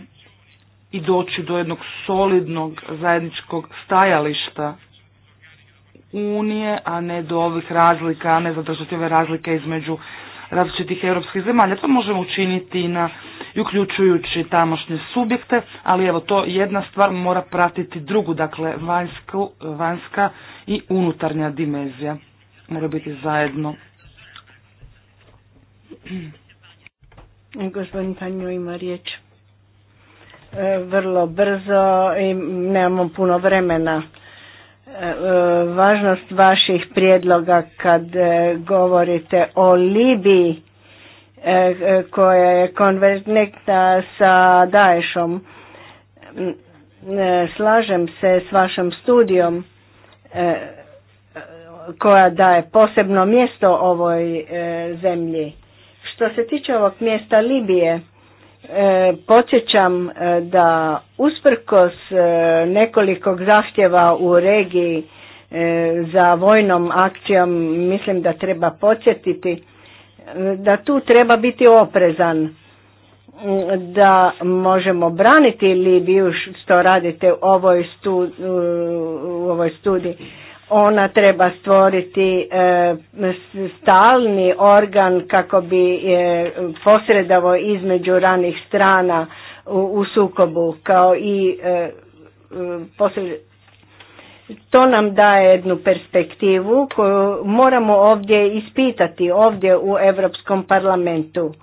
i doći do jednog solidnog zajedničkog stajališta Unije, a ne do ovih razlika, a ne zadržati ove razlike između različitih europskih zemalja. To možemo učiniti i na i uključujući tamošnje subjekte, ali evo to jedna stvar mora pratiti drugu, dakle vanjska vanjska i unutarnja dimenzija. Mora biti zajedno. Gospodin Tanjo ima riječ. E, vrlo brzo i nemamo puno vremena e, e, važnost vaših prijedloga kad govorite o Libiji E, e, koja je konvergentna sa Daješom. E, slažem se s vašom studijom koja daje posebno mjesto ovoj zemlji. Što se tiče ovog mjesta Libije, podsjećam da usprkos nekolikog zahtjeva u regiji za vojnom akcijom, mislim da treba podsjetiti da tu treba biti oprezan da možemo braniti Libiju što radite u ovoj, u ovoj studiji. Ona treba stvoriti e, stalni organ kako bi e, posredavo između ranih strana u, sukobu kao i e, to nam daje jednu perspektivu koju moramo ovdje ispitati, ovdje u Europskom parlamentu.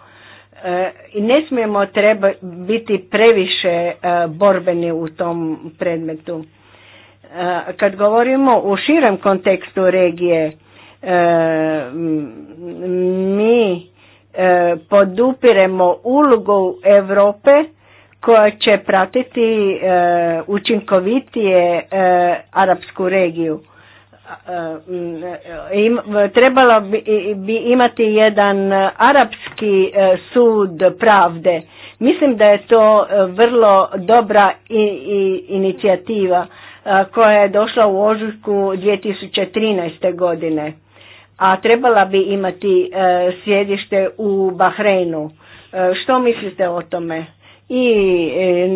E, I ne smijemo treba biti previše e, borbeni u tom predmetu. E, kad govorimo u širem kontekstu regije, mi podupiremo ulogu Europe koja će pratiti e, učinkovitije e, arapsku regiju. E, Im, trebalo bi, imati jedan arapski sud pravde. Mislim da je to vrlo dobra i, inicijativa koja je došla u ožujku 2013. godine, a trebala bi imati sjedište u Bahreinu. Što mislite o tome? I e,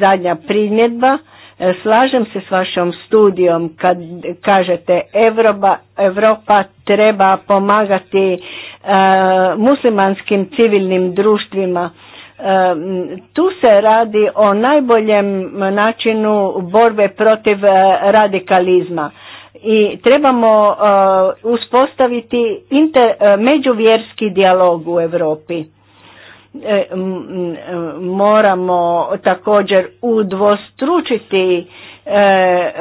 zadnja primjedba, e, slažem se s vašom studijom kad kažete Evropa, Evropa treba pomagati e, muslimanskim civilnim društvima. tu se radi o najboljem načinu borbe protiv radikalizma i trebamo uspostaviti inter, međuvjerski dijalog u Europi E, moramo također udvostručiti e, e,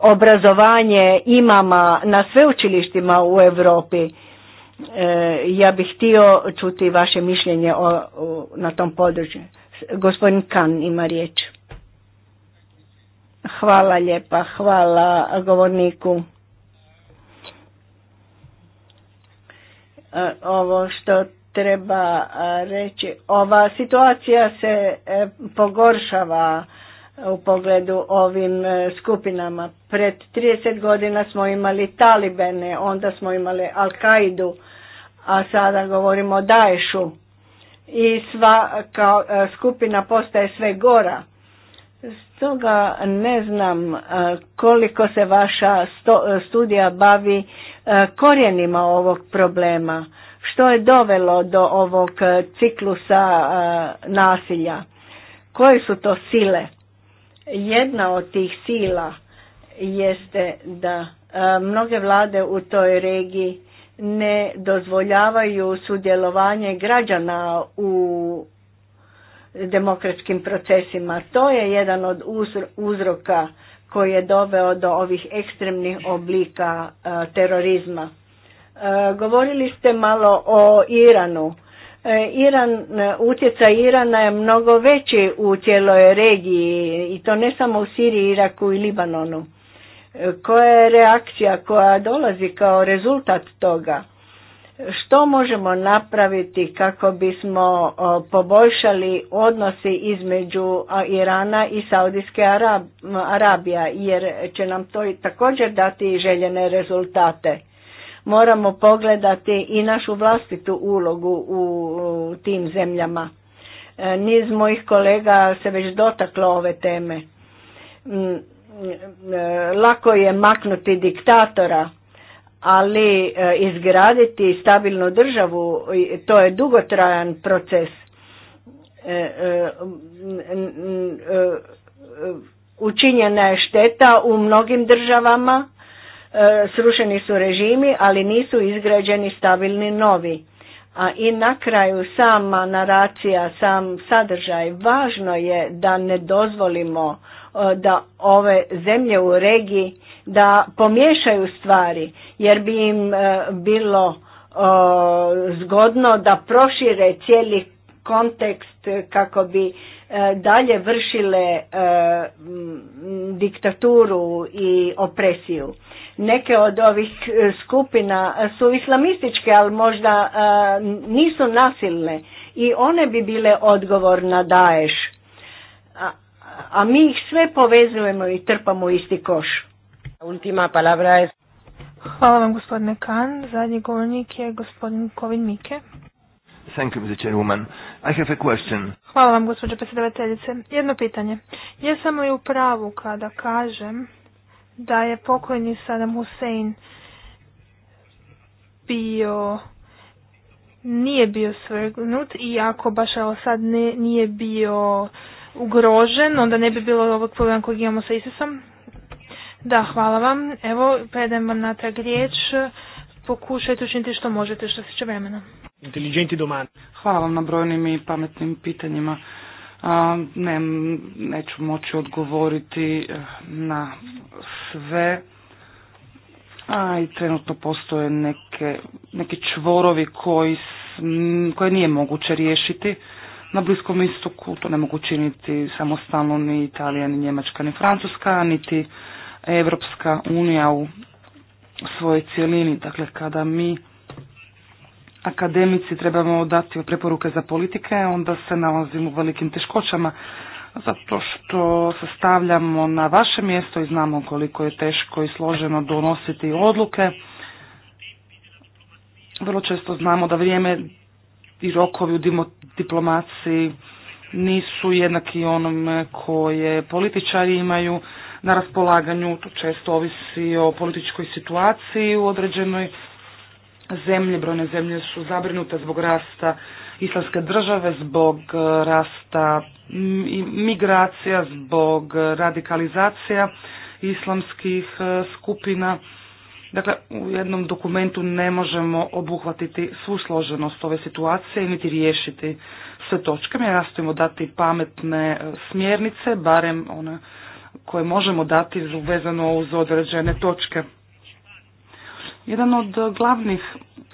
obrazovanje imama na sveučilištima u Europi. Ja bih htio čuti vaše mišljenje o, na tom području. Gospodin Kan ima riječ. Hvala lijepa, hvala govorniku. Ovo što treba reći. Ova situacija se e, pogoršava u pogledu ovim e, skupinama. Pred 30 godina smo imali Talibene, onda smo imali Al-Kaidu, a sada govorimo o Daješu. I sva kao, e, skupina postaje sve gora. Stoga ne znam koliko se vaša studija bavi korijenima ovog problema što je dovelo do ovog e, ciklusa e, nasilja. Koje su to sile? Jedna od tih sila jeste da e, mnoge vlade u toj regiji ne dozvoljavaju sudjelovanje građana u demokratskim procesima. To je jedan od uzroka koji je doveo do ovih ekstremnih oblika terorizma. Eh, govorili ste malo o Iranu. Eh, Iran, eh, utjecaj Irana je mnogo veći u cijeloj regiji i to ne samo u Siriji, Iraku i Libanonu. Koja je reakcija koja dolazi kao rezultat toga? Što možemo napraviti kako bismo poboljšali odnosi između Irana i Saudijske Arabija jer će nam to također dati željene rezultate? moramo pogledati i našu vlastitu ulogu u tim zemljama. E, niz mojih kolega se već dotaklo ove teme. Mm, mm, e, lako je maknuti diktatora, ali e, izgraditi stabilnu državu, to je dugotrajan proces. Mm, učinjena je šteta u mnogim državama, E, srušeni su režimi, ali nisu izgrađeni stabilni novi. A i na kraju sama naracija, sam sadržaj, važno je da ne dozvolimo e, da ove zemlje u regiji da pomiješaju stvari, jer bi im e, bilo zgodno da prošire cijeli kontekst kako bi dalje vršile diktaturu i opresiju. Neke od ovih e, skupina su islamističke, ali možda e, nisu nasilne i one bi bile odgovor na daješ. A, mi ih sve povezujemo i trpamo u isti koš. Ultima palabra je... Hvala vam gospodine Kan. Zadnji govornik je gospodin Kovin Mike. Thank you, Mr. I have a question. Hvala vam, gospođo predsjedavateljice. Jedno pitanje. Jesam li u pravu kada kažem da je pokojni Saddam Hussein bio nije bio svrgnut i ako baš sad ne, nije bio ugrožen, onda ne bi bilo ovog problema kojeg imamo sa ISISom. Da, hvala vam. Evo, predajem vam natrag riječ. Pokušajte učiniti što možete što se će vremena. Inteligenti domani. Hvala vam na brojnim i pametnim pitanjima. Ne, neću moći odgovoriti eh, na sve. A i trenutno postoje neke, neki čvorovi koji, koje nije moguće riješiti. Na Bliskom istoku to ne mogu činiti samostalno ni Italija, ni Njemačka, ni Francuska, niti Evropska unija u svojoj cjelini. Dakle, kada mi akademici trebamo dati preporuke za politike, onda se nalazimo u velikim teškoćama zato što se stavljamo na vaše mjesto i znamo koliko je teško i složeno donositi odluke. Vrlo često znamo da vrijeme i rokovi u diplomaciji nisu jednaki onome koje političari imaju na raspolaganju, to često ovisi o političkoj situaciji u određenoj zemlje, brojne zemlje su zabrinute zbog rasta islamske države, zbog e, rasta migracija, zbog radikalizacija islamskih e, skupina. Dakle, u jednom dokumentu ne možemo obuhvatiti svu složenost ove situacije niti riješiti sve točke. Mi nastojimo dati pametne e, smjernice, barem one koje možemo dati vezano uz određene točke. Jedan od glavnih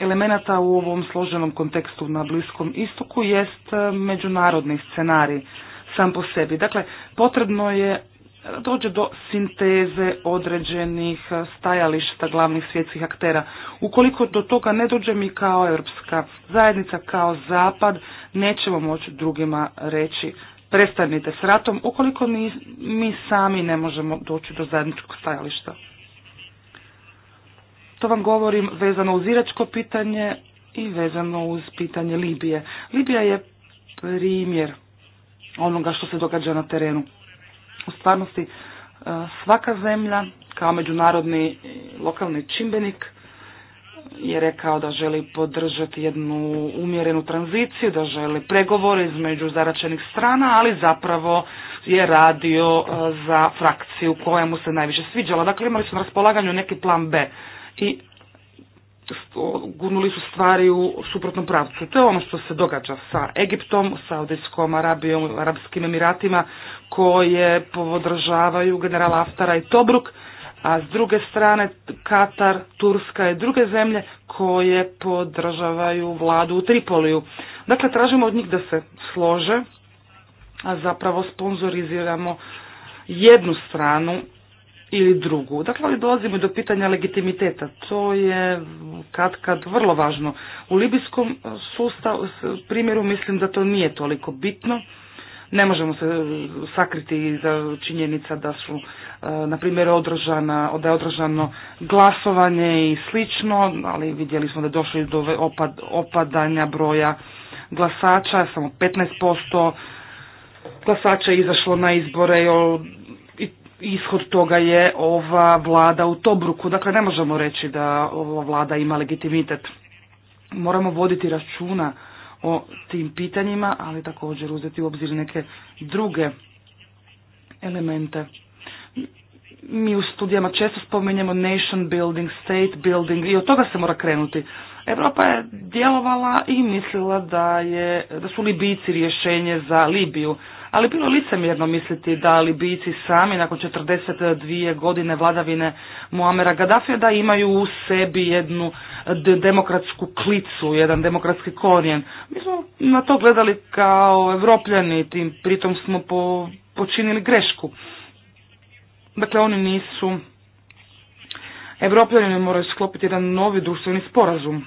elemenata u ovom složenom kontekstu na Bliskom istoku jest e, međunarodni scenarij sam po sebi. Dakle, potrebno je dođe do sinteze određenih e, stajališta glavnih svjetskih aktera. Ukoliko do toga ne dođe mi kao Europska zajednica, kao Zapad, nećemo moći drugima reći prestanite s ratom, ukoliko mi sami ne možemo doći do zajedničkog stajališta. To vam govorim vezano uz iračko pitanje i vezano uz pitanje Libije. Libija je primjer onoga što se događa na terenu. U stvarnosti e, svaka zemlja kao međunarodni lokalni čimbenik je rekao da želi podržati jednu umjerenu tranziciju, da želi pregovore između zaračenih strana, ali zapravo je radio e, za frakciju koja mu se najviše sviđala. Dakle, imali su na raspolaganju neki plan B i gurnuli su stvari u suprotnom pravcu. To je ono što se događa sa Egiptom, Saudijskom Arabijom, Arabskim Emiratima koje podržavaju generala Aftara i Tobruk, a s druge strane Katar, Turska i druge zemlje koje podržavaju vladu u Tripoliju. Dakle, tražimo od njih da se slože, a zapravo sponzoriziramo jednu stranu ili drugu. Dakle, ali dolazimo do pitanja legitimiteta. To je kad kad vrlo važno. U libijskom e, sustavu, primjeru mislim da to nije toliko bitno. Ne možemo se sakriti za činjenica da su, e, na primjer, održana, da je održano glasovanje i slično, ali vidjeli smo da je došlo do opadanja broja glasača, samo 15% glasača je izašlo na izbore ishod toga je ova vlada u Tobruku. Dakle, ne možemo reći da ova vlada ima legitimitet. Moramo voditi računa o tim pitanjima, ali također uzeti u obzir neke druge elemente. Mi u studijama često spominjemo nation building, state building i od toga se mora krenuti. Europa je djelovala i mislila da, je, da su Libijci rješenje za Libiju ali bilo licemjerno misliti da Libijci sami nakon 42 godine vladavine Muamera Gaddafija da imaju u sebi jednu demokratsku klicu, jedan demokratski korijen. Mi smo na to gledali kao evropljani, tim, pritom smo počinili grešku. Dakle, oni nisu... Evropljani moraju sklopiti jedan novi društveni sporazum.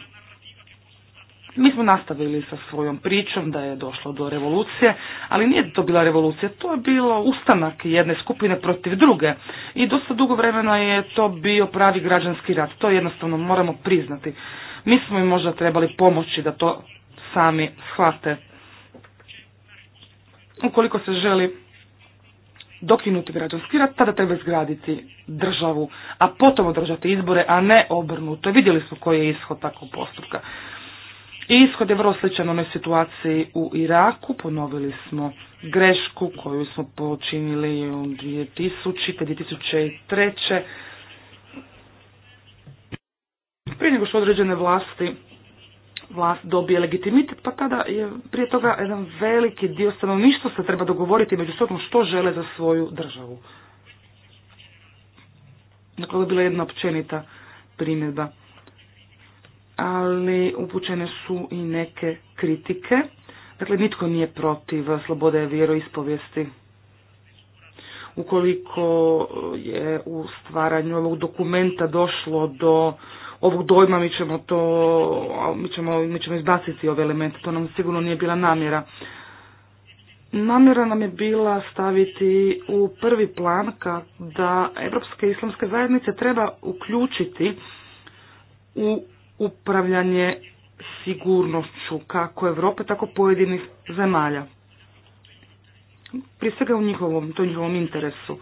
Mi smo nastavili sa svojom pričom da je došlo do revolucije, ali nije to bila revolucija, to je bilo ustanak jedne skupine protiv druge. I dosta dugo vremena je to bio pravi građanski rat, to jednostavno moramo priznati. Mi smo im možda trebali pomoći da to sami shvate. Ukoliko se želi dokinuti građanski rat, tada treba izgraditi državu, a potom održati izbore, a ne obrnuto. Vidjeli smo koji je ishod takvog postupka. I ishod je vrlo sličan onoj situaciji u Iraku. Ponovili smo grešku koju smo počinili u 2000. 2003. Prije nego što određene vlasti vlast dobije legitimitet, pa tada je prije toga jedan veliki dio stanovništva se treba dogovoriti među što žele za svoju državu. Dakle, ovo je bila jedna općenita primjedba ali upućene su i neke kritike. Dakle, nitko nije protiv slobode vjeroispovijesti. Ukoliko je u stvaranju ovog dokumenta došlo do ovog dojma, mi ćemo to, mi ćemo, mi ćemo izbaciti ove elemente, to nam sigurno nije bila namjera. Namjera nam je bila staviti u prvi plan da Evropske islamske zajednice treba uključiti u upravljanje sigurnošću kako Europe, tako pojedinih zemalja. Prije svega u njihovom, to njihovom interesu.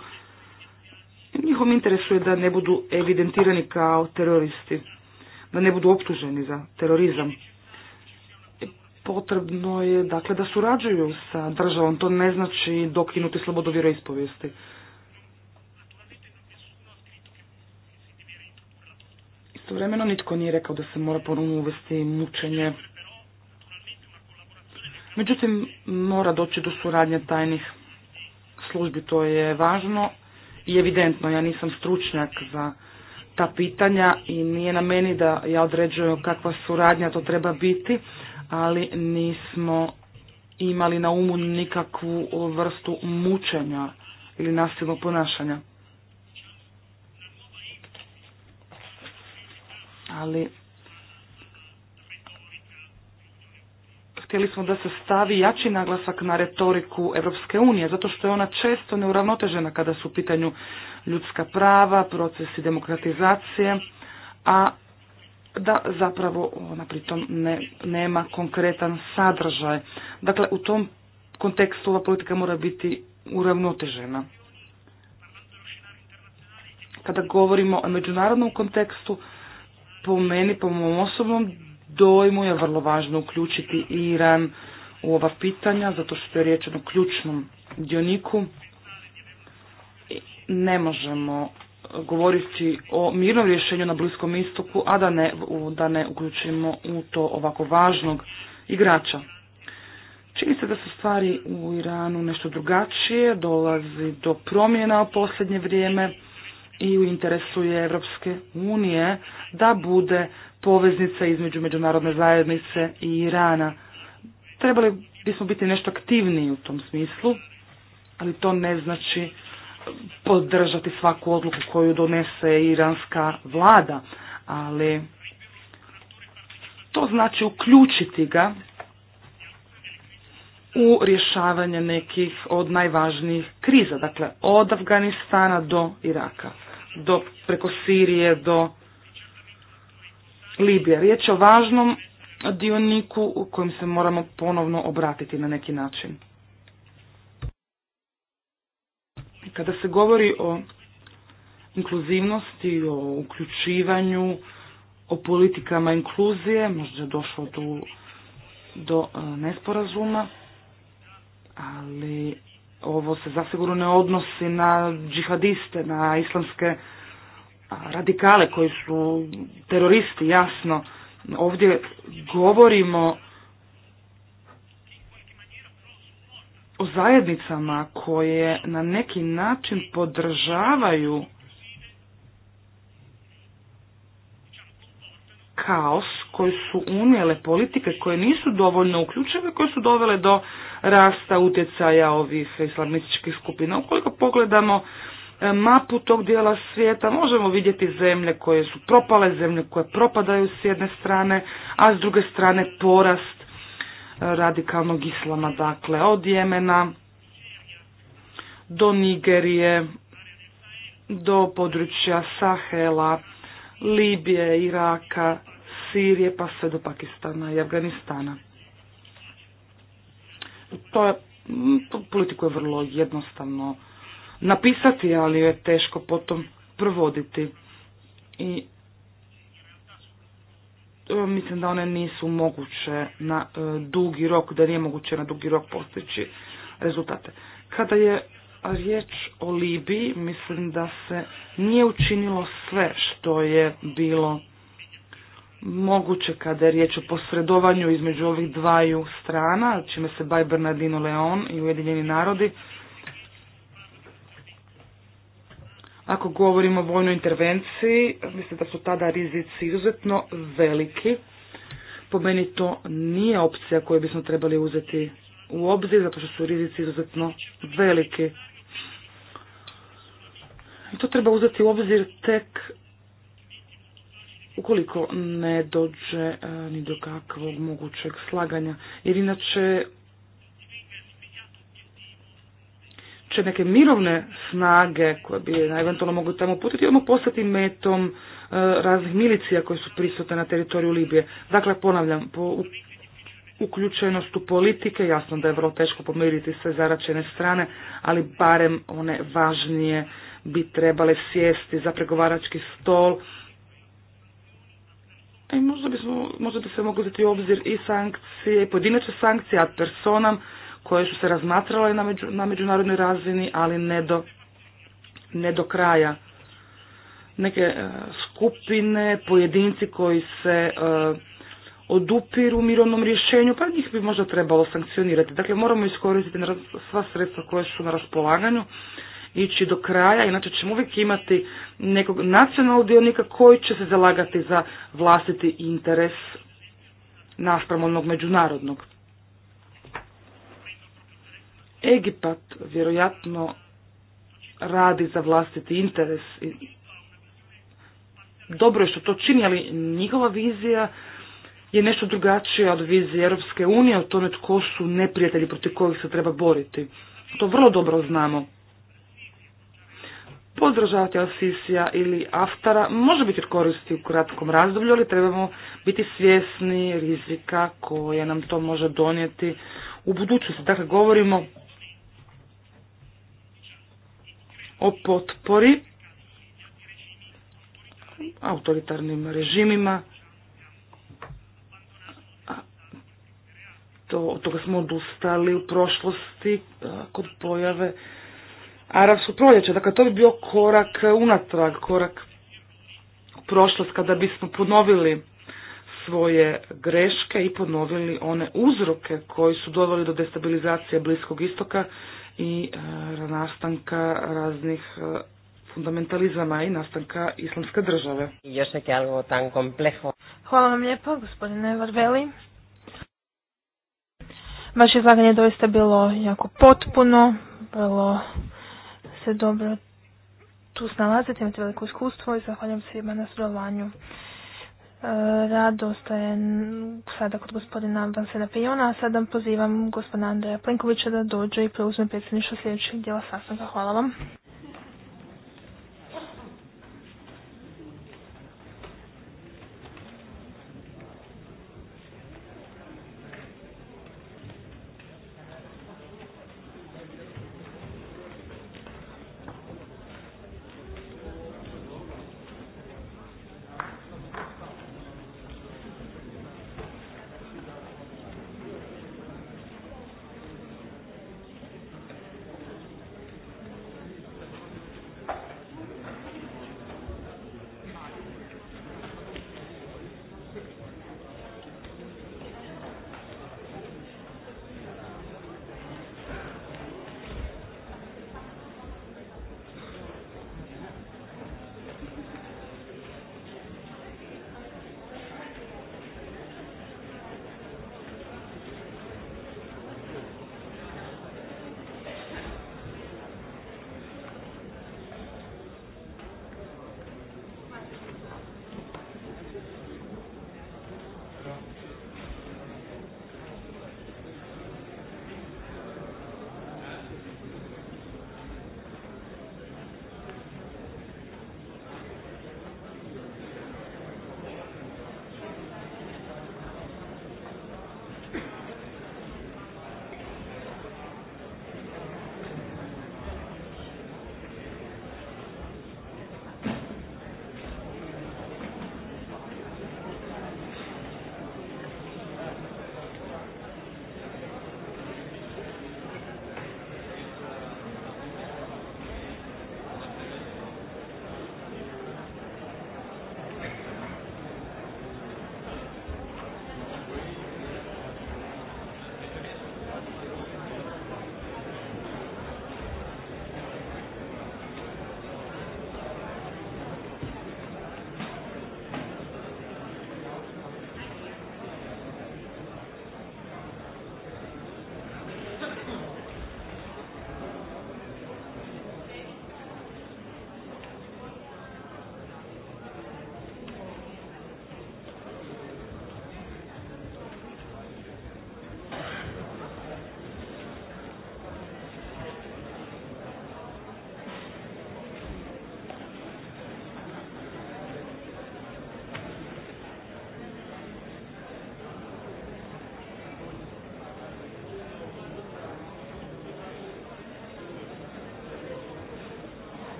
njihovom interesu je da ne budu evidentirani kao teroristi, da ne budu optuženi za terorizam. E, potrebno je dakle da surađuju sa državom, to ne znači dokinuti slobodu vjeroispovijesti. ispovijesti. Vremeno nitko nije rekao da se mora ponovno uvesti mučenje. Međutim, mora doći do suradnje tajnih službi, to je važno i evidentno. Ja nisam stručnjak za ta pitanja i nije na meni da ja određujem kakva suradnja to treba biti, ali nismo imali na umu nikakvu vrstu mučenja ili nasilnog ponašanja. ali htjeli smo da se stavi jači naglasak na retoriku Europske unije, zato što je ona često neuravnotežena kada su u pitanju ljudska prava, procesi demokratizacije, a da zapravo ona pritom ne, nema konkretan sadržaj. Dakle, u tom kontekstu ova politika mora biti uravnotežena. Kada govorimo o međunarodnom kontekstu, po meni, po mom osobnom dojmu je vrlo važno uključiti Iran u ova pitanja, zato što je riječ o ključnom dioniku. Ne možemo govoriti o mirnom rješenju na Bliskom istoku, a da ne, da ne uključimo u to ovako važnog igrača. Čini se da su stvari u Iranu nešto drugačije, dolazi do promjena u posljednje vrijeme i u interesu je Evropske unije da bude poveznica između međunarodne zajednice i Irana. Trebali bismo biti nešto aktivniji u tom smislu, ali to ne znači podržati svaku odluku koju donese iranska vlada, ali to znači uključiti ga u rješavanje nekih od najvažnijih kriza, dakle od Afganistana do Iraka do, preko Sirije do Libije. Riječ je o važnom dioniku u kojem se moramo ponovno obratiti na neki način. Kada se govori o inkluzivnosti, o uključivanju, o politikama inkluzije, možda je došlo do, do e, nesporazuma, ali ovo se zasigurno ne odnosi na džihadiste, na islamske radikale koji su teroristi, jasno. Ovdje govorimo o zajednicama koje na neki način podržavaju kaos koji su unijele politike koje nisu dovoljno uključene, koje su dovele do rasta utjecaja ovih islamističkih skupina. Ukoliko pogledamo e, mapu tog dijela svijeta možemo vidjeti zemlje koje su propale, zemlje koje propadaju s jedne strane, a s druge strane porast e, radikalnog islama, dakle od Jemena do Nigerije, do područja Sahela, Libije, Iraka, Sirije pa sve do Pakistana i Afganistana. To je, politiku je vrlo jednostavno napisati, ali je teško potom provoditi. I e, mislim da one nisu moguće na e, dugi rok, da nije moguće na dugi rok postići rezultate. Kada je riječ o Libiji, mislim da se nije učinilo sve što je bilo moguće kada je riječ o posredovanju između ovih dvaju strana, čime se Baje Bernardino Leon i Ujedinjeni narodi. Ako govorimo o vojnoj intervenciji, mislim da su tada rizici izuzetno veliki. Po meni to nije opcija koju bismo trebali uzeti u obzir, zato što su rizici izuzetno veliki. I to treba uzeti u obzir tek ukoliko ne dođe e, ni do kakvog mogućeg slaganja. Jer inače će neke mirovne snage koje bi eventualno mogu tamo putiti, ono postati metom e, raznih milicija koje su prisutne na teritoriju Libije. Dakle, ponavljam, po uključenost u politike, jasno da je vrlo teško pomiriti sve zaračene strane, ali barem one važnije bi trebale sjesti za pregovarački stol i e, možda, bismo, možda bi se mogli uzeti u obzir i sankcije, i pojedinačne sankcije ad personam koje su se razmatrale na, među, na međunarodnoj razini, ali ne do, ne do kraja. Neke e, skupine, pojedinci koji se e, odupiru mirovnom rješenju, pa njih bi možda trebalo sankcionirati. Dakle, moramo iskoristiti sva sredstva koja su na raspolaganju ići do kraja, inače ćemo uvijek imati nekog nacionalnog dionika koji će se zalagati za vlastiti interes naspram onog međunarodnog. Egipat vjerojatno radi za vlastiti interes. Dobro je što to čini, ali njihova vizija je nešto drugačija od vizije Europske unije, o tome tko su neprijatelji protiv kojih se treba boriti. To vrlo dobro znamo podržavati asisija ili Aftara može biti koristi u kratkom razdoblju, ali trebamo biti svjesni rizika koje nam to može donijeti u budućnosti. Dakle, govorimo o potpori autoritarnim režimima. To, toga smo odustali u prošlosti kod pojave arapsko proljeće. Dakle, to bi bio korak unatrag, korak u prošlost kada bismo ponovili svoje greške i ponovili one uzroke koji su doveli do destabilizacije Bliskog istoka i e, nastanka raznih e, fundamentalizama i nastanka islamske države. još neke algo tan komplejo. Hvala vam lijepo, gospodine Varveli. Vaše izlaganje doista bilo jako potpuno, bilo se dobro tu snalazite, imate veliko iskustvo i zahvaljam svima na sudjelovanju. E, rado ostaje sada kod gospodina Vansena Pejona, a sada pozivam gospodina Andreja Plenkovića da dođe i preuzme predsjedništvo sljedećeg dijela sastanka. Hvala vam.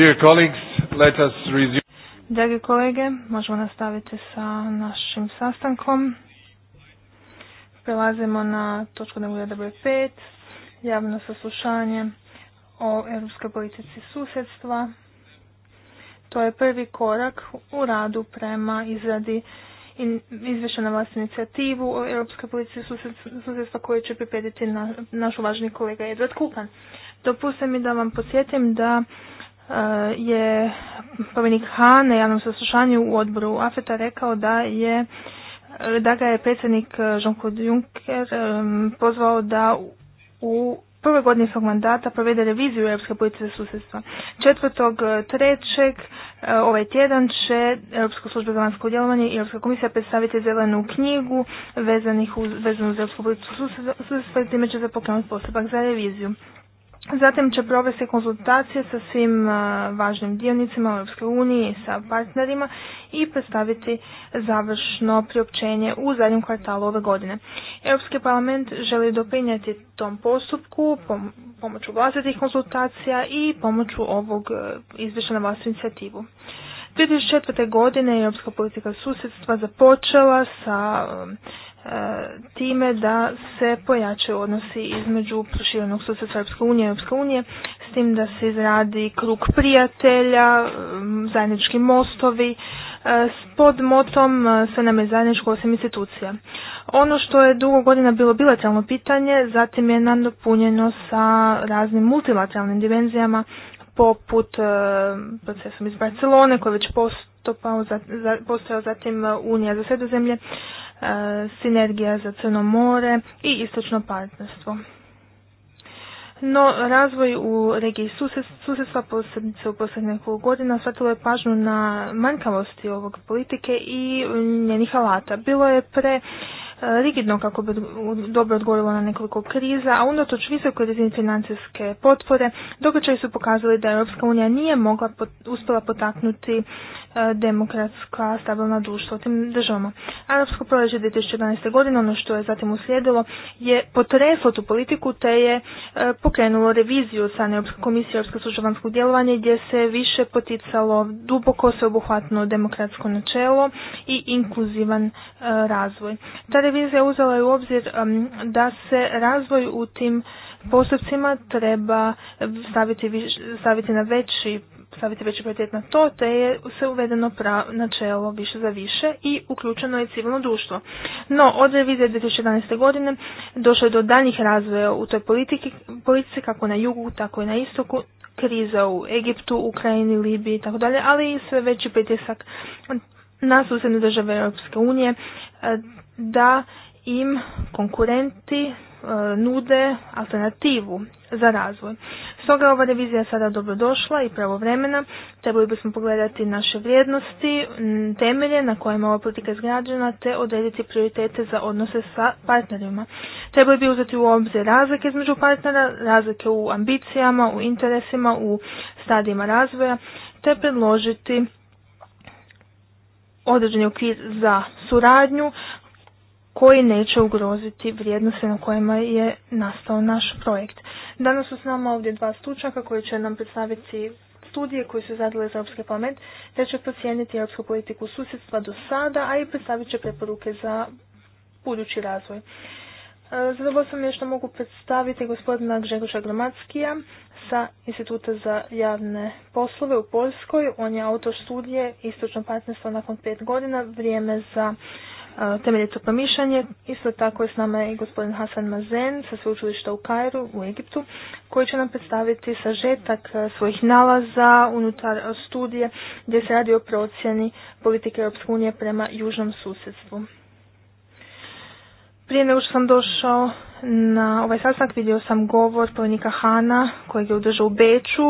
Dear colleagues, let us resume. Dragi kolege, možemo nastaviti sa našim sastankom. Prelazimo na točku dnevnog 5, javno saslušanje o europskoj politici susjedstva. To je prvi korak u radu prema izradi izvješća na vlastnu inicijativu o Europskoj politici susjedstva koju će pripremiti na, naš uvaženi kolega Edvard Kupan. Dopustite mi da vam podsjetim da Eh, je pomenik Han na javnom saslušanju u odboru Afeta rekao da je da ga je predsjednik eh, Jean-Claude Juncker pozvao da u prvoj godini svog mandata provede reviziju Europske politike susjedstva. Četvrtog eh, trećeg ovaj tjedan će Europska služba za vanjsko djelovanje i Europska komisija predstaviti zelenu knjigu vezanih uz, vezanu uz Europsku politiku susjedstva i time će se pokrenuti postupak za reviziju. Zatim će provesti konzultacije sa svim važnim dionicima Europske unije i sa partnerima i predstaviti završno priopćenje u zadnjem kvartalu ove godine. Europski parlament želi doprinijeti tom postupku pomoću vlastitih konzultacija i pomoću ovog e, izvješća na vlastnu inicijativu. 2004. godine Europska politika susjedstva započela sa E, time da se pojačaju odnosi između proširenog susjedstva Srpske unije i Europske unije, s tim da se izradi krug prijatelja, zajednički mostovi, e, pod motom e, sve nam je zajedničko osim institucija. Ono što je dugo godina bilo bilateralno pitanje, zatim je dopunjeno sa raznim multilateralnim dimenzijama, poput procesom iz Barcelone koji je već postojao zatim Unija za sredozemlje, zemlje, E, sinergija za Crno more i istočno partnerstvo. No, razvoj u regiji susjedstva, posebice u posljednjih nekog godina, shvatilo je pažnju na manjkavosti ovog politike i njenih alata. Bilo je pre e, rigidno kako bi dobro odgovorilo na nekoliko kriza, a unatoč visokoj razini financijske potpore, događaji su pokazali da Europska unija nije mogla uspjela potaknuti E, demokratska stabilna društva u tim državama. Arapsko tisuće 2011. godine, ono što je zatim uslijedilo, je potreslo tu politiku te je e, pokrenulo reviziju od strane Europske komisije Europske djelovanja gdje se više poticalo duboko sveobuhvatno demokratsko načelo i inkluzivan e, razvoj. Ta revizija uzela je u obzir da se razvoj u tim postupcima treba staviti, staviti na veći staviti veći prioritet na to, te je se uvedeno načelo više za više i uključeno je civilno društvo. No, od revizije 2011. godine došlo je do daljnjih razvoja u toj politici, kako na jugu, tako i na istoku, kriza u Egiptu, Ukrajini, Libiji i tako dalje, ali i sve veći pritisak na susjedne države Europske unije eh, da im konkurenti E, nude alternativu za razvoj. Stoga je ova revizija sada dobrodošla i pravovremena. Trebali bismo pogledati naše vrijednosti, temelje na kojima ova politika izgrađena te odrediti prioritete za odnose sa partnerima. Trebali bi uzeti u obzir razlike između partnera, razlike u ambicijama, u interesima, u stadijima razvoja te predložiti određeni okvir za suradnju koji neće ugroziti vrijednosti na kojima je nastao naš projekt. Danas su s nama ovdje dva stručnjaka koji će nam predstaviti studije koje su zadale za Europski parlament, te će procijeniti europsku politiku susjedstva do sada, a i predstavit će preporuke za budući razvoj. E, zadovoljstvo sam je mogu predstaviti gospodina Gžegoša Gromackija sa Instituta za javne poslove u Poljskoj. On je autor studije Istočno partnerstvo nakon pet godina, vrijeme za temeljito promišljanje. Isto tako je s nama i gospodin Hasan Mazen sa sveučilišta u Kairu u Egiptu koji će nam predstaviti sažetak svojih nalaza unutar studije gdje se radi o procjeni politike Europske unije prema južnom susjedstvu. Prije nego što sam došao na ovaj sastanak vidio sam govor povjenika Hana kojeg je održao u Beču.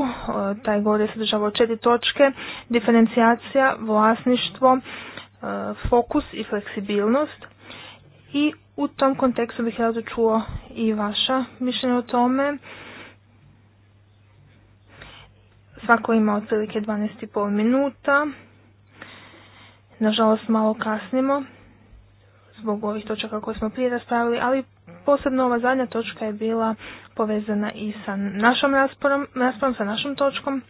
Taj govor je sadržavao četiri točke. Diferencijacija, vlasništvo, E, fokus i fleksibilnost i u tom kontekstu bih rado čuo i vaša mišljenja o tome. Svako ima otprilike 12,5 minuta. Nažalost malo kasnimo zbog ovih točaka koje smo prije raspravili, ali posebno ova zadnja točka je bila povezana i sa našom rasporom, raspravom sa našom točkom.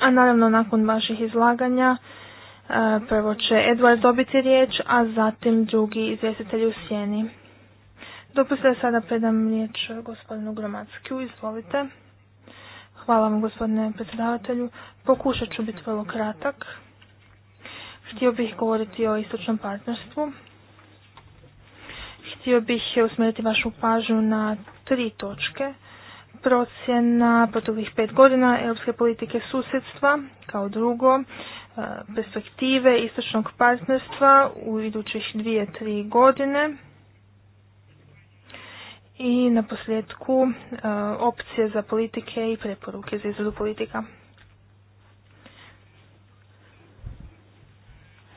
A naravno nakon vaših izlaganja Prvo će Edward dobiti riječ, a zatim drugi izvjestitelj u sjeni. Dopustite sada predam riječ gospodinu Gromackiju, izvolite. Hvala vam gospodine predsjedavatelju. Pokušat ću biti vrlo kratak. Htio bih govoriti o istočnom partnerstvu. Htio bih usmjeriti vašu pažnju na tri točke procjena proteklih pet godina europske politike susjedstva, kao drugo e, perspektive istočnog partnerstva u idućih dvije, tri godine i na posljedku e, opcije za politike i preporuke za izradu politika.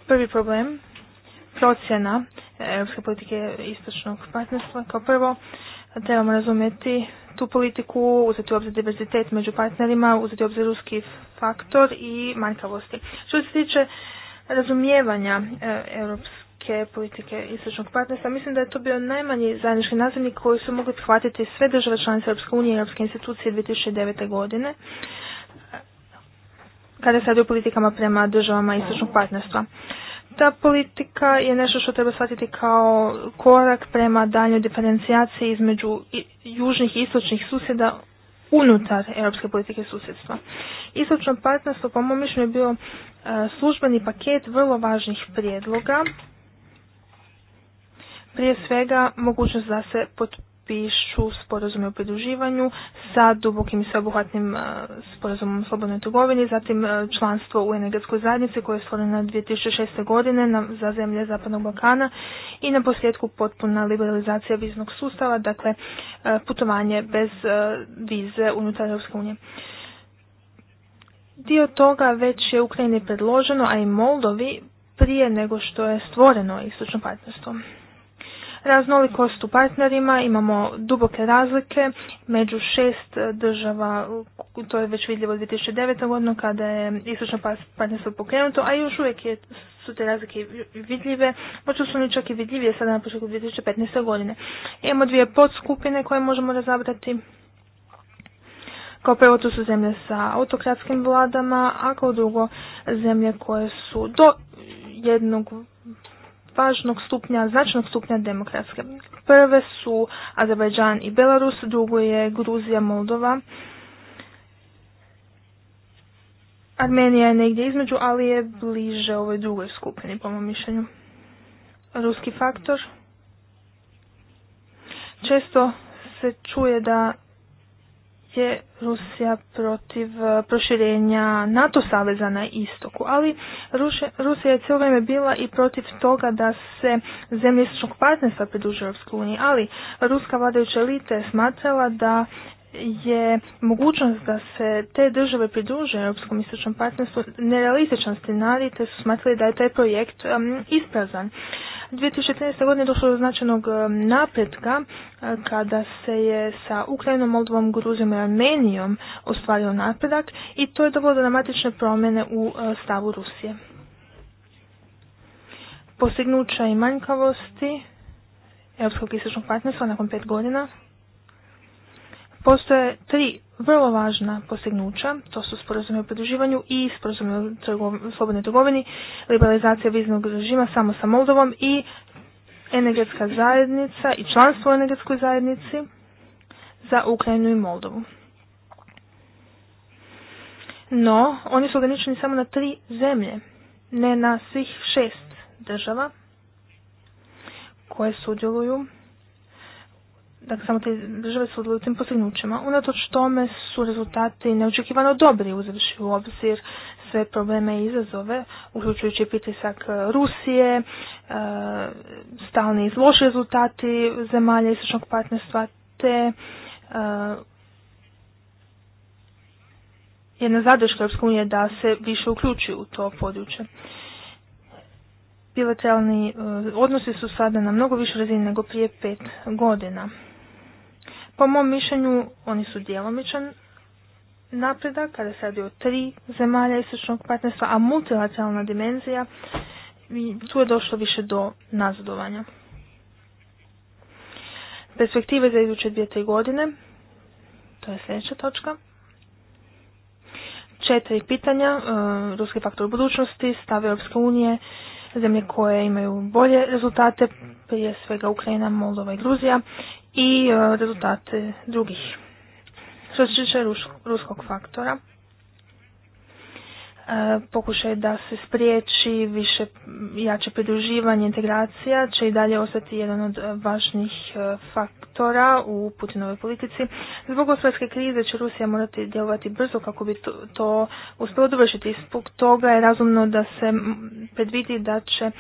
Prvi problem, procjena europske politike istočnog partnerstva. Kao prvo, trebamo razumjeti tu politiku, uzeti u obzir diversitet među partnerima, uzeti u obzir ruski faktor i manjkavosti. Što se tiče razumijevanja e, europske politike istočnog partnerstva, mislim da je to bio najmanji zajednički nazivnik koji su mogli shvatiti sve države članice Europske unije i Europske institucije 2009. godine e, kada se radi o politikama prema državama istočnog partnerstva. Ta politika je nešto što treba shvatiti kao korak prema daljnjoj diferencijaciji između južnih i istočnih susjeda unutar europske politike susjedstva. Istočno partnerstvo, po mom mišljenju, je bio e, službeni paket vrlo važnih prijedloga. Prije svega, mogućnost da se pod potpišu sporazume o pridruživanju sa dubokim i sveobuhvatnim e, sporazumom o slobodnoj trgovini, zatim e, članstvo u energetskoj zajednici koje je stvoreno 2006. godine za zemlje Zapadnog Balkana i na posljedku potpuna liberalizacija viznog sustava, dakle e, putovanje bez vize unutar Europske unije. Dio toga već je Ukrajini predloženo, a i Moldovi prije nego što je stvoreno istočno partnerstvo raznolikost u partnerima, imamo duboke razlike među šest država, to je već vidljivo 2009. godinu kada je istočno partnerstvo pokrenuto, a još uvijek su te razlike vidljive, možda su oni čak i vidljivije sada na početku 2015. godine. Imamo dvije podskupine koje možemo razabrati. Kao prvo to su zemlje sa autokratskim vladama, a kao drugo zemlje koje su do jednog važnog stupnja, značnog stupnja demokratske. Prve su Azerbajdžan i Belarus, drugo je Gruzija, Moldova. Armenija je negdje između, ali je bliže ovoj drugoj skupini, po mom mišljenju. Ruski faktor. Često se čuje da je Rusija protiv e, proširenja NATO saveza na istoku, ali Rusija je cijelo vrijeme bila i protiv toga da se zemlje istočnog partnerstva u Europskoj uniji, ali ruska vladajuća elite je smatrala da je mogućnost da se te države pridruže Europskom istočnom partnerstvu nerealističan scenarij te su smatrali da je taj projekt um, isprazan. 2013. godine je došlo do značajnog napretka e, kada se je sa Ukrajinom, Moldovom, Gruzijom i Armenijom ostvario napredak i to je dovoljno dramatične promjene u e, stavu Rusije. Postignuća i manjkavosti Europskog istočnog partnerstva nakon pet godina Postoje tri vrlo važna postignuća, to su sporazumi o pridruživanju i sporazumi o slobodnoj trgovini, liberalizacija viznog režima samo sa Moldovom i energetska zajednica i članstvo u energetskoj zajednici za Ukrajinu i Moldovu. No, oni su ograničeni samo na tri zemlje, ne na svih šest država koje sudjeluju dakle samo te države su odlučili tim postignućima. Unatoč tome su rezultati neočekivano dobri uzevši u obzir sve probleme i izazove, uključujući pritisak e, Rusije, e, stalni i loši rezultati zemalja istočnog partnerstva, te e, jedna zadrška Europske da se više uključi u to područje. Bilateralni odnosi su sada na mnogo više razini nego prije pet godina. Po mom mišljenju oni su djelomičan napredak kada se radi o tri zemalja istočnog partnerstva, a multilateralna dimenzija tu je došlo više do nazadovanja. Perspektive za iduće dvije, tri godine, to je sljedeća točka. Četiri pitanja, e, ruski faktor budućnosti, stave Europske unije, zemlje koje imaju bolje rezultate, prije svega Ukrajina, Moldova i Gruzija i e, rezultate drugih. Što se tiče ruskog faktora, e, pokušaj da se spriječi više jače pridruživanje integracija će i dalje ostati jedan od važnijih e, faktora u Putinovoj politici. Zbog gospodarske krize će Rusija morati djelovati brzo kako bi to, to uspjelo dovršiti. Zbog toga je razumno da se predvidi da će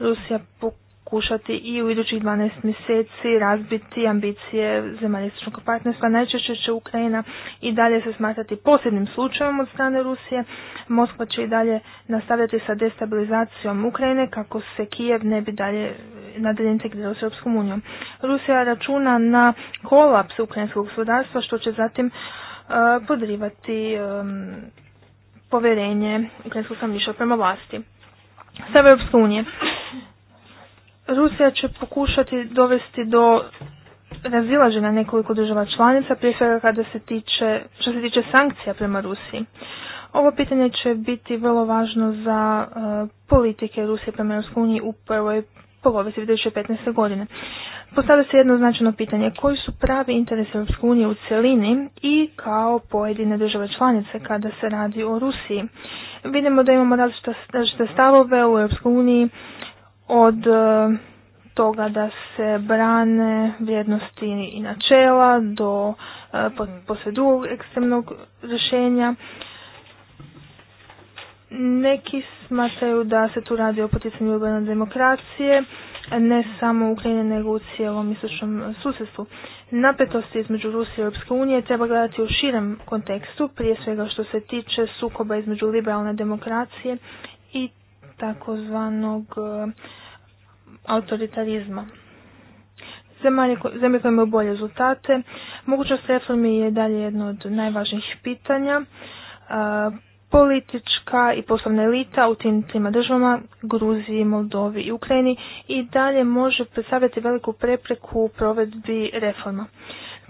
Rusija pokušati pokušati i u idućih 12 mjeseci razbiti ambicije zemaljističnog partnerstva. Najčešće će Ukrajina i dalje se smatrati posljednim slučajem od strane Rusije. Moskva će i dalje nastavljati sa destabilizacijom Ukrajine kako se Kijev ne bi dalje nadalje integrirao s Europskom unijom. Rusija računa na kolaps ukrajinskog gospodarstva što će zatim e, podrivati e, povjerenje ukrajinskog stanovništva prema vlasti. Sve Europske unije. Rusija će pokušati dovesti do razilaženja nekoliko država članica, prije svega kada se tiče, što se tiče sankcija prema Rusiji. Ovo pitanje će biti vrlo važno za e, politike Rusije prema EU u prvoj polovici 2015. godine. Postavlja se jedno značajno pitanje koji su pravi interesi EU u cjelini i kao pojedine države članice kada se radi o Rusiji. Vidimo da imamo različite stavove u EU, uniji od e, toga da se brane vrijednosti i načela do e, posve drugog ekstremnog rješenja. Neki smatraju da se tu radi o poticanju urbane demokracije, ne samo u Ukrajini nego u cijelom istočnom susjedstvu. Napetosti između Rusije i Europske unije treba gledati u širem kontekstu, prije svega što se tiče sukoba između liberalne demokracije i takozvanog e, autoritarizma. Zemlje, koje imaju bolje rezultate. Mogućnost reformi je dalje jedno od najvažnijih pitanja. E, politička i poslovna elita u tim trima državama, Gruziji, Moldovi i Ukrajini i dalje može predstavljati veliku prepreku u provedbi reforma.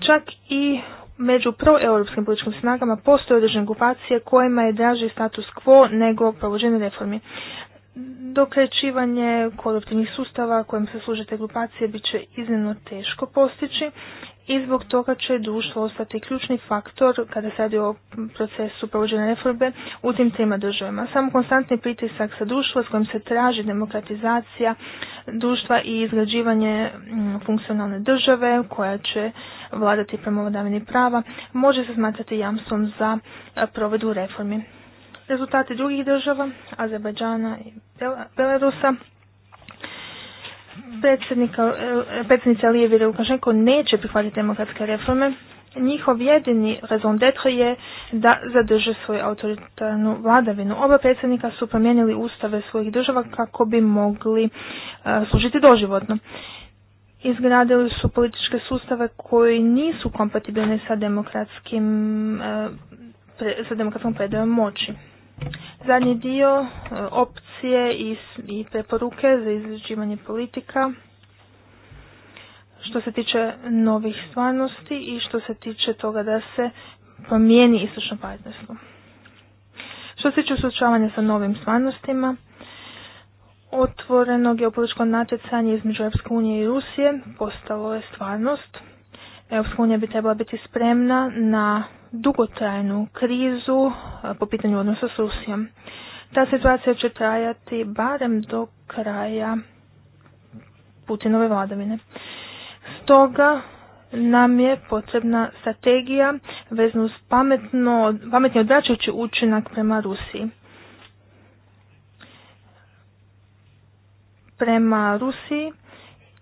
Čak i među proeuropskim političkim snagama postoje određene grupacije kojima je draži status quo nego provođenje reformi dokrećivanje koruptivnih sustava kojim se služe te grupacije bit će iznimno teško postići i zbog toga će društvo ostati ključni faktor kada se radi o procesu provođenja reforme u tim trima državama. Samo konstantni pritisak sa društvom s kojim se traži demokratizacija društva i izgrađivanje mm, funkcionalne države koja će vladati prema prava može se smatrati jamstvom za provedbu reformi rezultati drugih država, Azerbajdžana i Belarusa, eh, predsjednica Lijevi neće prihvatiti demokratske reforme. Njihov jedini rezon detra je da zadrže svoju autoritarnu vladavinu. Oba predsjednika su promijenili ustave svojih država kako bi mogli eh, služiti doživotno. Izgradili su političke sustave koji nisu kompatibilni sa demokratskim eh, sa demokratskom predajom moći. Zadnji dio e, opcije i preporuke za izrađivanje politika što se tiče novih stvarnosti i što se tiče toga da se promijeni istočno partnerstvo. Što se tiče suočavanja sa novim stvarnostima, otvoreno geopolitičko natjecanje između Europske unije i Rusije postalo je stvarnost. Europska unija bi trebala biti spremna na dugotrajnu krizu e, po pitanju odnosa s Rusijom. Ta situacija će trajati barem do kraja Putinove vladavine. Stoga nam je potrebna strategija vezno uz pametno, pametni odvraćajući učinak prema Rusiji. Prema Rusiji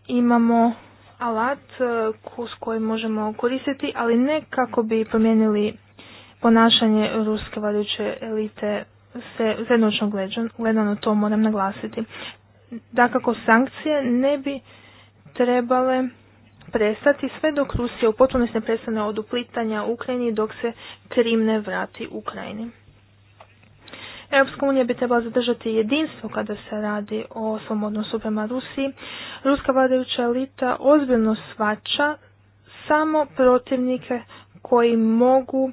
imamo alat e, s kojim možemo koristiti, ali ne kako bi promijenili ponašanje ruske vladajuće elite se srednočno gledano to moram naglasiti. Dakako sankcije ne bi trebale prestati sve dok Rusija u potpunosti ne prestane od uplitanja Ukrajini dok se Krim ne vrati Ukrajini. Europska unija bi trebala zadržati jedinstvo kada se radi o svom odnosu prema Rusiji. Ruska vladajuća elita ozbiljno svača samo protivnike koji mogu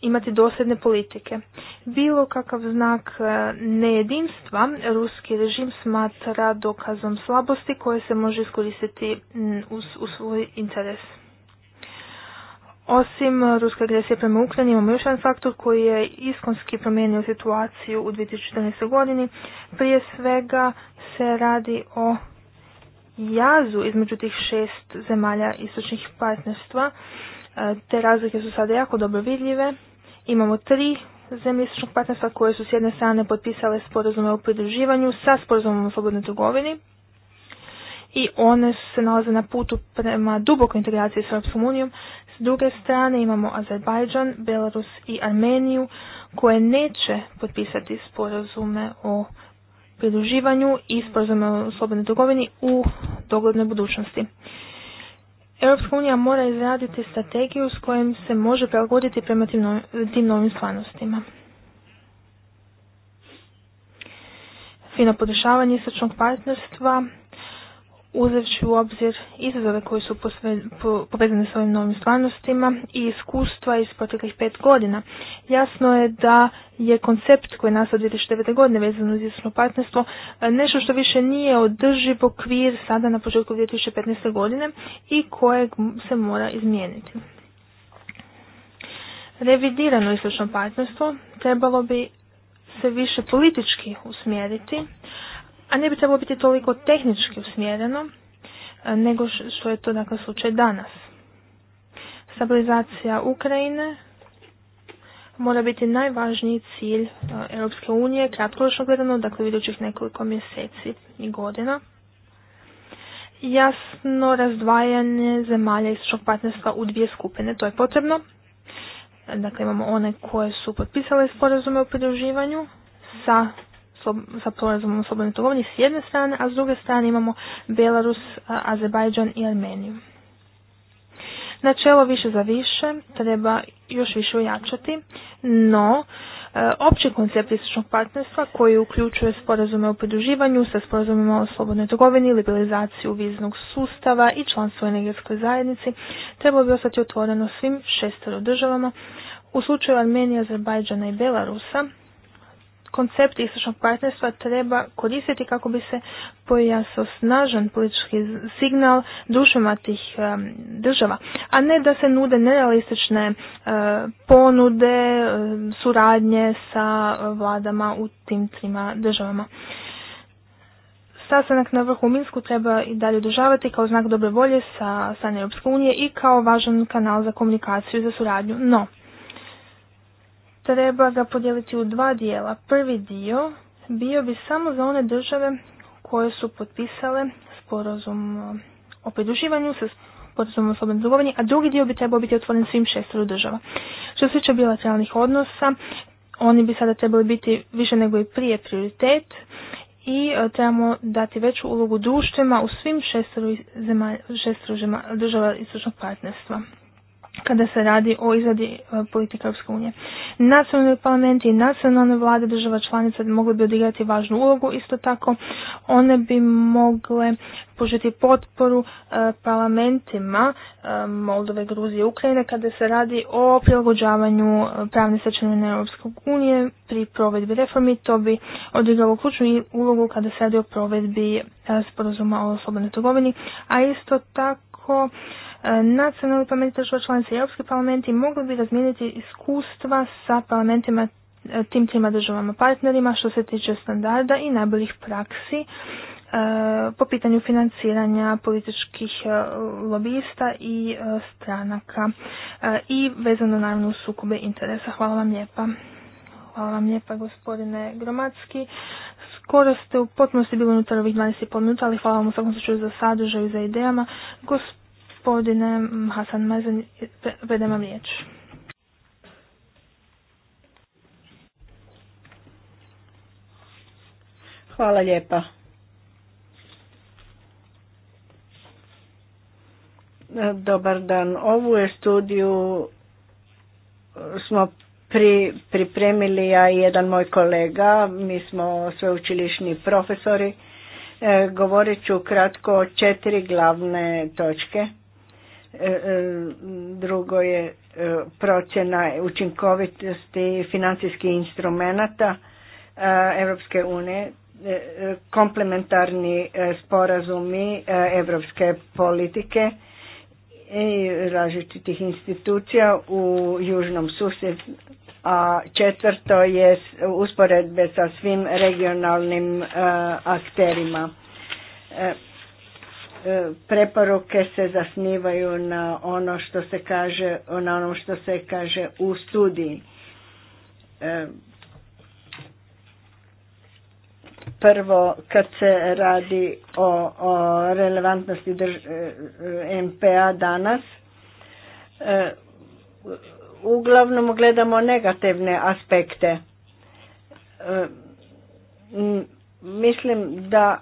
imati dosljedne politike. Bilo kakav znak e, nejedinstva ruski režim smatra dokazom slabosti koje se može iskoristiti u svoj interes. Osim eh, ruske agresije prema Ukrajini imamo još jedan faktor koji je iskonski promijenio situaciju u 2014. godini. Prije svega se radi o jazu između tih šest zemalja istočnih partnerstva. Eh, te razlike su sada jako dobro vidljive. Imamo tri zemlje istočnog partnerstva koje su s jedne strane potpisale sporazume o pridruživanju sa sporazumom o slobodnoj trgovini i one se nalaze na putu prema dubokoj integraciji s Europskom unijom, s druge strane imamo Azerbajdžan, Belarus i Armeniju koje neće potpisati sporazume o pridruživanju i sporazume o slobodnoj trgovini u doglednoj budućnosti. Europska unija mora izraditi strategiju s kojom se može prilagoditi prema tim, novim stvarnostima. Fino podešavanje istočnog partnerstva uzevši u obzir izazove koji su posve, povezani s ovim novim stvarnostima i iskustva iz proteklih pet godina. Jasno je da je koncept koji je nastao 2009. godine vezano uz izvršno partnerstvo e, nešto što više nije održiv okvir sada na početku 2015. godine i kojeg se mora izmijeniti. Revidirano istočno partnerstvo trebalo bi se više politički usmjeriti, a ne bi trebalo biti toliko tehnički usmjereno e, nego što je to dakle, slučaj danas. Stabilizacija Ukrajine mora biti najvažniji cilj e, Europske unije, kratkoročno gledano, dakle u idućih nekoliko mjeseci i godina. Jasno razdvajanje zemalja iz partnerstva u dvije skupine, to je potrebno. Dakle, imamo one koje su potpisale sporazume o pridruživanju sa sa porazumom o slobodnoj trgovini s jedne strane, a s druge strane imamo Belarus, Azerbajdžan i Armeniju. Načelo više za više treba još više ojačati, no e, opći koncept istočnog partnerstva koji uključuje sporazume o pridruživanju sa sporazumima o slobodnoj trgovini, liberalizaciju viznog sustava i članstvo energetskoj zajednici trebao bi ostati otvoreno svim šestero državama. U slučaju Armenije, Azerbajdžana i Belarusa koncept istočnog partnerstva treba koristiti kako bi se pojasao snažan politički signal društvima tih država, a ne da se nude nerealistične eh, ponude, suradnje sa vladama u tim trima državama. Sastanak na vrhu u Minsku treba i dalje održavati kao znak dobre volje sa strane Europske unije i kao važan kanal za komunikaciju i za suradnju. No, treba ga podijeliti u dva dijela. Prvi dio bio bi samo za one države koje su potpisale sporazum o pridruživanju sa sporazumom o slobodnom a drugi dio bi trebao biti otvoren svim šestoru država. Što se tiče bilateralnih odnosa, oni bi sada trebali biti više nego i prije prioritet i e, trebamo dati veću ulogu društvima u svim šestoru, zemalj, i država istočnog partnerstva kada se radi o izradi e, politike Europske unije. Nacionalni parlamenti i nacionalne vlade država članica mogli bi odigrati važnu ulogu, isto tako one bi mogle pružiti potporu e, parlamentima e, Moldove, Gruzije i Ukrajine kada se radi o prilagođavanju pravne stečevine Europske unije pri provedbi reformi. To bi odigralo ključnu ulogu kada se radi o provedbi sporazuma o slobodnoj trgovini, a isto tako E, nacionalni parlament država članica i europski parlamenti mogli bi razmijeniti iskustva sa parlamentima e, tim trima državama partnerima što se tiče standarda i najboljih praksi e, po pitanju financiranja političkih lobista i stranaka i vezano naravno u sukobe interesa. Hvala vam lijepa. Hvala vam lijepa gospodine Gromacki. Skoro ste u potpunosti bili unutar ovih 12,5 minuta, ali hvala vam u svakom slučaju za sadržaj i za idejama. gospodine. Gospodine Hasan Mazen, vedem vam riječ. Hvala lijepa. Dobar dan. Ovu je studiju smo pri, pripremili ja i jedan moj kolega. Mi smo sveučilišni profesori. E, govorit ću kratko o četiri glavne točke. E, e, drugo je e, procjena učinkovitosti financijskih instrumenata Europske unije, komplementarni sporazumi europske politike i različitih institucija u južnom susjedstvu, a četvrto je usporedbe sa svim regionalnim akterima E, preporuke se zasnivaju na ono što se kaže, na onom što se kaže u studiji. E, prvo, kad se radi o, o relevantnosti drž, e, danas, uglavnom gledamo negativne aspekte. Mislim da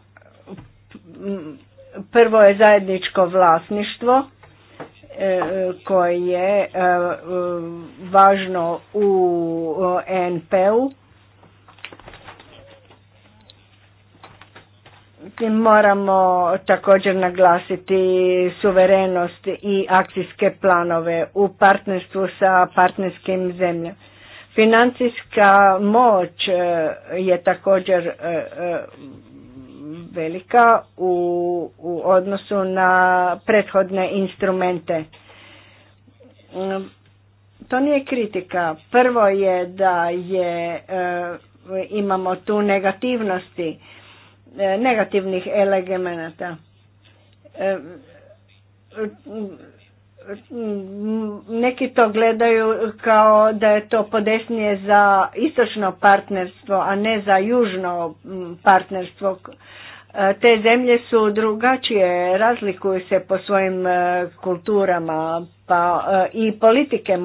Prvo je zajedničko vlasništvo e, koje je e, važno u NP-u. Moramo također naglasiti suverenost i akcijske planove u partnerstvu sa partnerskim zemljama. Financijska moć e, je također velika u, u odnosu na prethodne instrumente. Mm, to nije kritika. Prvo je da je eh, imamo tu negativnosti, eh, negativnih elegemenata. Eh, mm, neki to gledaju kao da je to podesnije za istočno partnerstvo, a ne za južno mm, partnerstvo te zemlje su drugačije, razlikuju se po svojim e, kulturama pa e, i politike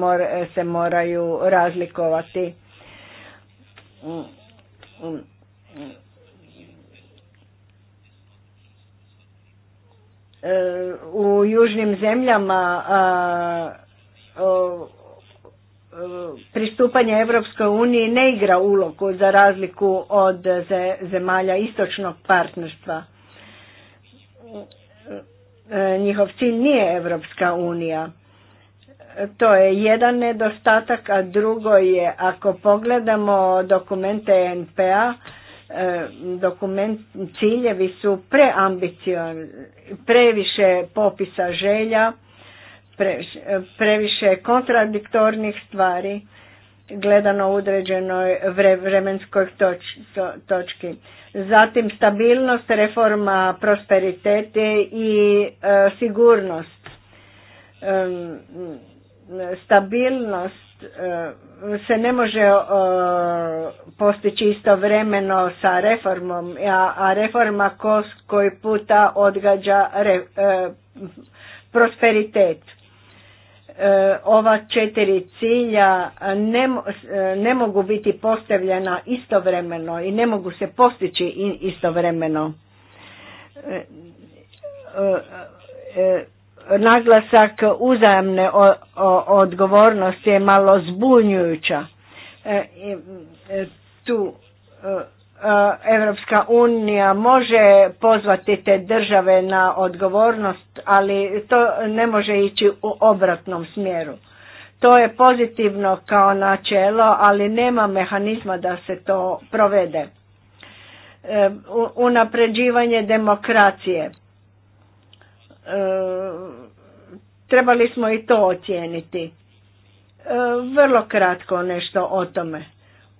se moraju razlikovati. E, u južnim zemljama pristupanje Europskoj uniji ne igra ulogu za razliku od zemalja istočnog partnerstva. E, njihov cilj nije Europska unija. To je jedan nedostatak, a drugo je ako pogledamo dokumente NPA, e, dokument, ciljevi su preambicijalni, previše popisa želja, previše, kontradiktornih stvari gledano u određenoj vremenskoj točki. Zatim stabilnost, reforma, prosperitete i e, sigurnost. stabilnost e, se ne može e, postići istovremeno sa reformom, a, reforma koji puta odgađa prosperitetu. prosperitet E, ova četiri cilja e, ne, mogu biti postavljena istovremeno i ne mogu se postići istovremeno e, naglasak uzajamne odgovornosti je malo zbunjujuća tu Eh, Evropska unija može pozvati te države na odgovornost, ali to ne može ići u obratnom smjeru. To je pozitivno kao načelo, ali nema mehanizma da se to provede. Eh, unapređivanje demokracije. Eh, trebali smo i to ocijeniti. Vrlo kratko nešto o tome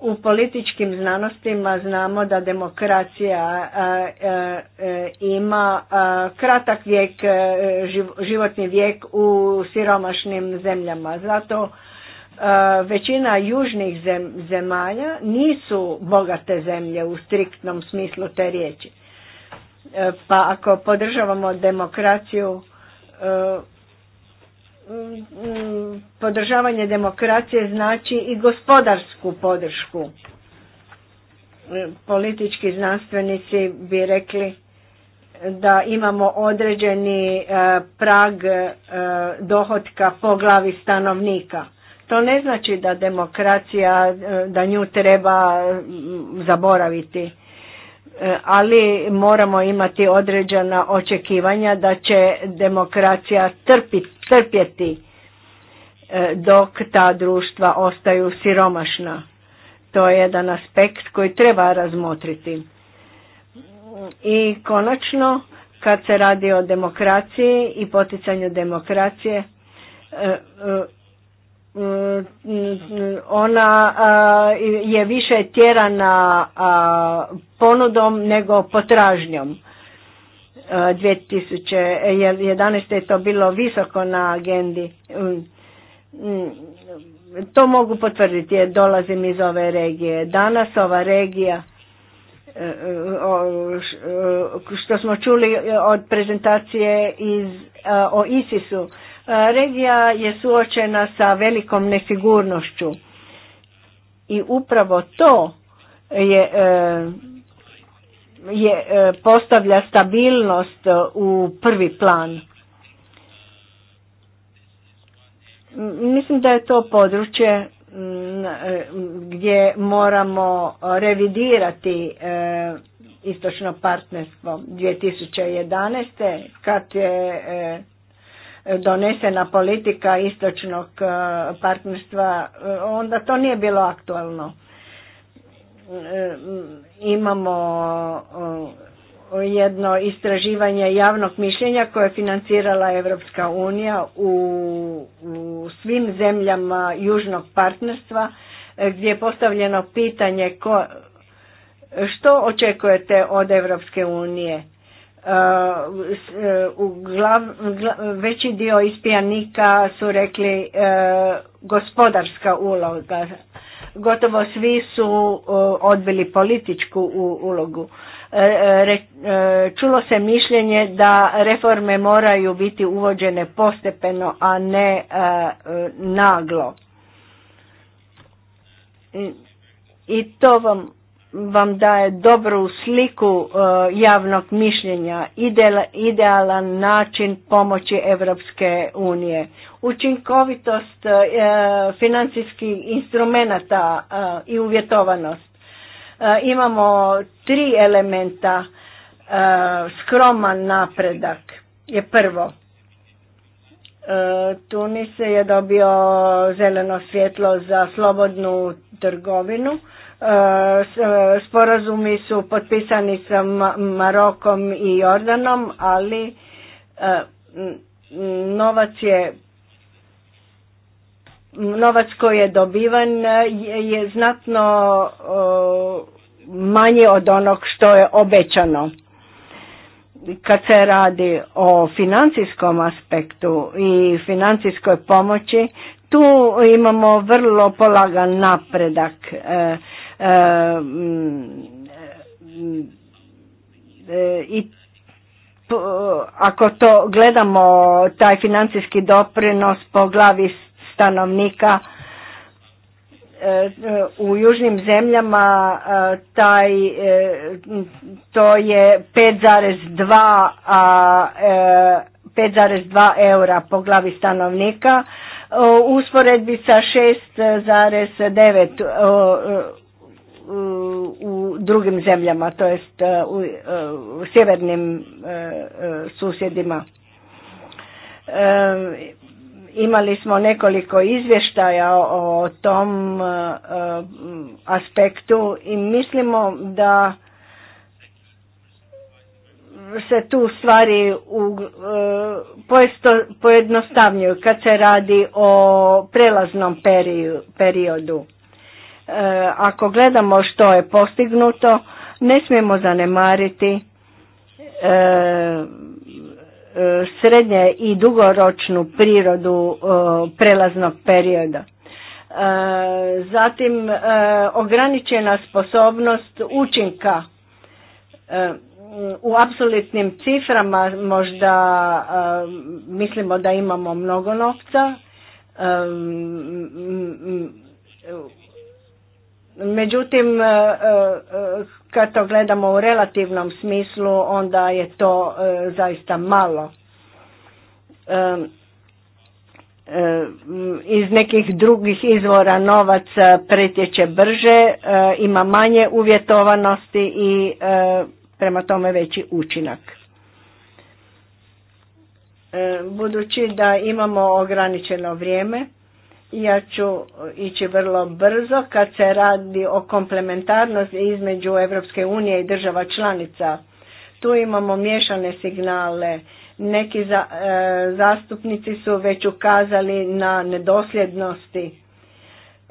u političkim znanostima znamo da demokracija e, e, ima kratak vijek, e, životni vijek u siromašnim zemljama. Zato većina južnih zemalja nisu bogate zemlje u striktnom smislu te riječi. Pa ako podržavamo demokraciju podržavanje demokracije znači i gospodarsku podršku. Politički znanstvenici bi rekli da imamo određeni e, prag e, dohotka po glavi stanovnika. To ne znači da demokracija, e, da nju treba zaboraviti E, ali moramo imati određena očekivanja da će demokracija trpjeti e, dok ta društva ostaju siromašna. To je jedan aspekt koji treba razmotriti. I konačno, kad se radi o demokraciji i poticanju demokracije, e, ona je više tjerana ponudom nego potražnjom. 2011. je to bilo visoko na agendi. Mm, mm, to mogu potvrditi jer dolazim iz ove regije. Danas ova regija e, e, što smo čuli od prezentacije iz, e, o ISIS-u Regija je suočena sa velikom nesigurnošću i upravo to je, e, je e, postavlja stabilnost e, u prvi plan. Mislim da je to područje gdje moramo revidirati istočno partnerstvo 2011. kad je donesena politika istočnog e, partnerstva, e, onda to nije bilo aktualno. E, imamo jedno istraživanje javnog mišljenja koje je financirala Europska unija u, svim zemljama južnog partnerstva gdje je postavljeno pitanje što očekujete od Europske unije Uh, uh, glav, veći dio ispijanika su rekli uh, gospodarska uloga. Gotovo svi su odbili političku ulogu. Čulo se mišljenje da reforme moraju biti uvođene postepeno, a ne naglo. I to vam vam daje dobru sliku uh, javnog mišljenja, idealan način pomoći Evropske unije. Učinkovitost uh, financijskih instrumenata uh, i uvjetovanost. Imamo tri elementa. Skroman napredak je prvo. Tunis je dobio zeleno svjetlo za slobodnu trgovinu Sporazumi su potpisani sa Marokom i Jordanom, ali e, novac je novac koji je dobivan je znatno manji od onog što je obećano. Kad se radi o financijskom aspektu i financijskoj pomoći, tu imamo vrlo polagan napredak. E, E, mm, e, i ako to gledamo taj financijski doprinos po glavi stanovnika e, u južnim zemljama taj to je 5,2 5,2 eura po glavi stanovnika u usporedbi sa 6,9 E, u drugim zemljama, to jest e, e, u sjevernim susjedima. Imali smo nekoliko izvještaja o tom aspektu i mislimo da se tu stvari u, kad se radi o prelaznom periodu. Eh, ako gledamo što je postignuto, ne smijemo zanemariti eh, eh, srednje i dugoročnu prirodu prelaznog perioda. Zatim ograničena sposobnost učinka u apsolutnim ciframa možda mislimo da imamo mnogo novca Međutim, e, e, kad to gledamo u relativnom smislu, onda je to e, zaista malo. Iz nekih drugih izvora novac pretječe brže, ima manje uvjetovanosti i prema tome veći učinak. Budući da imamo ograničeno vrijeme, ja ću ići vrlo brzo kad se radi o komplementarnosti između Europske unije i država članica. Tu imamo miješane signale. Neki za, e, zastupnici su već ukazali na nedosljednosti.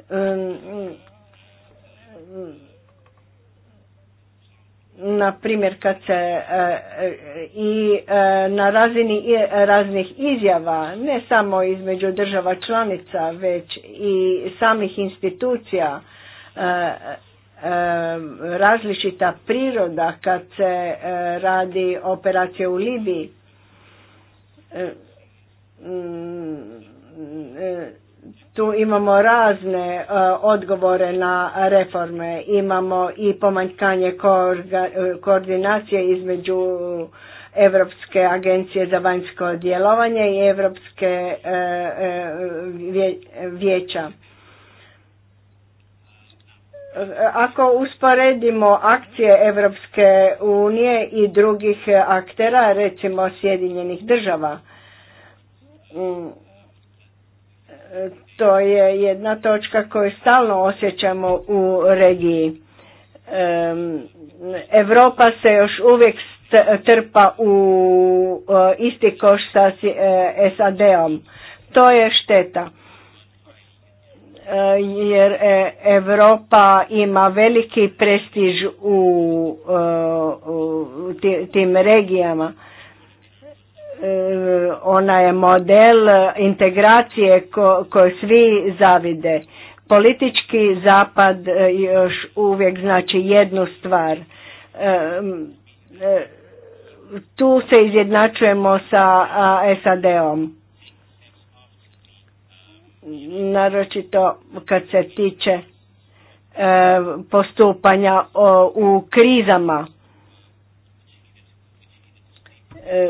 E, na primjer kad se e, e, i e, na razini raznih izjava ne samo između država članica već i samih institucija različita priroda kad se radi operacije u Libiji tu imamo razne e, odgovore na reforme, imamo i pomanjkanje e, koordinacije između Europske agencije za vanjsko djelovanje i Europske e, vijeća. Ako usporedimo akcije Europske unije i drugih aktera, recimo Sjedinjenih država, to je jedna točka koju stalno osjećamo u regiji. Europa se još uvijek trpa u e, isti koš sa e, SAD-om. To je šteta. E, jer Europa ima veliki prestiž u tim regijama ona je model integracije ko, koju svi zavide. Politički zapad e, još uvijek znači jednu stvar. E, e, tu se izjednačujemo sa SAD-om. Naročito kad se tiče postupanja u krizama E,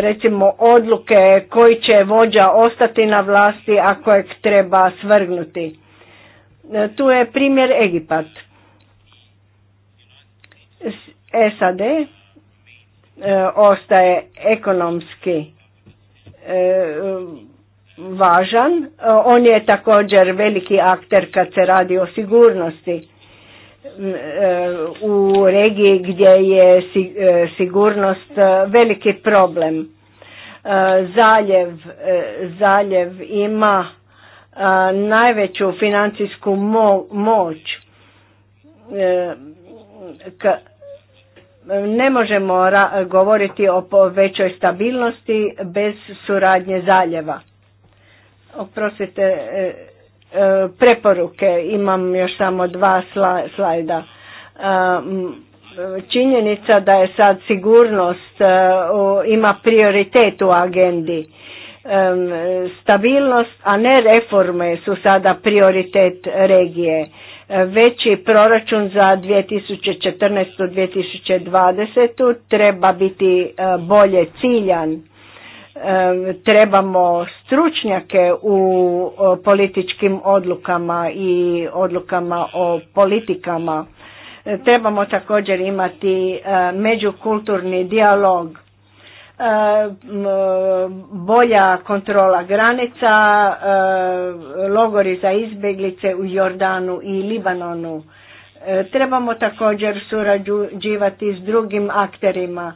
recimo odluke koji će vođa ostati na vlasti, a kojeg treba svrgnuti. E, tu je primjer Egipat. SAD e, ostaje ekonomski važan. On je također veliki akter kad se radi o sigurnosti Eh, u regiji gdje je eh, sigurnost eh, veliki problem. Zaljev, zaljev ima najveću financijsku moć. Ne možemo govoriti o većoj stabilnosti bez suradnje zaljeva. Oprostite, E, preporuke, imam još samo dva slajda. E, činjenica da je sad sigurnost e, ima prioritet u agendi. Stabilnost, a ne reforme su sada prioritet regije. Veći proračun za 2014. 2020. treba biti bolje ciljan trebamo stručnjake u političkim odlukama i odlukama o politikama. E, trebamo također imati e, međukulturni dijalog, e, bolja kontrola granica, logori za izbjeglice u Jordanu i Libanonu. Trebamo također surađivati s drugim akterima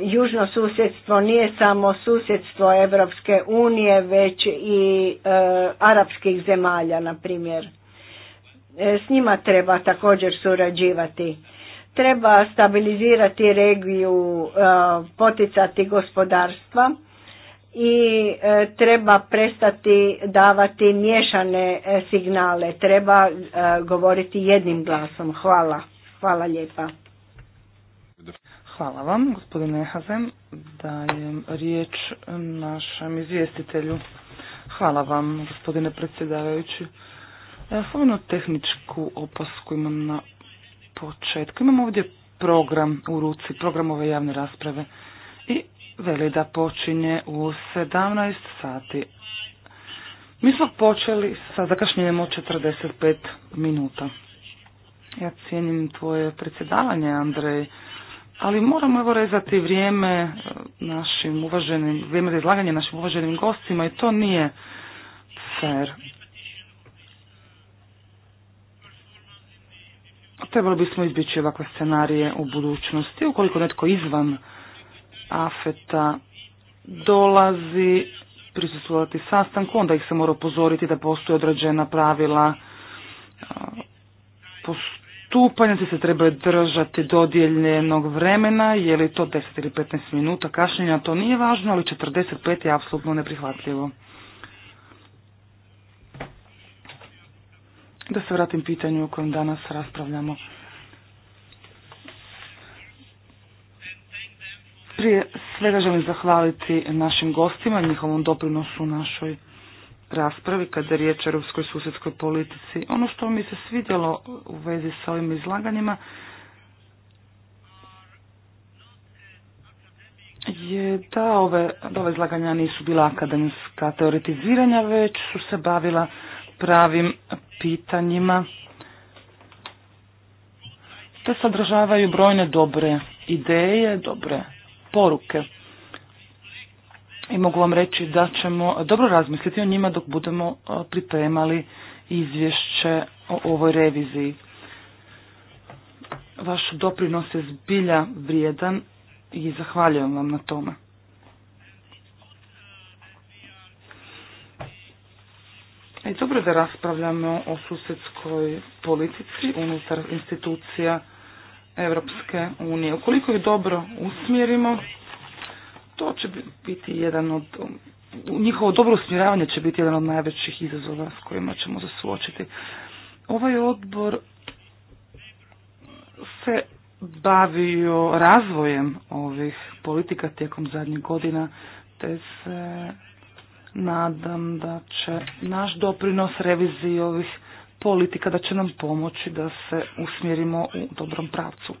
južno susjedstvo nije samo susjedstvo Europske unije već i e, arapskih zemalja na primjer. E, s njima treba također surađivati. Treba stabilizirati regiju, e, poticati gospodarstva i treba prestati davati miješane signale, treba govoriti jednim glasom. Hvala. Hvala lijepa. Hvala vam, gospodine Hazem. Dajem riječ našem izvjestitelju. Hvala vam, gospodine predsjedavajući. Ja tehničku opasku imam na početku. Imam ovdje program u ruci, program ove javne rasprave. I veli da počinje u 17 sati. Mi smo počeli sa zakašnjenjem od 45 minuta. Ja cijenim tvoje predsjedavanje, Andrej ali moramo evo rezati vrijeme e, našim uvaženim, vrijeme za izlaganje našim uvaženim gostima i to nije fair. Trebali bismo izbjeći ovakve scenarije u budućnosti. Ukoliko netko izvan afeta dolazi prisustvovati sastanku, onda ih se mora upozoriti da postoje određena pravila e, post Stupanjaci se trebaju držati dodijeljenog vremena, je li to 10 ili 15 minuta kašnjenja, to nije važno, ali 45 je apsolutno neprihvatljivo. Da se vratim pitanju o kojem danas raspravljamo. Prije svega želim zahvaliti našim gostima, njihovom doprinosu našoj raspravi kada je riječ o europskoj susjedskoj politici. Ono što mi se svidjelo u vezi sa ovim izlaganjima je da ove, da izlaganja nisu bila akademska teoretiziranja, već su se bavila pravim pitanjima te sadržavaju brojne dobre ideje, dobre poruke i mogu vam reći da ćemo dobro razmisliti o njima dok budemo e, pripremali izvješće o ovoj reviziji. Vaš doprinos je zbilja vrijedan i zahvaljujem vam na tome. I e, dobro da raspravljamo o susjedskoj politici unutar institucija europske unije. Ukoliko ih dobro usmjerimo, to će biti jedan od, njihovo dobro usmjeravanje će biti jedan od najvećih izazova s kojima ćemo se suočiti. Ovaj odbor se bavio razvojem ovih politika tijekom zadnjih godina, te se nadam da će naš doprinos reviziji ovih politika da će nam pomoći da se usmjerimo u dobrom pravcu.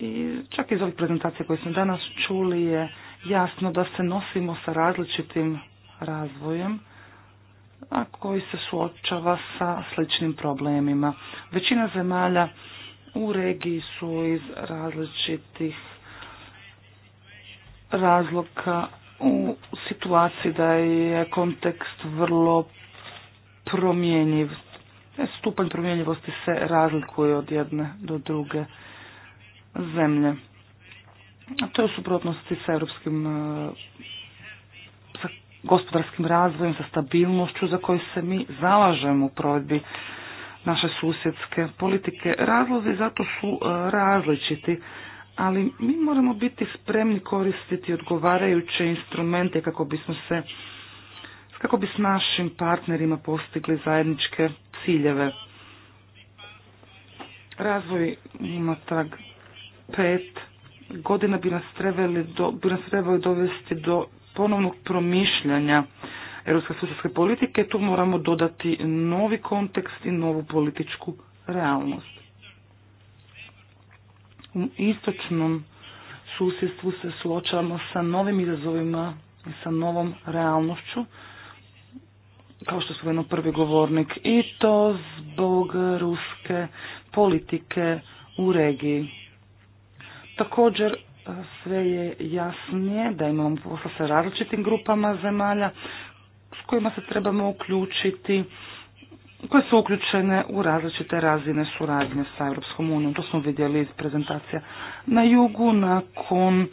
I čak iz ovih prezentacija koje smo danas čuli je jasno da se nosimo sa različitim razvojem, a koji se suočava sa sličnim problemima. Većina zemalja u regiji su iz različitih razloga u situaciji da je kontekst vrlo promjenjiv. Stupanj promjenjivosti se razlikuje od jedne do druge zemlje. A to je u suprotnosti sa europskim e, sa gospodarskim razvojem, sa stabilnošću za koju se mi zalažemo u provedbi naše susjedske politike. Razlozi zato su e, različiti, ali mi moramo biti spremni koristiti odgovarajuće instrumente kako bismo se kako bi s našim partnerima postigli zajedničke ciljeve. Razvoj trag pet godina bi nas trebali, bi nas trebali dovesti do ponovnog promišljanja europske susjedske politike. Tu moramo dodati novi kontekst i novu političku realnost. U istočnom susjedstvu se suočavamo sa novim izazovima i sa novom realnošću, kao što spomenuo prvi govornik, i to zbog ruske politike u regiji. Također e, sve je jasnije da imamo posla sa različitim grupama zemalja s kojima se trebamo uključiti, koje su uključene u različite razine suradnje sa Europskom unijom. To smo vidjeli iz prezentacija na jugu nakon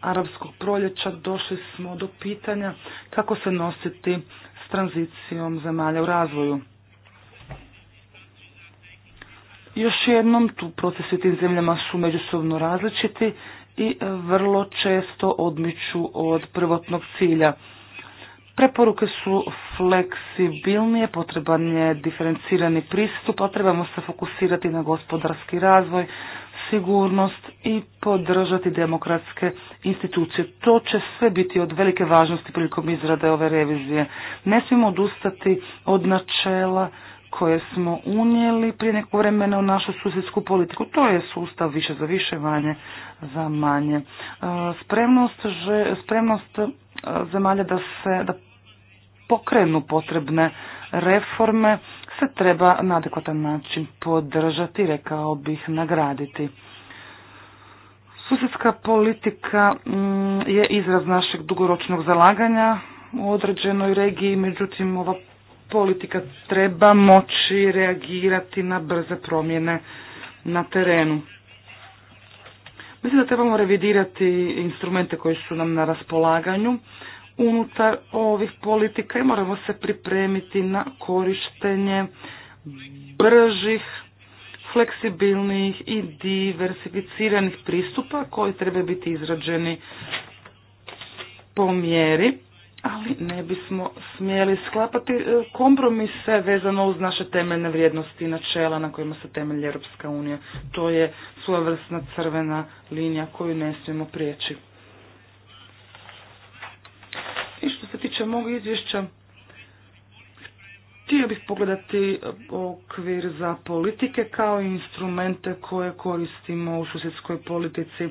arapskog proljeća došli smo do pitanja kako se nositi s tranzicijom zemalja u razvoju. Još jednom, tu procesi u tim zemljama su međusobno različiti i e, vrlo često odmiču od prvotnog cilja. Preporuke su fleksibilnije, potreban je diferencirani pristup, a trebamo se fokusirati na gospodarski razvoj, sigurnost i podržati demokratske institucije. To će sve biti od velike važnosti prilikom izrade ove revizije. Ne smijemo odustati od načela koje smo unijeli prije neko vremena u našu susjedsku politiku. To je sustav više za više, manje za manje. E, spremnost, spremnost e, zemalja da se da pokrenu potrebne reforme se treba na adekvatan način podržati, rekao bih nagraditi. Susjedska politika mm, je izraz našeg dugoročnog zalaganja u određenoj regiji, međutim ova politika treba moći reagirati na brze promjene na terenu. Mislim da trebamo revidirati instrumente koji su nam na raspolaganju unutar ovih politika i moramo se pripremiti na korištenje bržih, fleksibilnih i diversificiranih pristupa koji treba biti izrađeni po mjeri ali ne bismo smjeli sklapati e, kompromise vezano uz naše temeljne vrijednosti i načela na kojima se temelji Europska unija. To je svojevrsna crvena linija koju ne smijemo prijeći. I što se tiče mog izvješća, htio bih pogledati okvir za politike kao i instrumente koje koristimo u susjedskoj politici.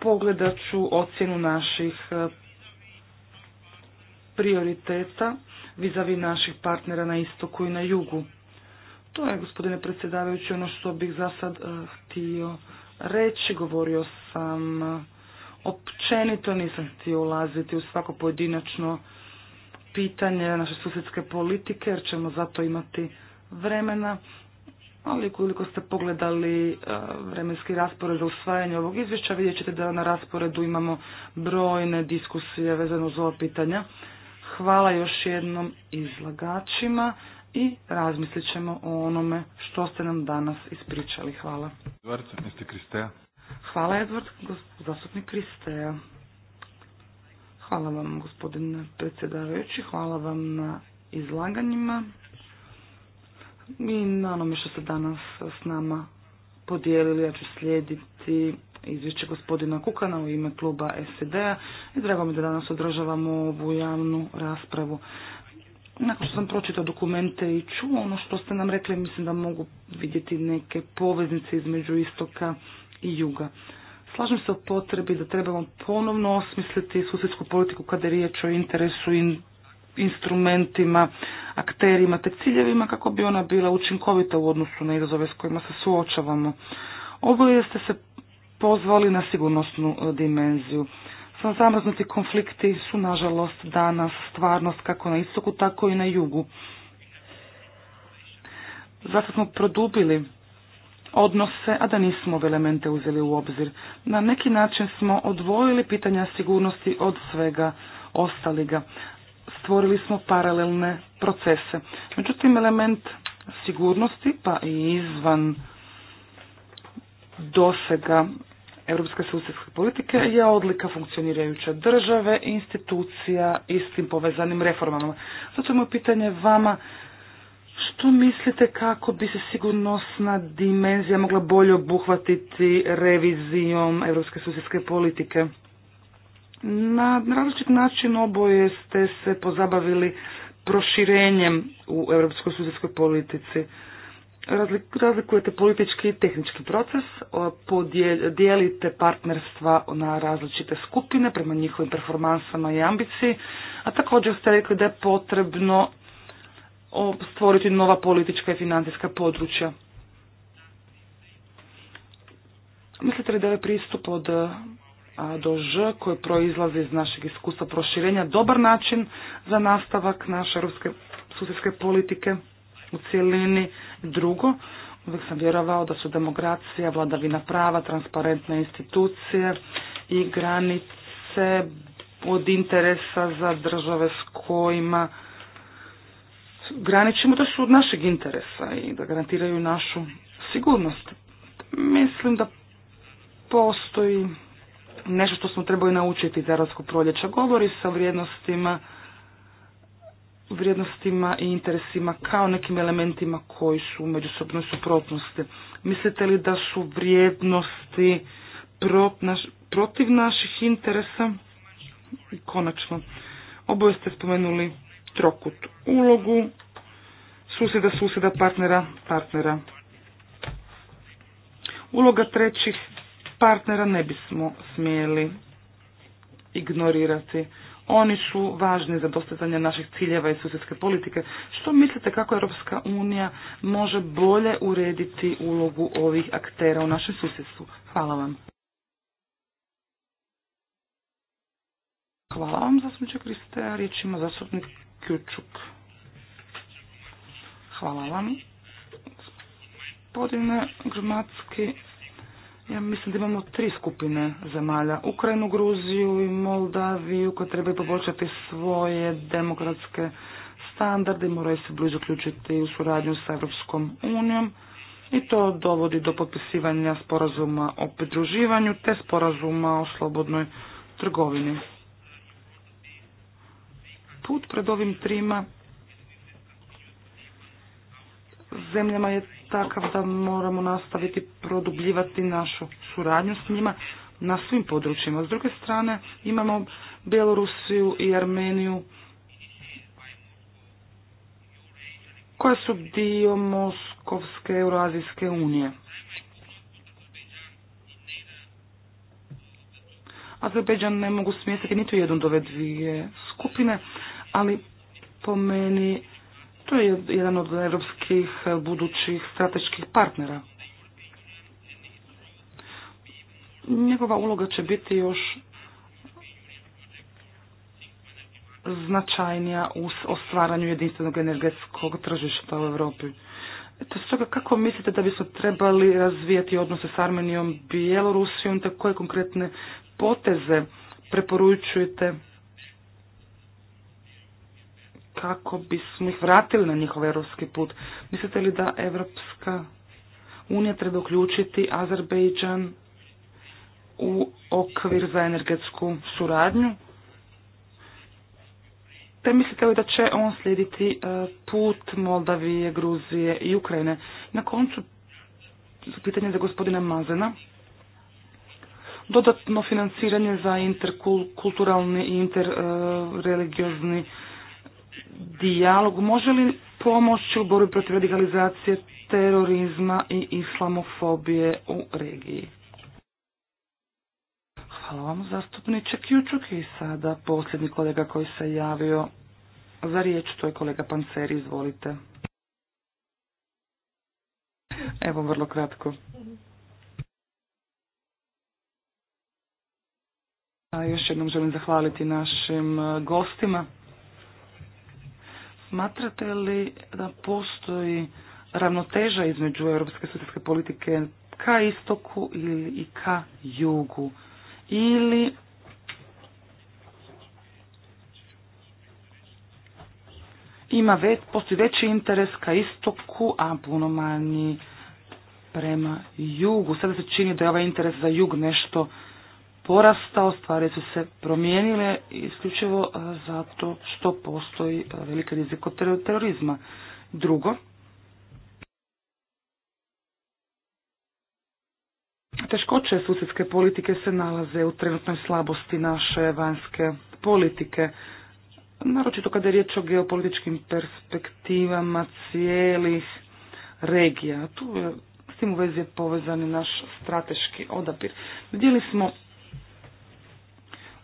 Pogledat ću ocjenu naših prioriteta vizavi naših partnera na istoku i na jugu. To je, gospodine predsjedavajući, ono što bih za sad eh, htio reći. Govorio sam eh, općenito, nisam htio ulaziti u svako pojedinačno pitanje naše susjedske politike, jer ćemo zato imati vremena. Ali koliko ste pogledali eh, vremenski raspored za usvajanje ovog izvješća, vidjet ćete da na rasporedu imamo brojne diskusije vezano za ova pitanja. Hvala još jednom izlagačima i razmislit ćemo o onome što ste nam danas ispričali. Hvala. Hvala Edvard, zastupnik Kristeja. Hvala vam gospodine predsjedavajući, hvala vam na izlaganjima i na onome što ste danas s nama podijelili. Ja ću slijediti izvješće gospodina Kukana u ime kluba SED-a i drago mi da danas održavamo ovu javnu raspravu. Nakon što sam pročitao dokumente i čuo ono što ste nam rekli, mislim da mogu vidjeti neke poveznice između istoka i juga. Slažem se o potrebi da trebamo ponovno osmisliti susjedsku politiku kada je riječ o interesu i instrumentima, akterima te ciljevima kako bi ona bila učinkovita u odnosu na izazove s kojima se suočavamo. Ovo ste se pozvali na sigurnosnu e, dimenziju. Sam konflikti su nažalost danas stvarnost kako na istoku tako i na jugu. Zato smo produbili odnose, a da nismo elemente uzeli u obzir. Na neki način smo odvojili pitanja sigurnosti od svega ostaliga. Stvorili smo paralelne procese. Međutim, element sigurnosti, pa i izvan dosega Europske susjedska politike je odlika funkcionirajuće države, institucija i s tim povezanim reformama. Zato je moje pitanje vama, što mislite kako bi se sigurnosna dimenzija mogla bolje obuhvatiti revizijom Europske susjedske politike? Na različit način oboje ste se pozabavili proširenjem u Europskoj susjedskoj politici razlikujete politički i tehnički proces, dijelite partnerstva na različite skupine prema njihovim performansama i ambiciji, a također ste rekli da je potrebno stvoriti nova politička i financijska područja. Mislite li da je ovaj pristup od A do Ž koji proizlazi iz našeg iskustva proširenja dobar način za nastavak naše ruske susjedske politike? u cjelini. Drugo, uvijek sam vjerovao da su demokracija, vladavina prava, transparentne institucije i granice od interesa za države s kojima graničimo, da su od našeg interesa i da garantiraju našu sigurnost. Mislim da postoji nešto što smo trebali naučiti iz Europskog proljeća. Govori se o vrijednostima vrijednostima i interesima kao nekim elementima koji su u međusobnoj suprotnosti. Mislite li da su vrijednosti protiv naših interesa? I konačno, oboje ste spomenuli trokut ulogu, susjeda, susjeda, partnera, partnera. Uloga trećih partnera ne bismo smjeli ignorirati. Oni su važni za dostizanje naših ciljeva i susjedske politike. Što mislite kako Europska unija može bolje urediti ulogu ovih aktera u našem susjedstvu? Hvala vam. Hvala vam, zastupniče Kriste. Riječ ima zastupnik Kjučuk. Hvala vam. Gospodine Grmatski, ja mislim da imamo tri skupine zemalja. Ukrajinu, Gruziju i Moldaviju koje trebaju poboljšati svoje demokratske standarde i moraju se blizu uključiti u suradnju sa Europskom unijom i to dovodi do potpisivanja sporazuma o pridruživanju te sporazuma o slobodnoj trgovini. Put pred ovim trima zemljama je takav da moramo nastaviti produbljivati našu suradnju s njima na svim područjima. S druge strane imamo Bjelorusiju i Armeniju koje su dio Moskovske Euroazijske unije. Azerbejdžan ne mogu smjestiti niti u jednu dove dvije skupine, ali po meni to je jedan od europskih eh, budućih strateških partnera. Njegova uloga će biti još značajnija u ostvaranju jedinstvenog energetskog tržišta u Europi. Eto, stoga kako mislite da bismo trebali razvijati odnose s Armenijom, Bjelorusijom, te koje konkretne poteze preporučujete kako bismo ih vratili na njihov europski put. Mislite li da Evropska unija treba uključiti Azerbejdžan u okvir za energetsku suradnju? Te mislite li da će on slijediti e, put Moldavije, Gruzije i Ukrajine? Na koncu pitanje za gospodina Mazena. Dodatno financiranje za interkulturalni i interreligiozni dijalog može li pomoći u borbi protiv radikalizacije terorizma i islamofobije u regiji? Hvala vam zastupniče Kjučuk i sada posljednji kolega koji se javio za riječ, to je kolega Panceri, izvolite. Evo vrlo kratko. A još jednom želim zahvaliti našim gostima. Smatrate li da postoji ravnoteža između europske sudijske politike ka istoku ili i ka jugu? Ili ima već, postoji veći interes ka istoku, a puno manji prema jugu. Sada se čini da je ovaj interes za jug nešto porasta stvari su se promijenile isključivo e, zato što postoji e, veliki rizik od terorizma. Drugo, teškoće susjedske politike se nalaze u trenutnoj slabosti naše vanjske politike. Naročito kada je riječ o geopolitičkim perspektivama cijelih regija. Tu je, s tim u vezi je povezan naš strateški odabir. Vidjeli smo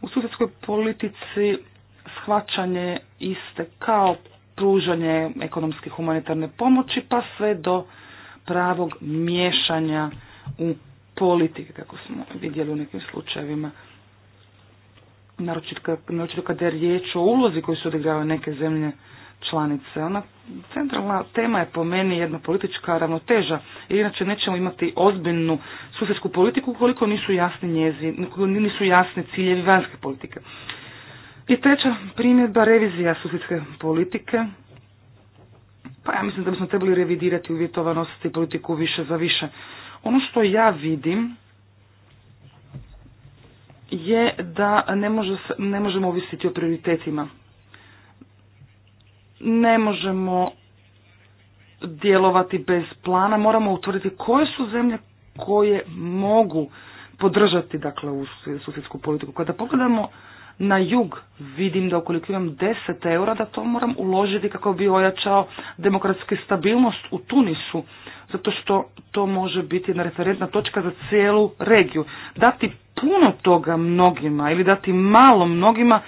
u susjedskoj politici shvaćanje iste kao pružanje ekonomske humanitarne pomoći pa sve do pravog miješanja u politike kako smo vidjeli u nekim slučajevima. Naročito kada je riječ o ulozi koju su odigravaju neke zemlje članice. Ona centralna tema je po meni jedna politička ravnoteža, jer inače nećemo imati ozbiljnu susjedsku politiku koliko nisu jasni njezi, nisu jasni ciljevi vanjske politike. I treća primjedba, revizija susjedske politike. Pa ja mislim da bismo trebali revidirati uvjetovanost i politiku više za više. Ono što ja vidim je da ne, može, ne možemo ovisiti o prioritetima ne možemo djelovati bez plana, moramo utvrditi koje su zemlje koje mogu podržati dakle u susjedsku politiku. Kada pogledamo na jug vidim da ukoliko imam 10 eura da to moram uložiti kako bi ojačao demokratski stabilnost u Tunisu, zato što to može biti jedna referentna točka za cijelu regiju. Dati puno toga mnogima ili dati malo mnogima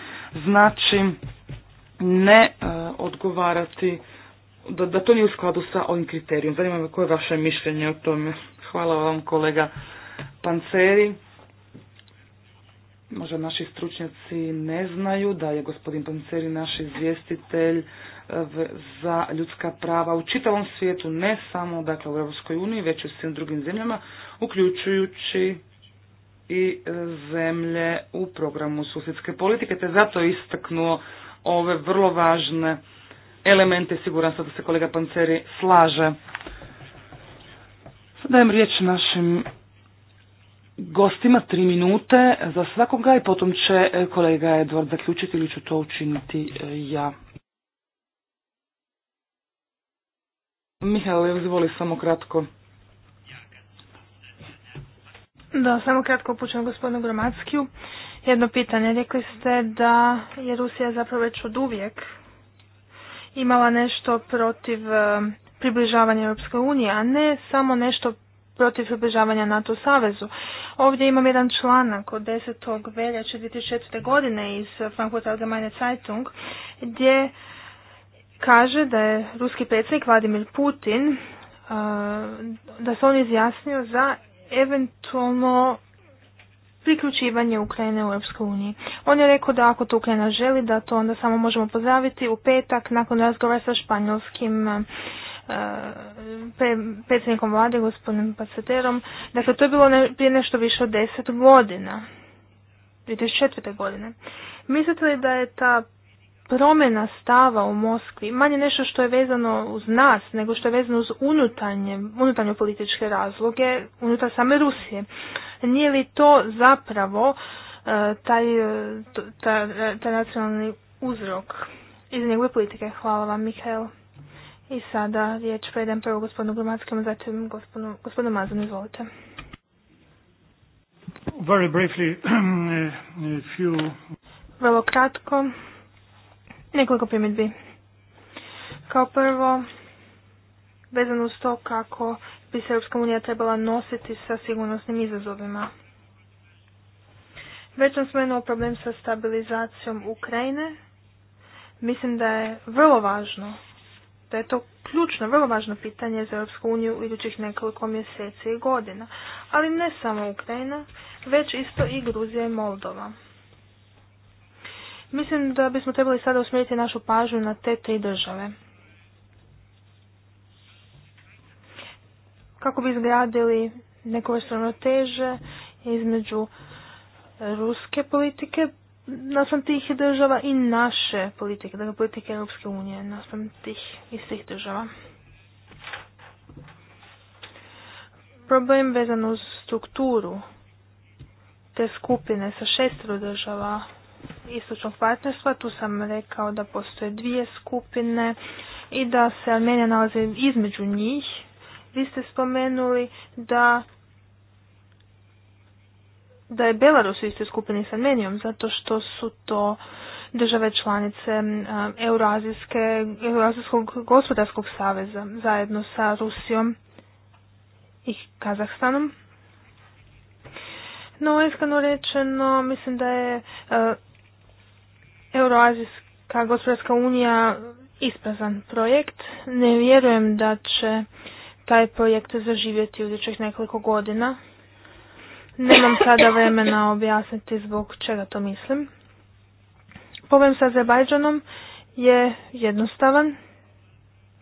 znači ne e, odgovarati, da, da to nije u skladu sa ovim kriterijom. Zanima me koje je vaše mišljenje o tome. Hvala vam kolega Panceri. Možda naši stručnjaci ne znaju da je gospodin Panceri naš izvjestitelj e, za ljudska prava u čitavom svijetu, ne samo dakle, u Europskoj uniji, već i u svim drugim zemljama, uključujući i e, zemlje u programu susjedske politike, te zato istaknuo ove vrlo važne elemente. Siguran sam da se kolega Panceri slaže. Sad dajem riječ našim gostima, tri minute za svakoga i potom će e, kolega Edward zaključiti ili ću to učiniti e, ja. Mihael, izvoli samo kratko. Da, samo kratko upućujem gospodinu Gromackiju jedno pitanje. Rekli ste da je Rusija zapravo već od uvijek imala nešto protiv e, približavanja Europske unije, a ne samo nešto protiv približavanja NATO savezu. Ovdje imam jedan članak od 10. veljače 2004. godine iz Frankfurt Allgemeine Zeitung gdje kaže da je ruski predsjednik Vladimir Putin e, da se on izjasnio za eventualno priključivanje Ukrajine u EU. Uniji. On je rekao da ako to Ukrajina želi, da to onda samo možemo pozdraviti u petak nakon razgovora sa španjolskim e, predsjednikom vlade, gospodinom Paceterom. Dakle, to je bilo prije nešto više od deset godina. 2004. godine. Mislite li da je ta promjena stava u Moskvi manje nešto što je vezano uz nas, nego što je vezano uz unutarnje, unutarnje političke razloge unutar same Rusije. Nije li to zapravo e, e, e, taj, nacionalni uzrok iz njegove politike? Hvala vam, Mihael. I sada riječ predem prvo gospodinu Gromadskom, zatim gospodinu, gospodinu Mazanu, izvolite. Vrlo kratko, nekoliko primjedbi. Kao prvo, vezano uz to kako bi se Europska unija trebala nositi sa sigurnosnim izazovima. Već sam spomenuo problem sa stabilizacijom Ukrajine. Mislim da je vrlo važno, da je to ključno, vrlo važno pitanje za Europsku uniju u idućih nekoliko mjeseci i godina. Ali ne samo Ukrajina, već isto i Gruzija i Moldova. Mislim da bismo trebali sada usmjeriti našu pažnju na te tri države. kako bi izgradili neko ravnoteže između ruske politike naspram tih država i naše politike, dakle politike Europske unije naspram tih istih država. Problem vezan uz strukturu te skupine sa šestero država istočnog partnerstva, tu sam rekao da postoje dvije skupine i da se Armenija nalazi između njih, vi ste spomenuli da da je Belarus u istoj skupini sa Armenijom, zato što su to države članice um, Euroazijske, Eurazijskog gospodarskog saveza zajedno sa Rusijom i Kazahstanom. No, iskreno rečeno, mislim da je uh, Euroazijska gospodarska unija isprazan projekt. Ne vjerujem da će taj projekt zaživjeti u idućih nekoliko godina. Nemam sada vremena objasniti zbog čega to mislim. Problem sa Azerbajdžanom je jednostavan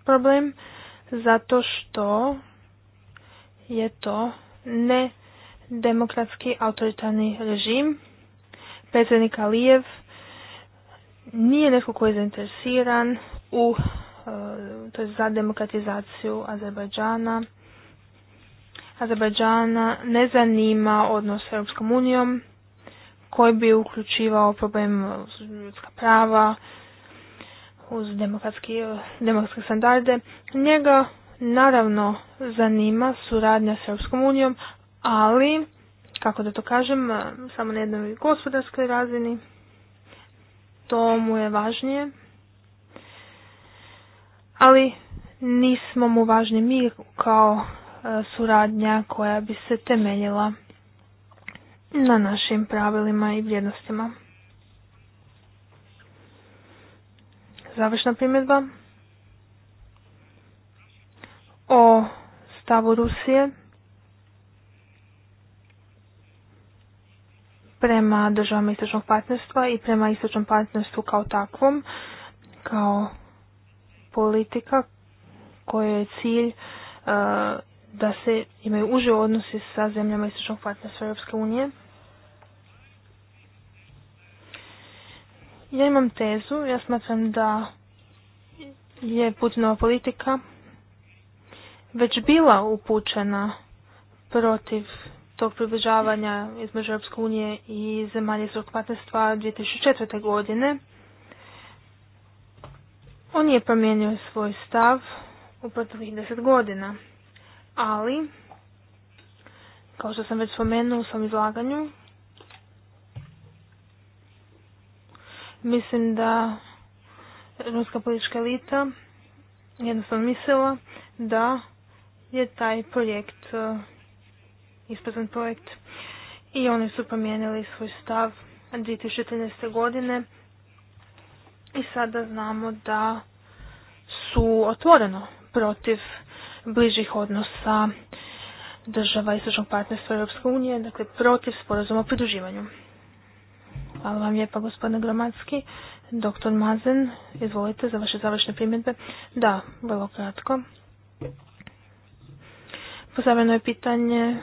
problem zato što je to ne demokratski autoritarni režim. Predsjednik Alijev nije neko koji je zainteresiran u E, to je za demokratizaciju Azerbajdžana. Azerbajdžana ne zanima odnos s Europskom unijom koji bi uključivao problem ljudska prava uz demokratski, demokratske standarde. Njega naravno zanima suradnja s Europskom unijom, ali, kako da to kažem, e, samo na jednoj gospodarskoj razini, to mu je važnije ali nismo mu važni mi kao e, suradnja koja bi se temeljila na našim pravilima i vrijednostima. Završna primjedba o stavu Rusije prema državama istočnog partnerstva i prema istočnom partnerstvu kao takvom, kao politika koja je cilj uh, da se imaju uže odnosi sa zemljama istočnog partnerstva Europske unije. Ja imam tezu, ja smatram da je Putinova politika već bila upućena protiv tog približavanja između Europske unije i zemalja iz partnerstva 2004. godine on je promijenio svoj stav u proteklih deset godina, ali, kao što sam već spomenuo u svom izlaganju, mislim da ruska politička elita jednostavno mislila da je taj projekt e, ispazan projekt i oni su promijenili svoj stav 2013. godine i sada znamo da su otvoreno protiv bližih odnosa država istočnog partnerstva Europske unije, dakle protiv sporazuma o pridruživanju. Hvala vam lijepa gospodine Gromatski. Doktor Mazen, izvolite za vaše završne primjedbe. Da, vrlo kratko. Postavljeno je pitanje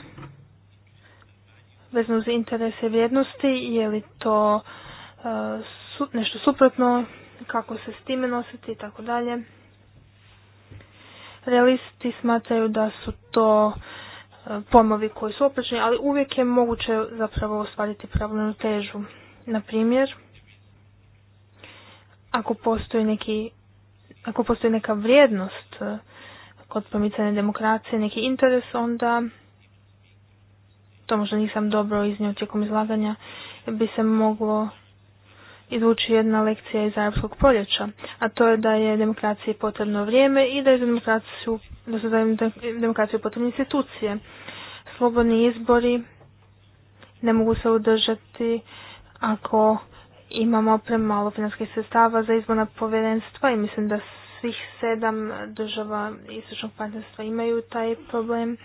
vezano za interese vrijednosti, je li to eh, nešto suprotno kako se s time nositi i tako dalje. Realisti smatraju da su to e, pomovi koji su oprečni, ali uvijek je moguće zapravo ostvariti pravilnu težu. Na primjer, ako postoji neki ako postoji neka vrijednost e, kod promicanja demokracije, neki interes, onda to možda nisam dobro iznio tijekom izlaganja, bi se moglo izvući jedna lekcija iz arapskog proljeća, a to je da je demokraciji potrebno vrijeme i da je demokraciju, da demokraciju potrebne institucije. Slobodni izbori ne mogu se održati ako imamo premalo finanskih sredstava za izborna povjerenstva i mislim da svih sedam država istočnog partnerstva imaju taj problem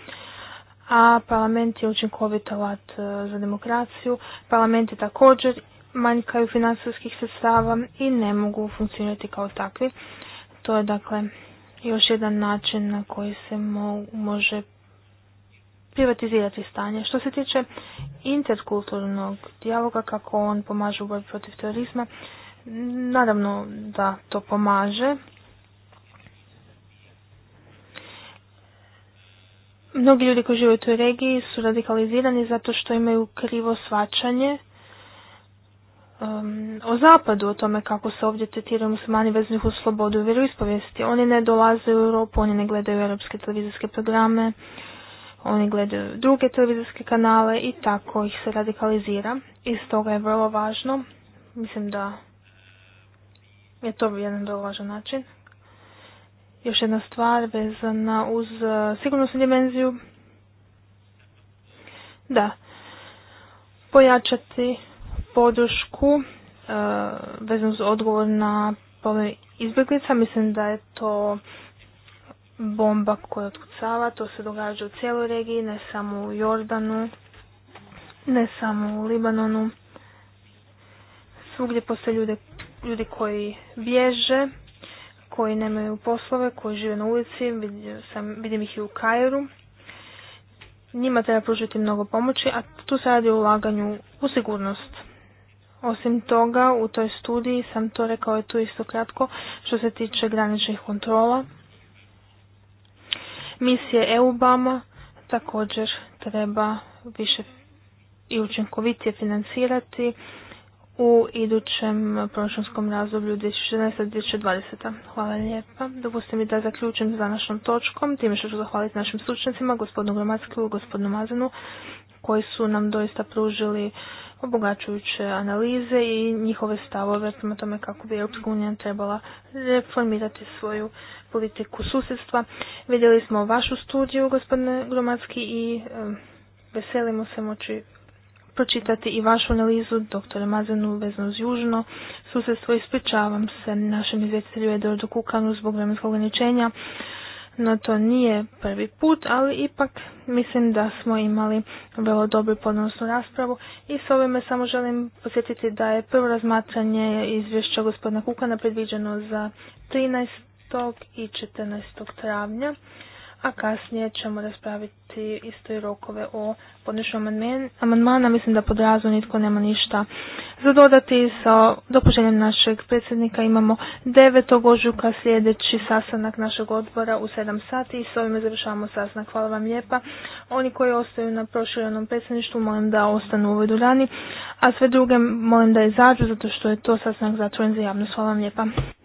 a parlament je učinkovit alat e, za demokraciju. Parlament je također manjkaju financijskih sredstava i ne mogu funkcionirati kao takvi. To je dakle još jedan način na koji se može privatizirati stanje. Što se tiče interkulturnog dijaloga, kako on pomaže u borbi protiv terorizma, naravno da to pomaže. Mnogi ljudi koji žive u toj regiji su radikalizirani zato što imaju krivo svačanje um, o zapadu, o tome kako se ovdje tretiraju muslimani veznih u slobodu i ispovijesti. Oni ne dolaze u Europu, oni ne gledaju europske televizijske programe, oni gledaju druge televizijske kanale i tako ih se radikalizira. I stoga je vrlo važno, mislim da je to jedan vrlo važan način. Još jedna stvar vezana uz uh, sigurnosnu dimenziju. Da, pojačati podršku e, vezano uz odgovor na problem izbjeglica. Mislim da je to bomba koja otkucava. To se događa u cijeloj regiji, ne samo u Jordanu, ne samo u Libanonu. Svugdje postoje ljude, ljudi koji bježe, koji nemaju poslove, koji žive na ulici. Vidim, sam, vidim ih i u Kairu. Njima treba pružiti mnogo pomoći, a tu se radi o ulaganju u sigurnost osim toga, u toj studiji sam to rekao je tu isto kratko što se tiče graničnih kontrola. Misije EUBAMA također treba više i učinkovitije financirati u idućem proračunskom razdoblju 2016-2020. Hvala lijepa. Dopustite mi da zaključim s današnjom točkom, time što ću zahvaliti našim stručnjacima, gospodinu Gromackiju i gospodinu Mazenu, koji su nam doista pružili obogačujuće analize i njihove stavove prema tome kako bi EU trebala reformirati svoju politiku susjedstva. Vidjeli smo vašu studiju, gospodine Gromatski, i veselimo se moći pročitati i vašu analizu, doktore Mazenu, vezno uz južno susjedstvo. Ispričavam se našem izvjetitelju do Kukanu zbog vremenskog ograničenja. No to nije prvi put, ali ipak mislim da smo imali vrlo dobru podnosnu raspravu i s ovime samo želim posjetiti da je prvo razmatranje izvješća gospodina Kukana predviđeno za 13. i 14. travnja a kasnije ćemo raspraviti isto i rokove o podnošenju amandmana. Mislim da pod razvoj nitko nema ništa za dodati. Sa dopuštenjem našeg predsjednika imamo 9. ožujka sljedeći sastanak našeg odbora u 7 sati i s ovime završavamo sastanak. Hvala vam lijepa. Oni koji ostaju na proširenom predsjedništvu molim da ostanu u ovoj durani. a sve druge molim da izađu zato što je to sastanak zatvoren za javnost. Hvala vam lijepa.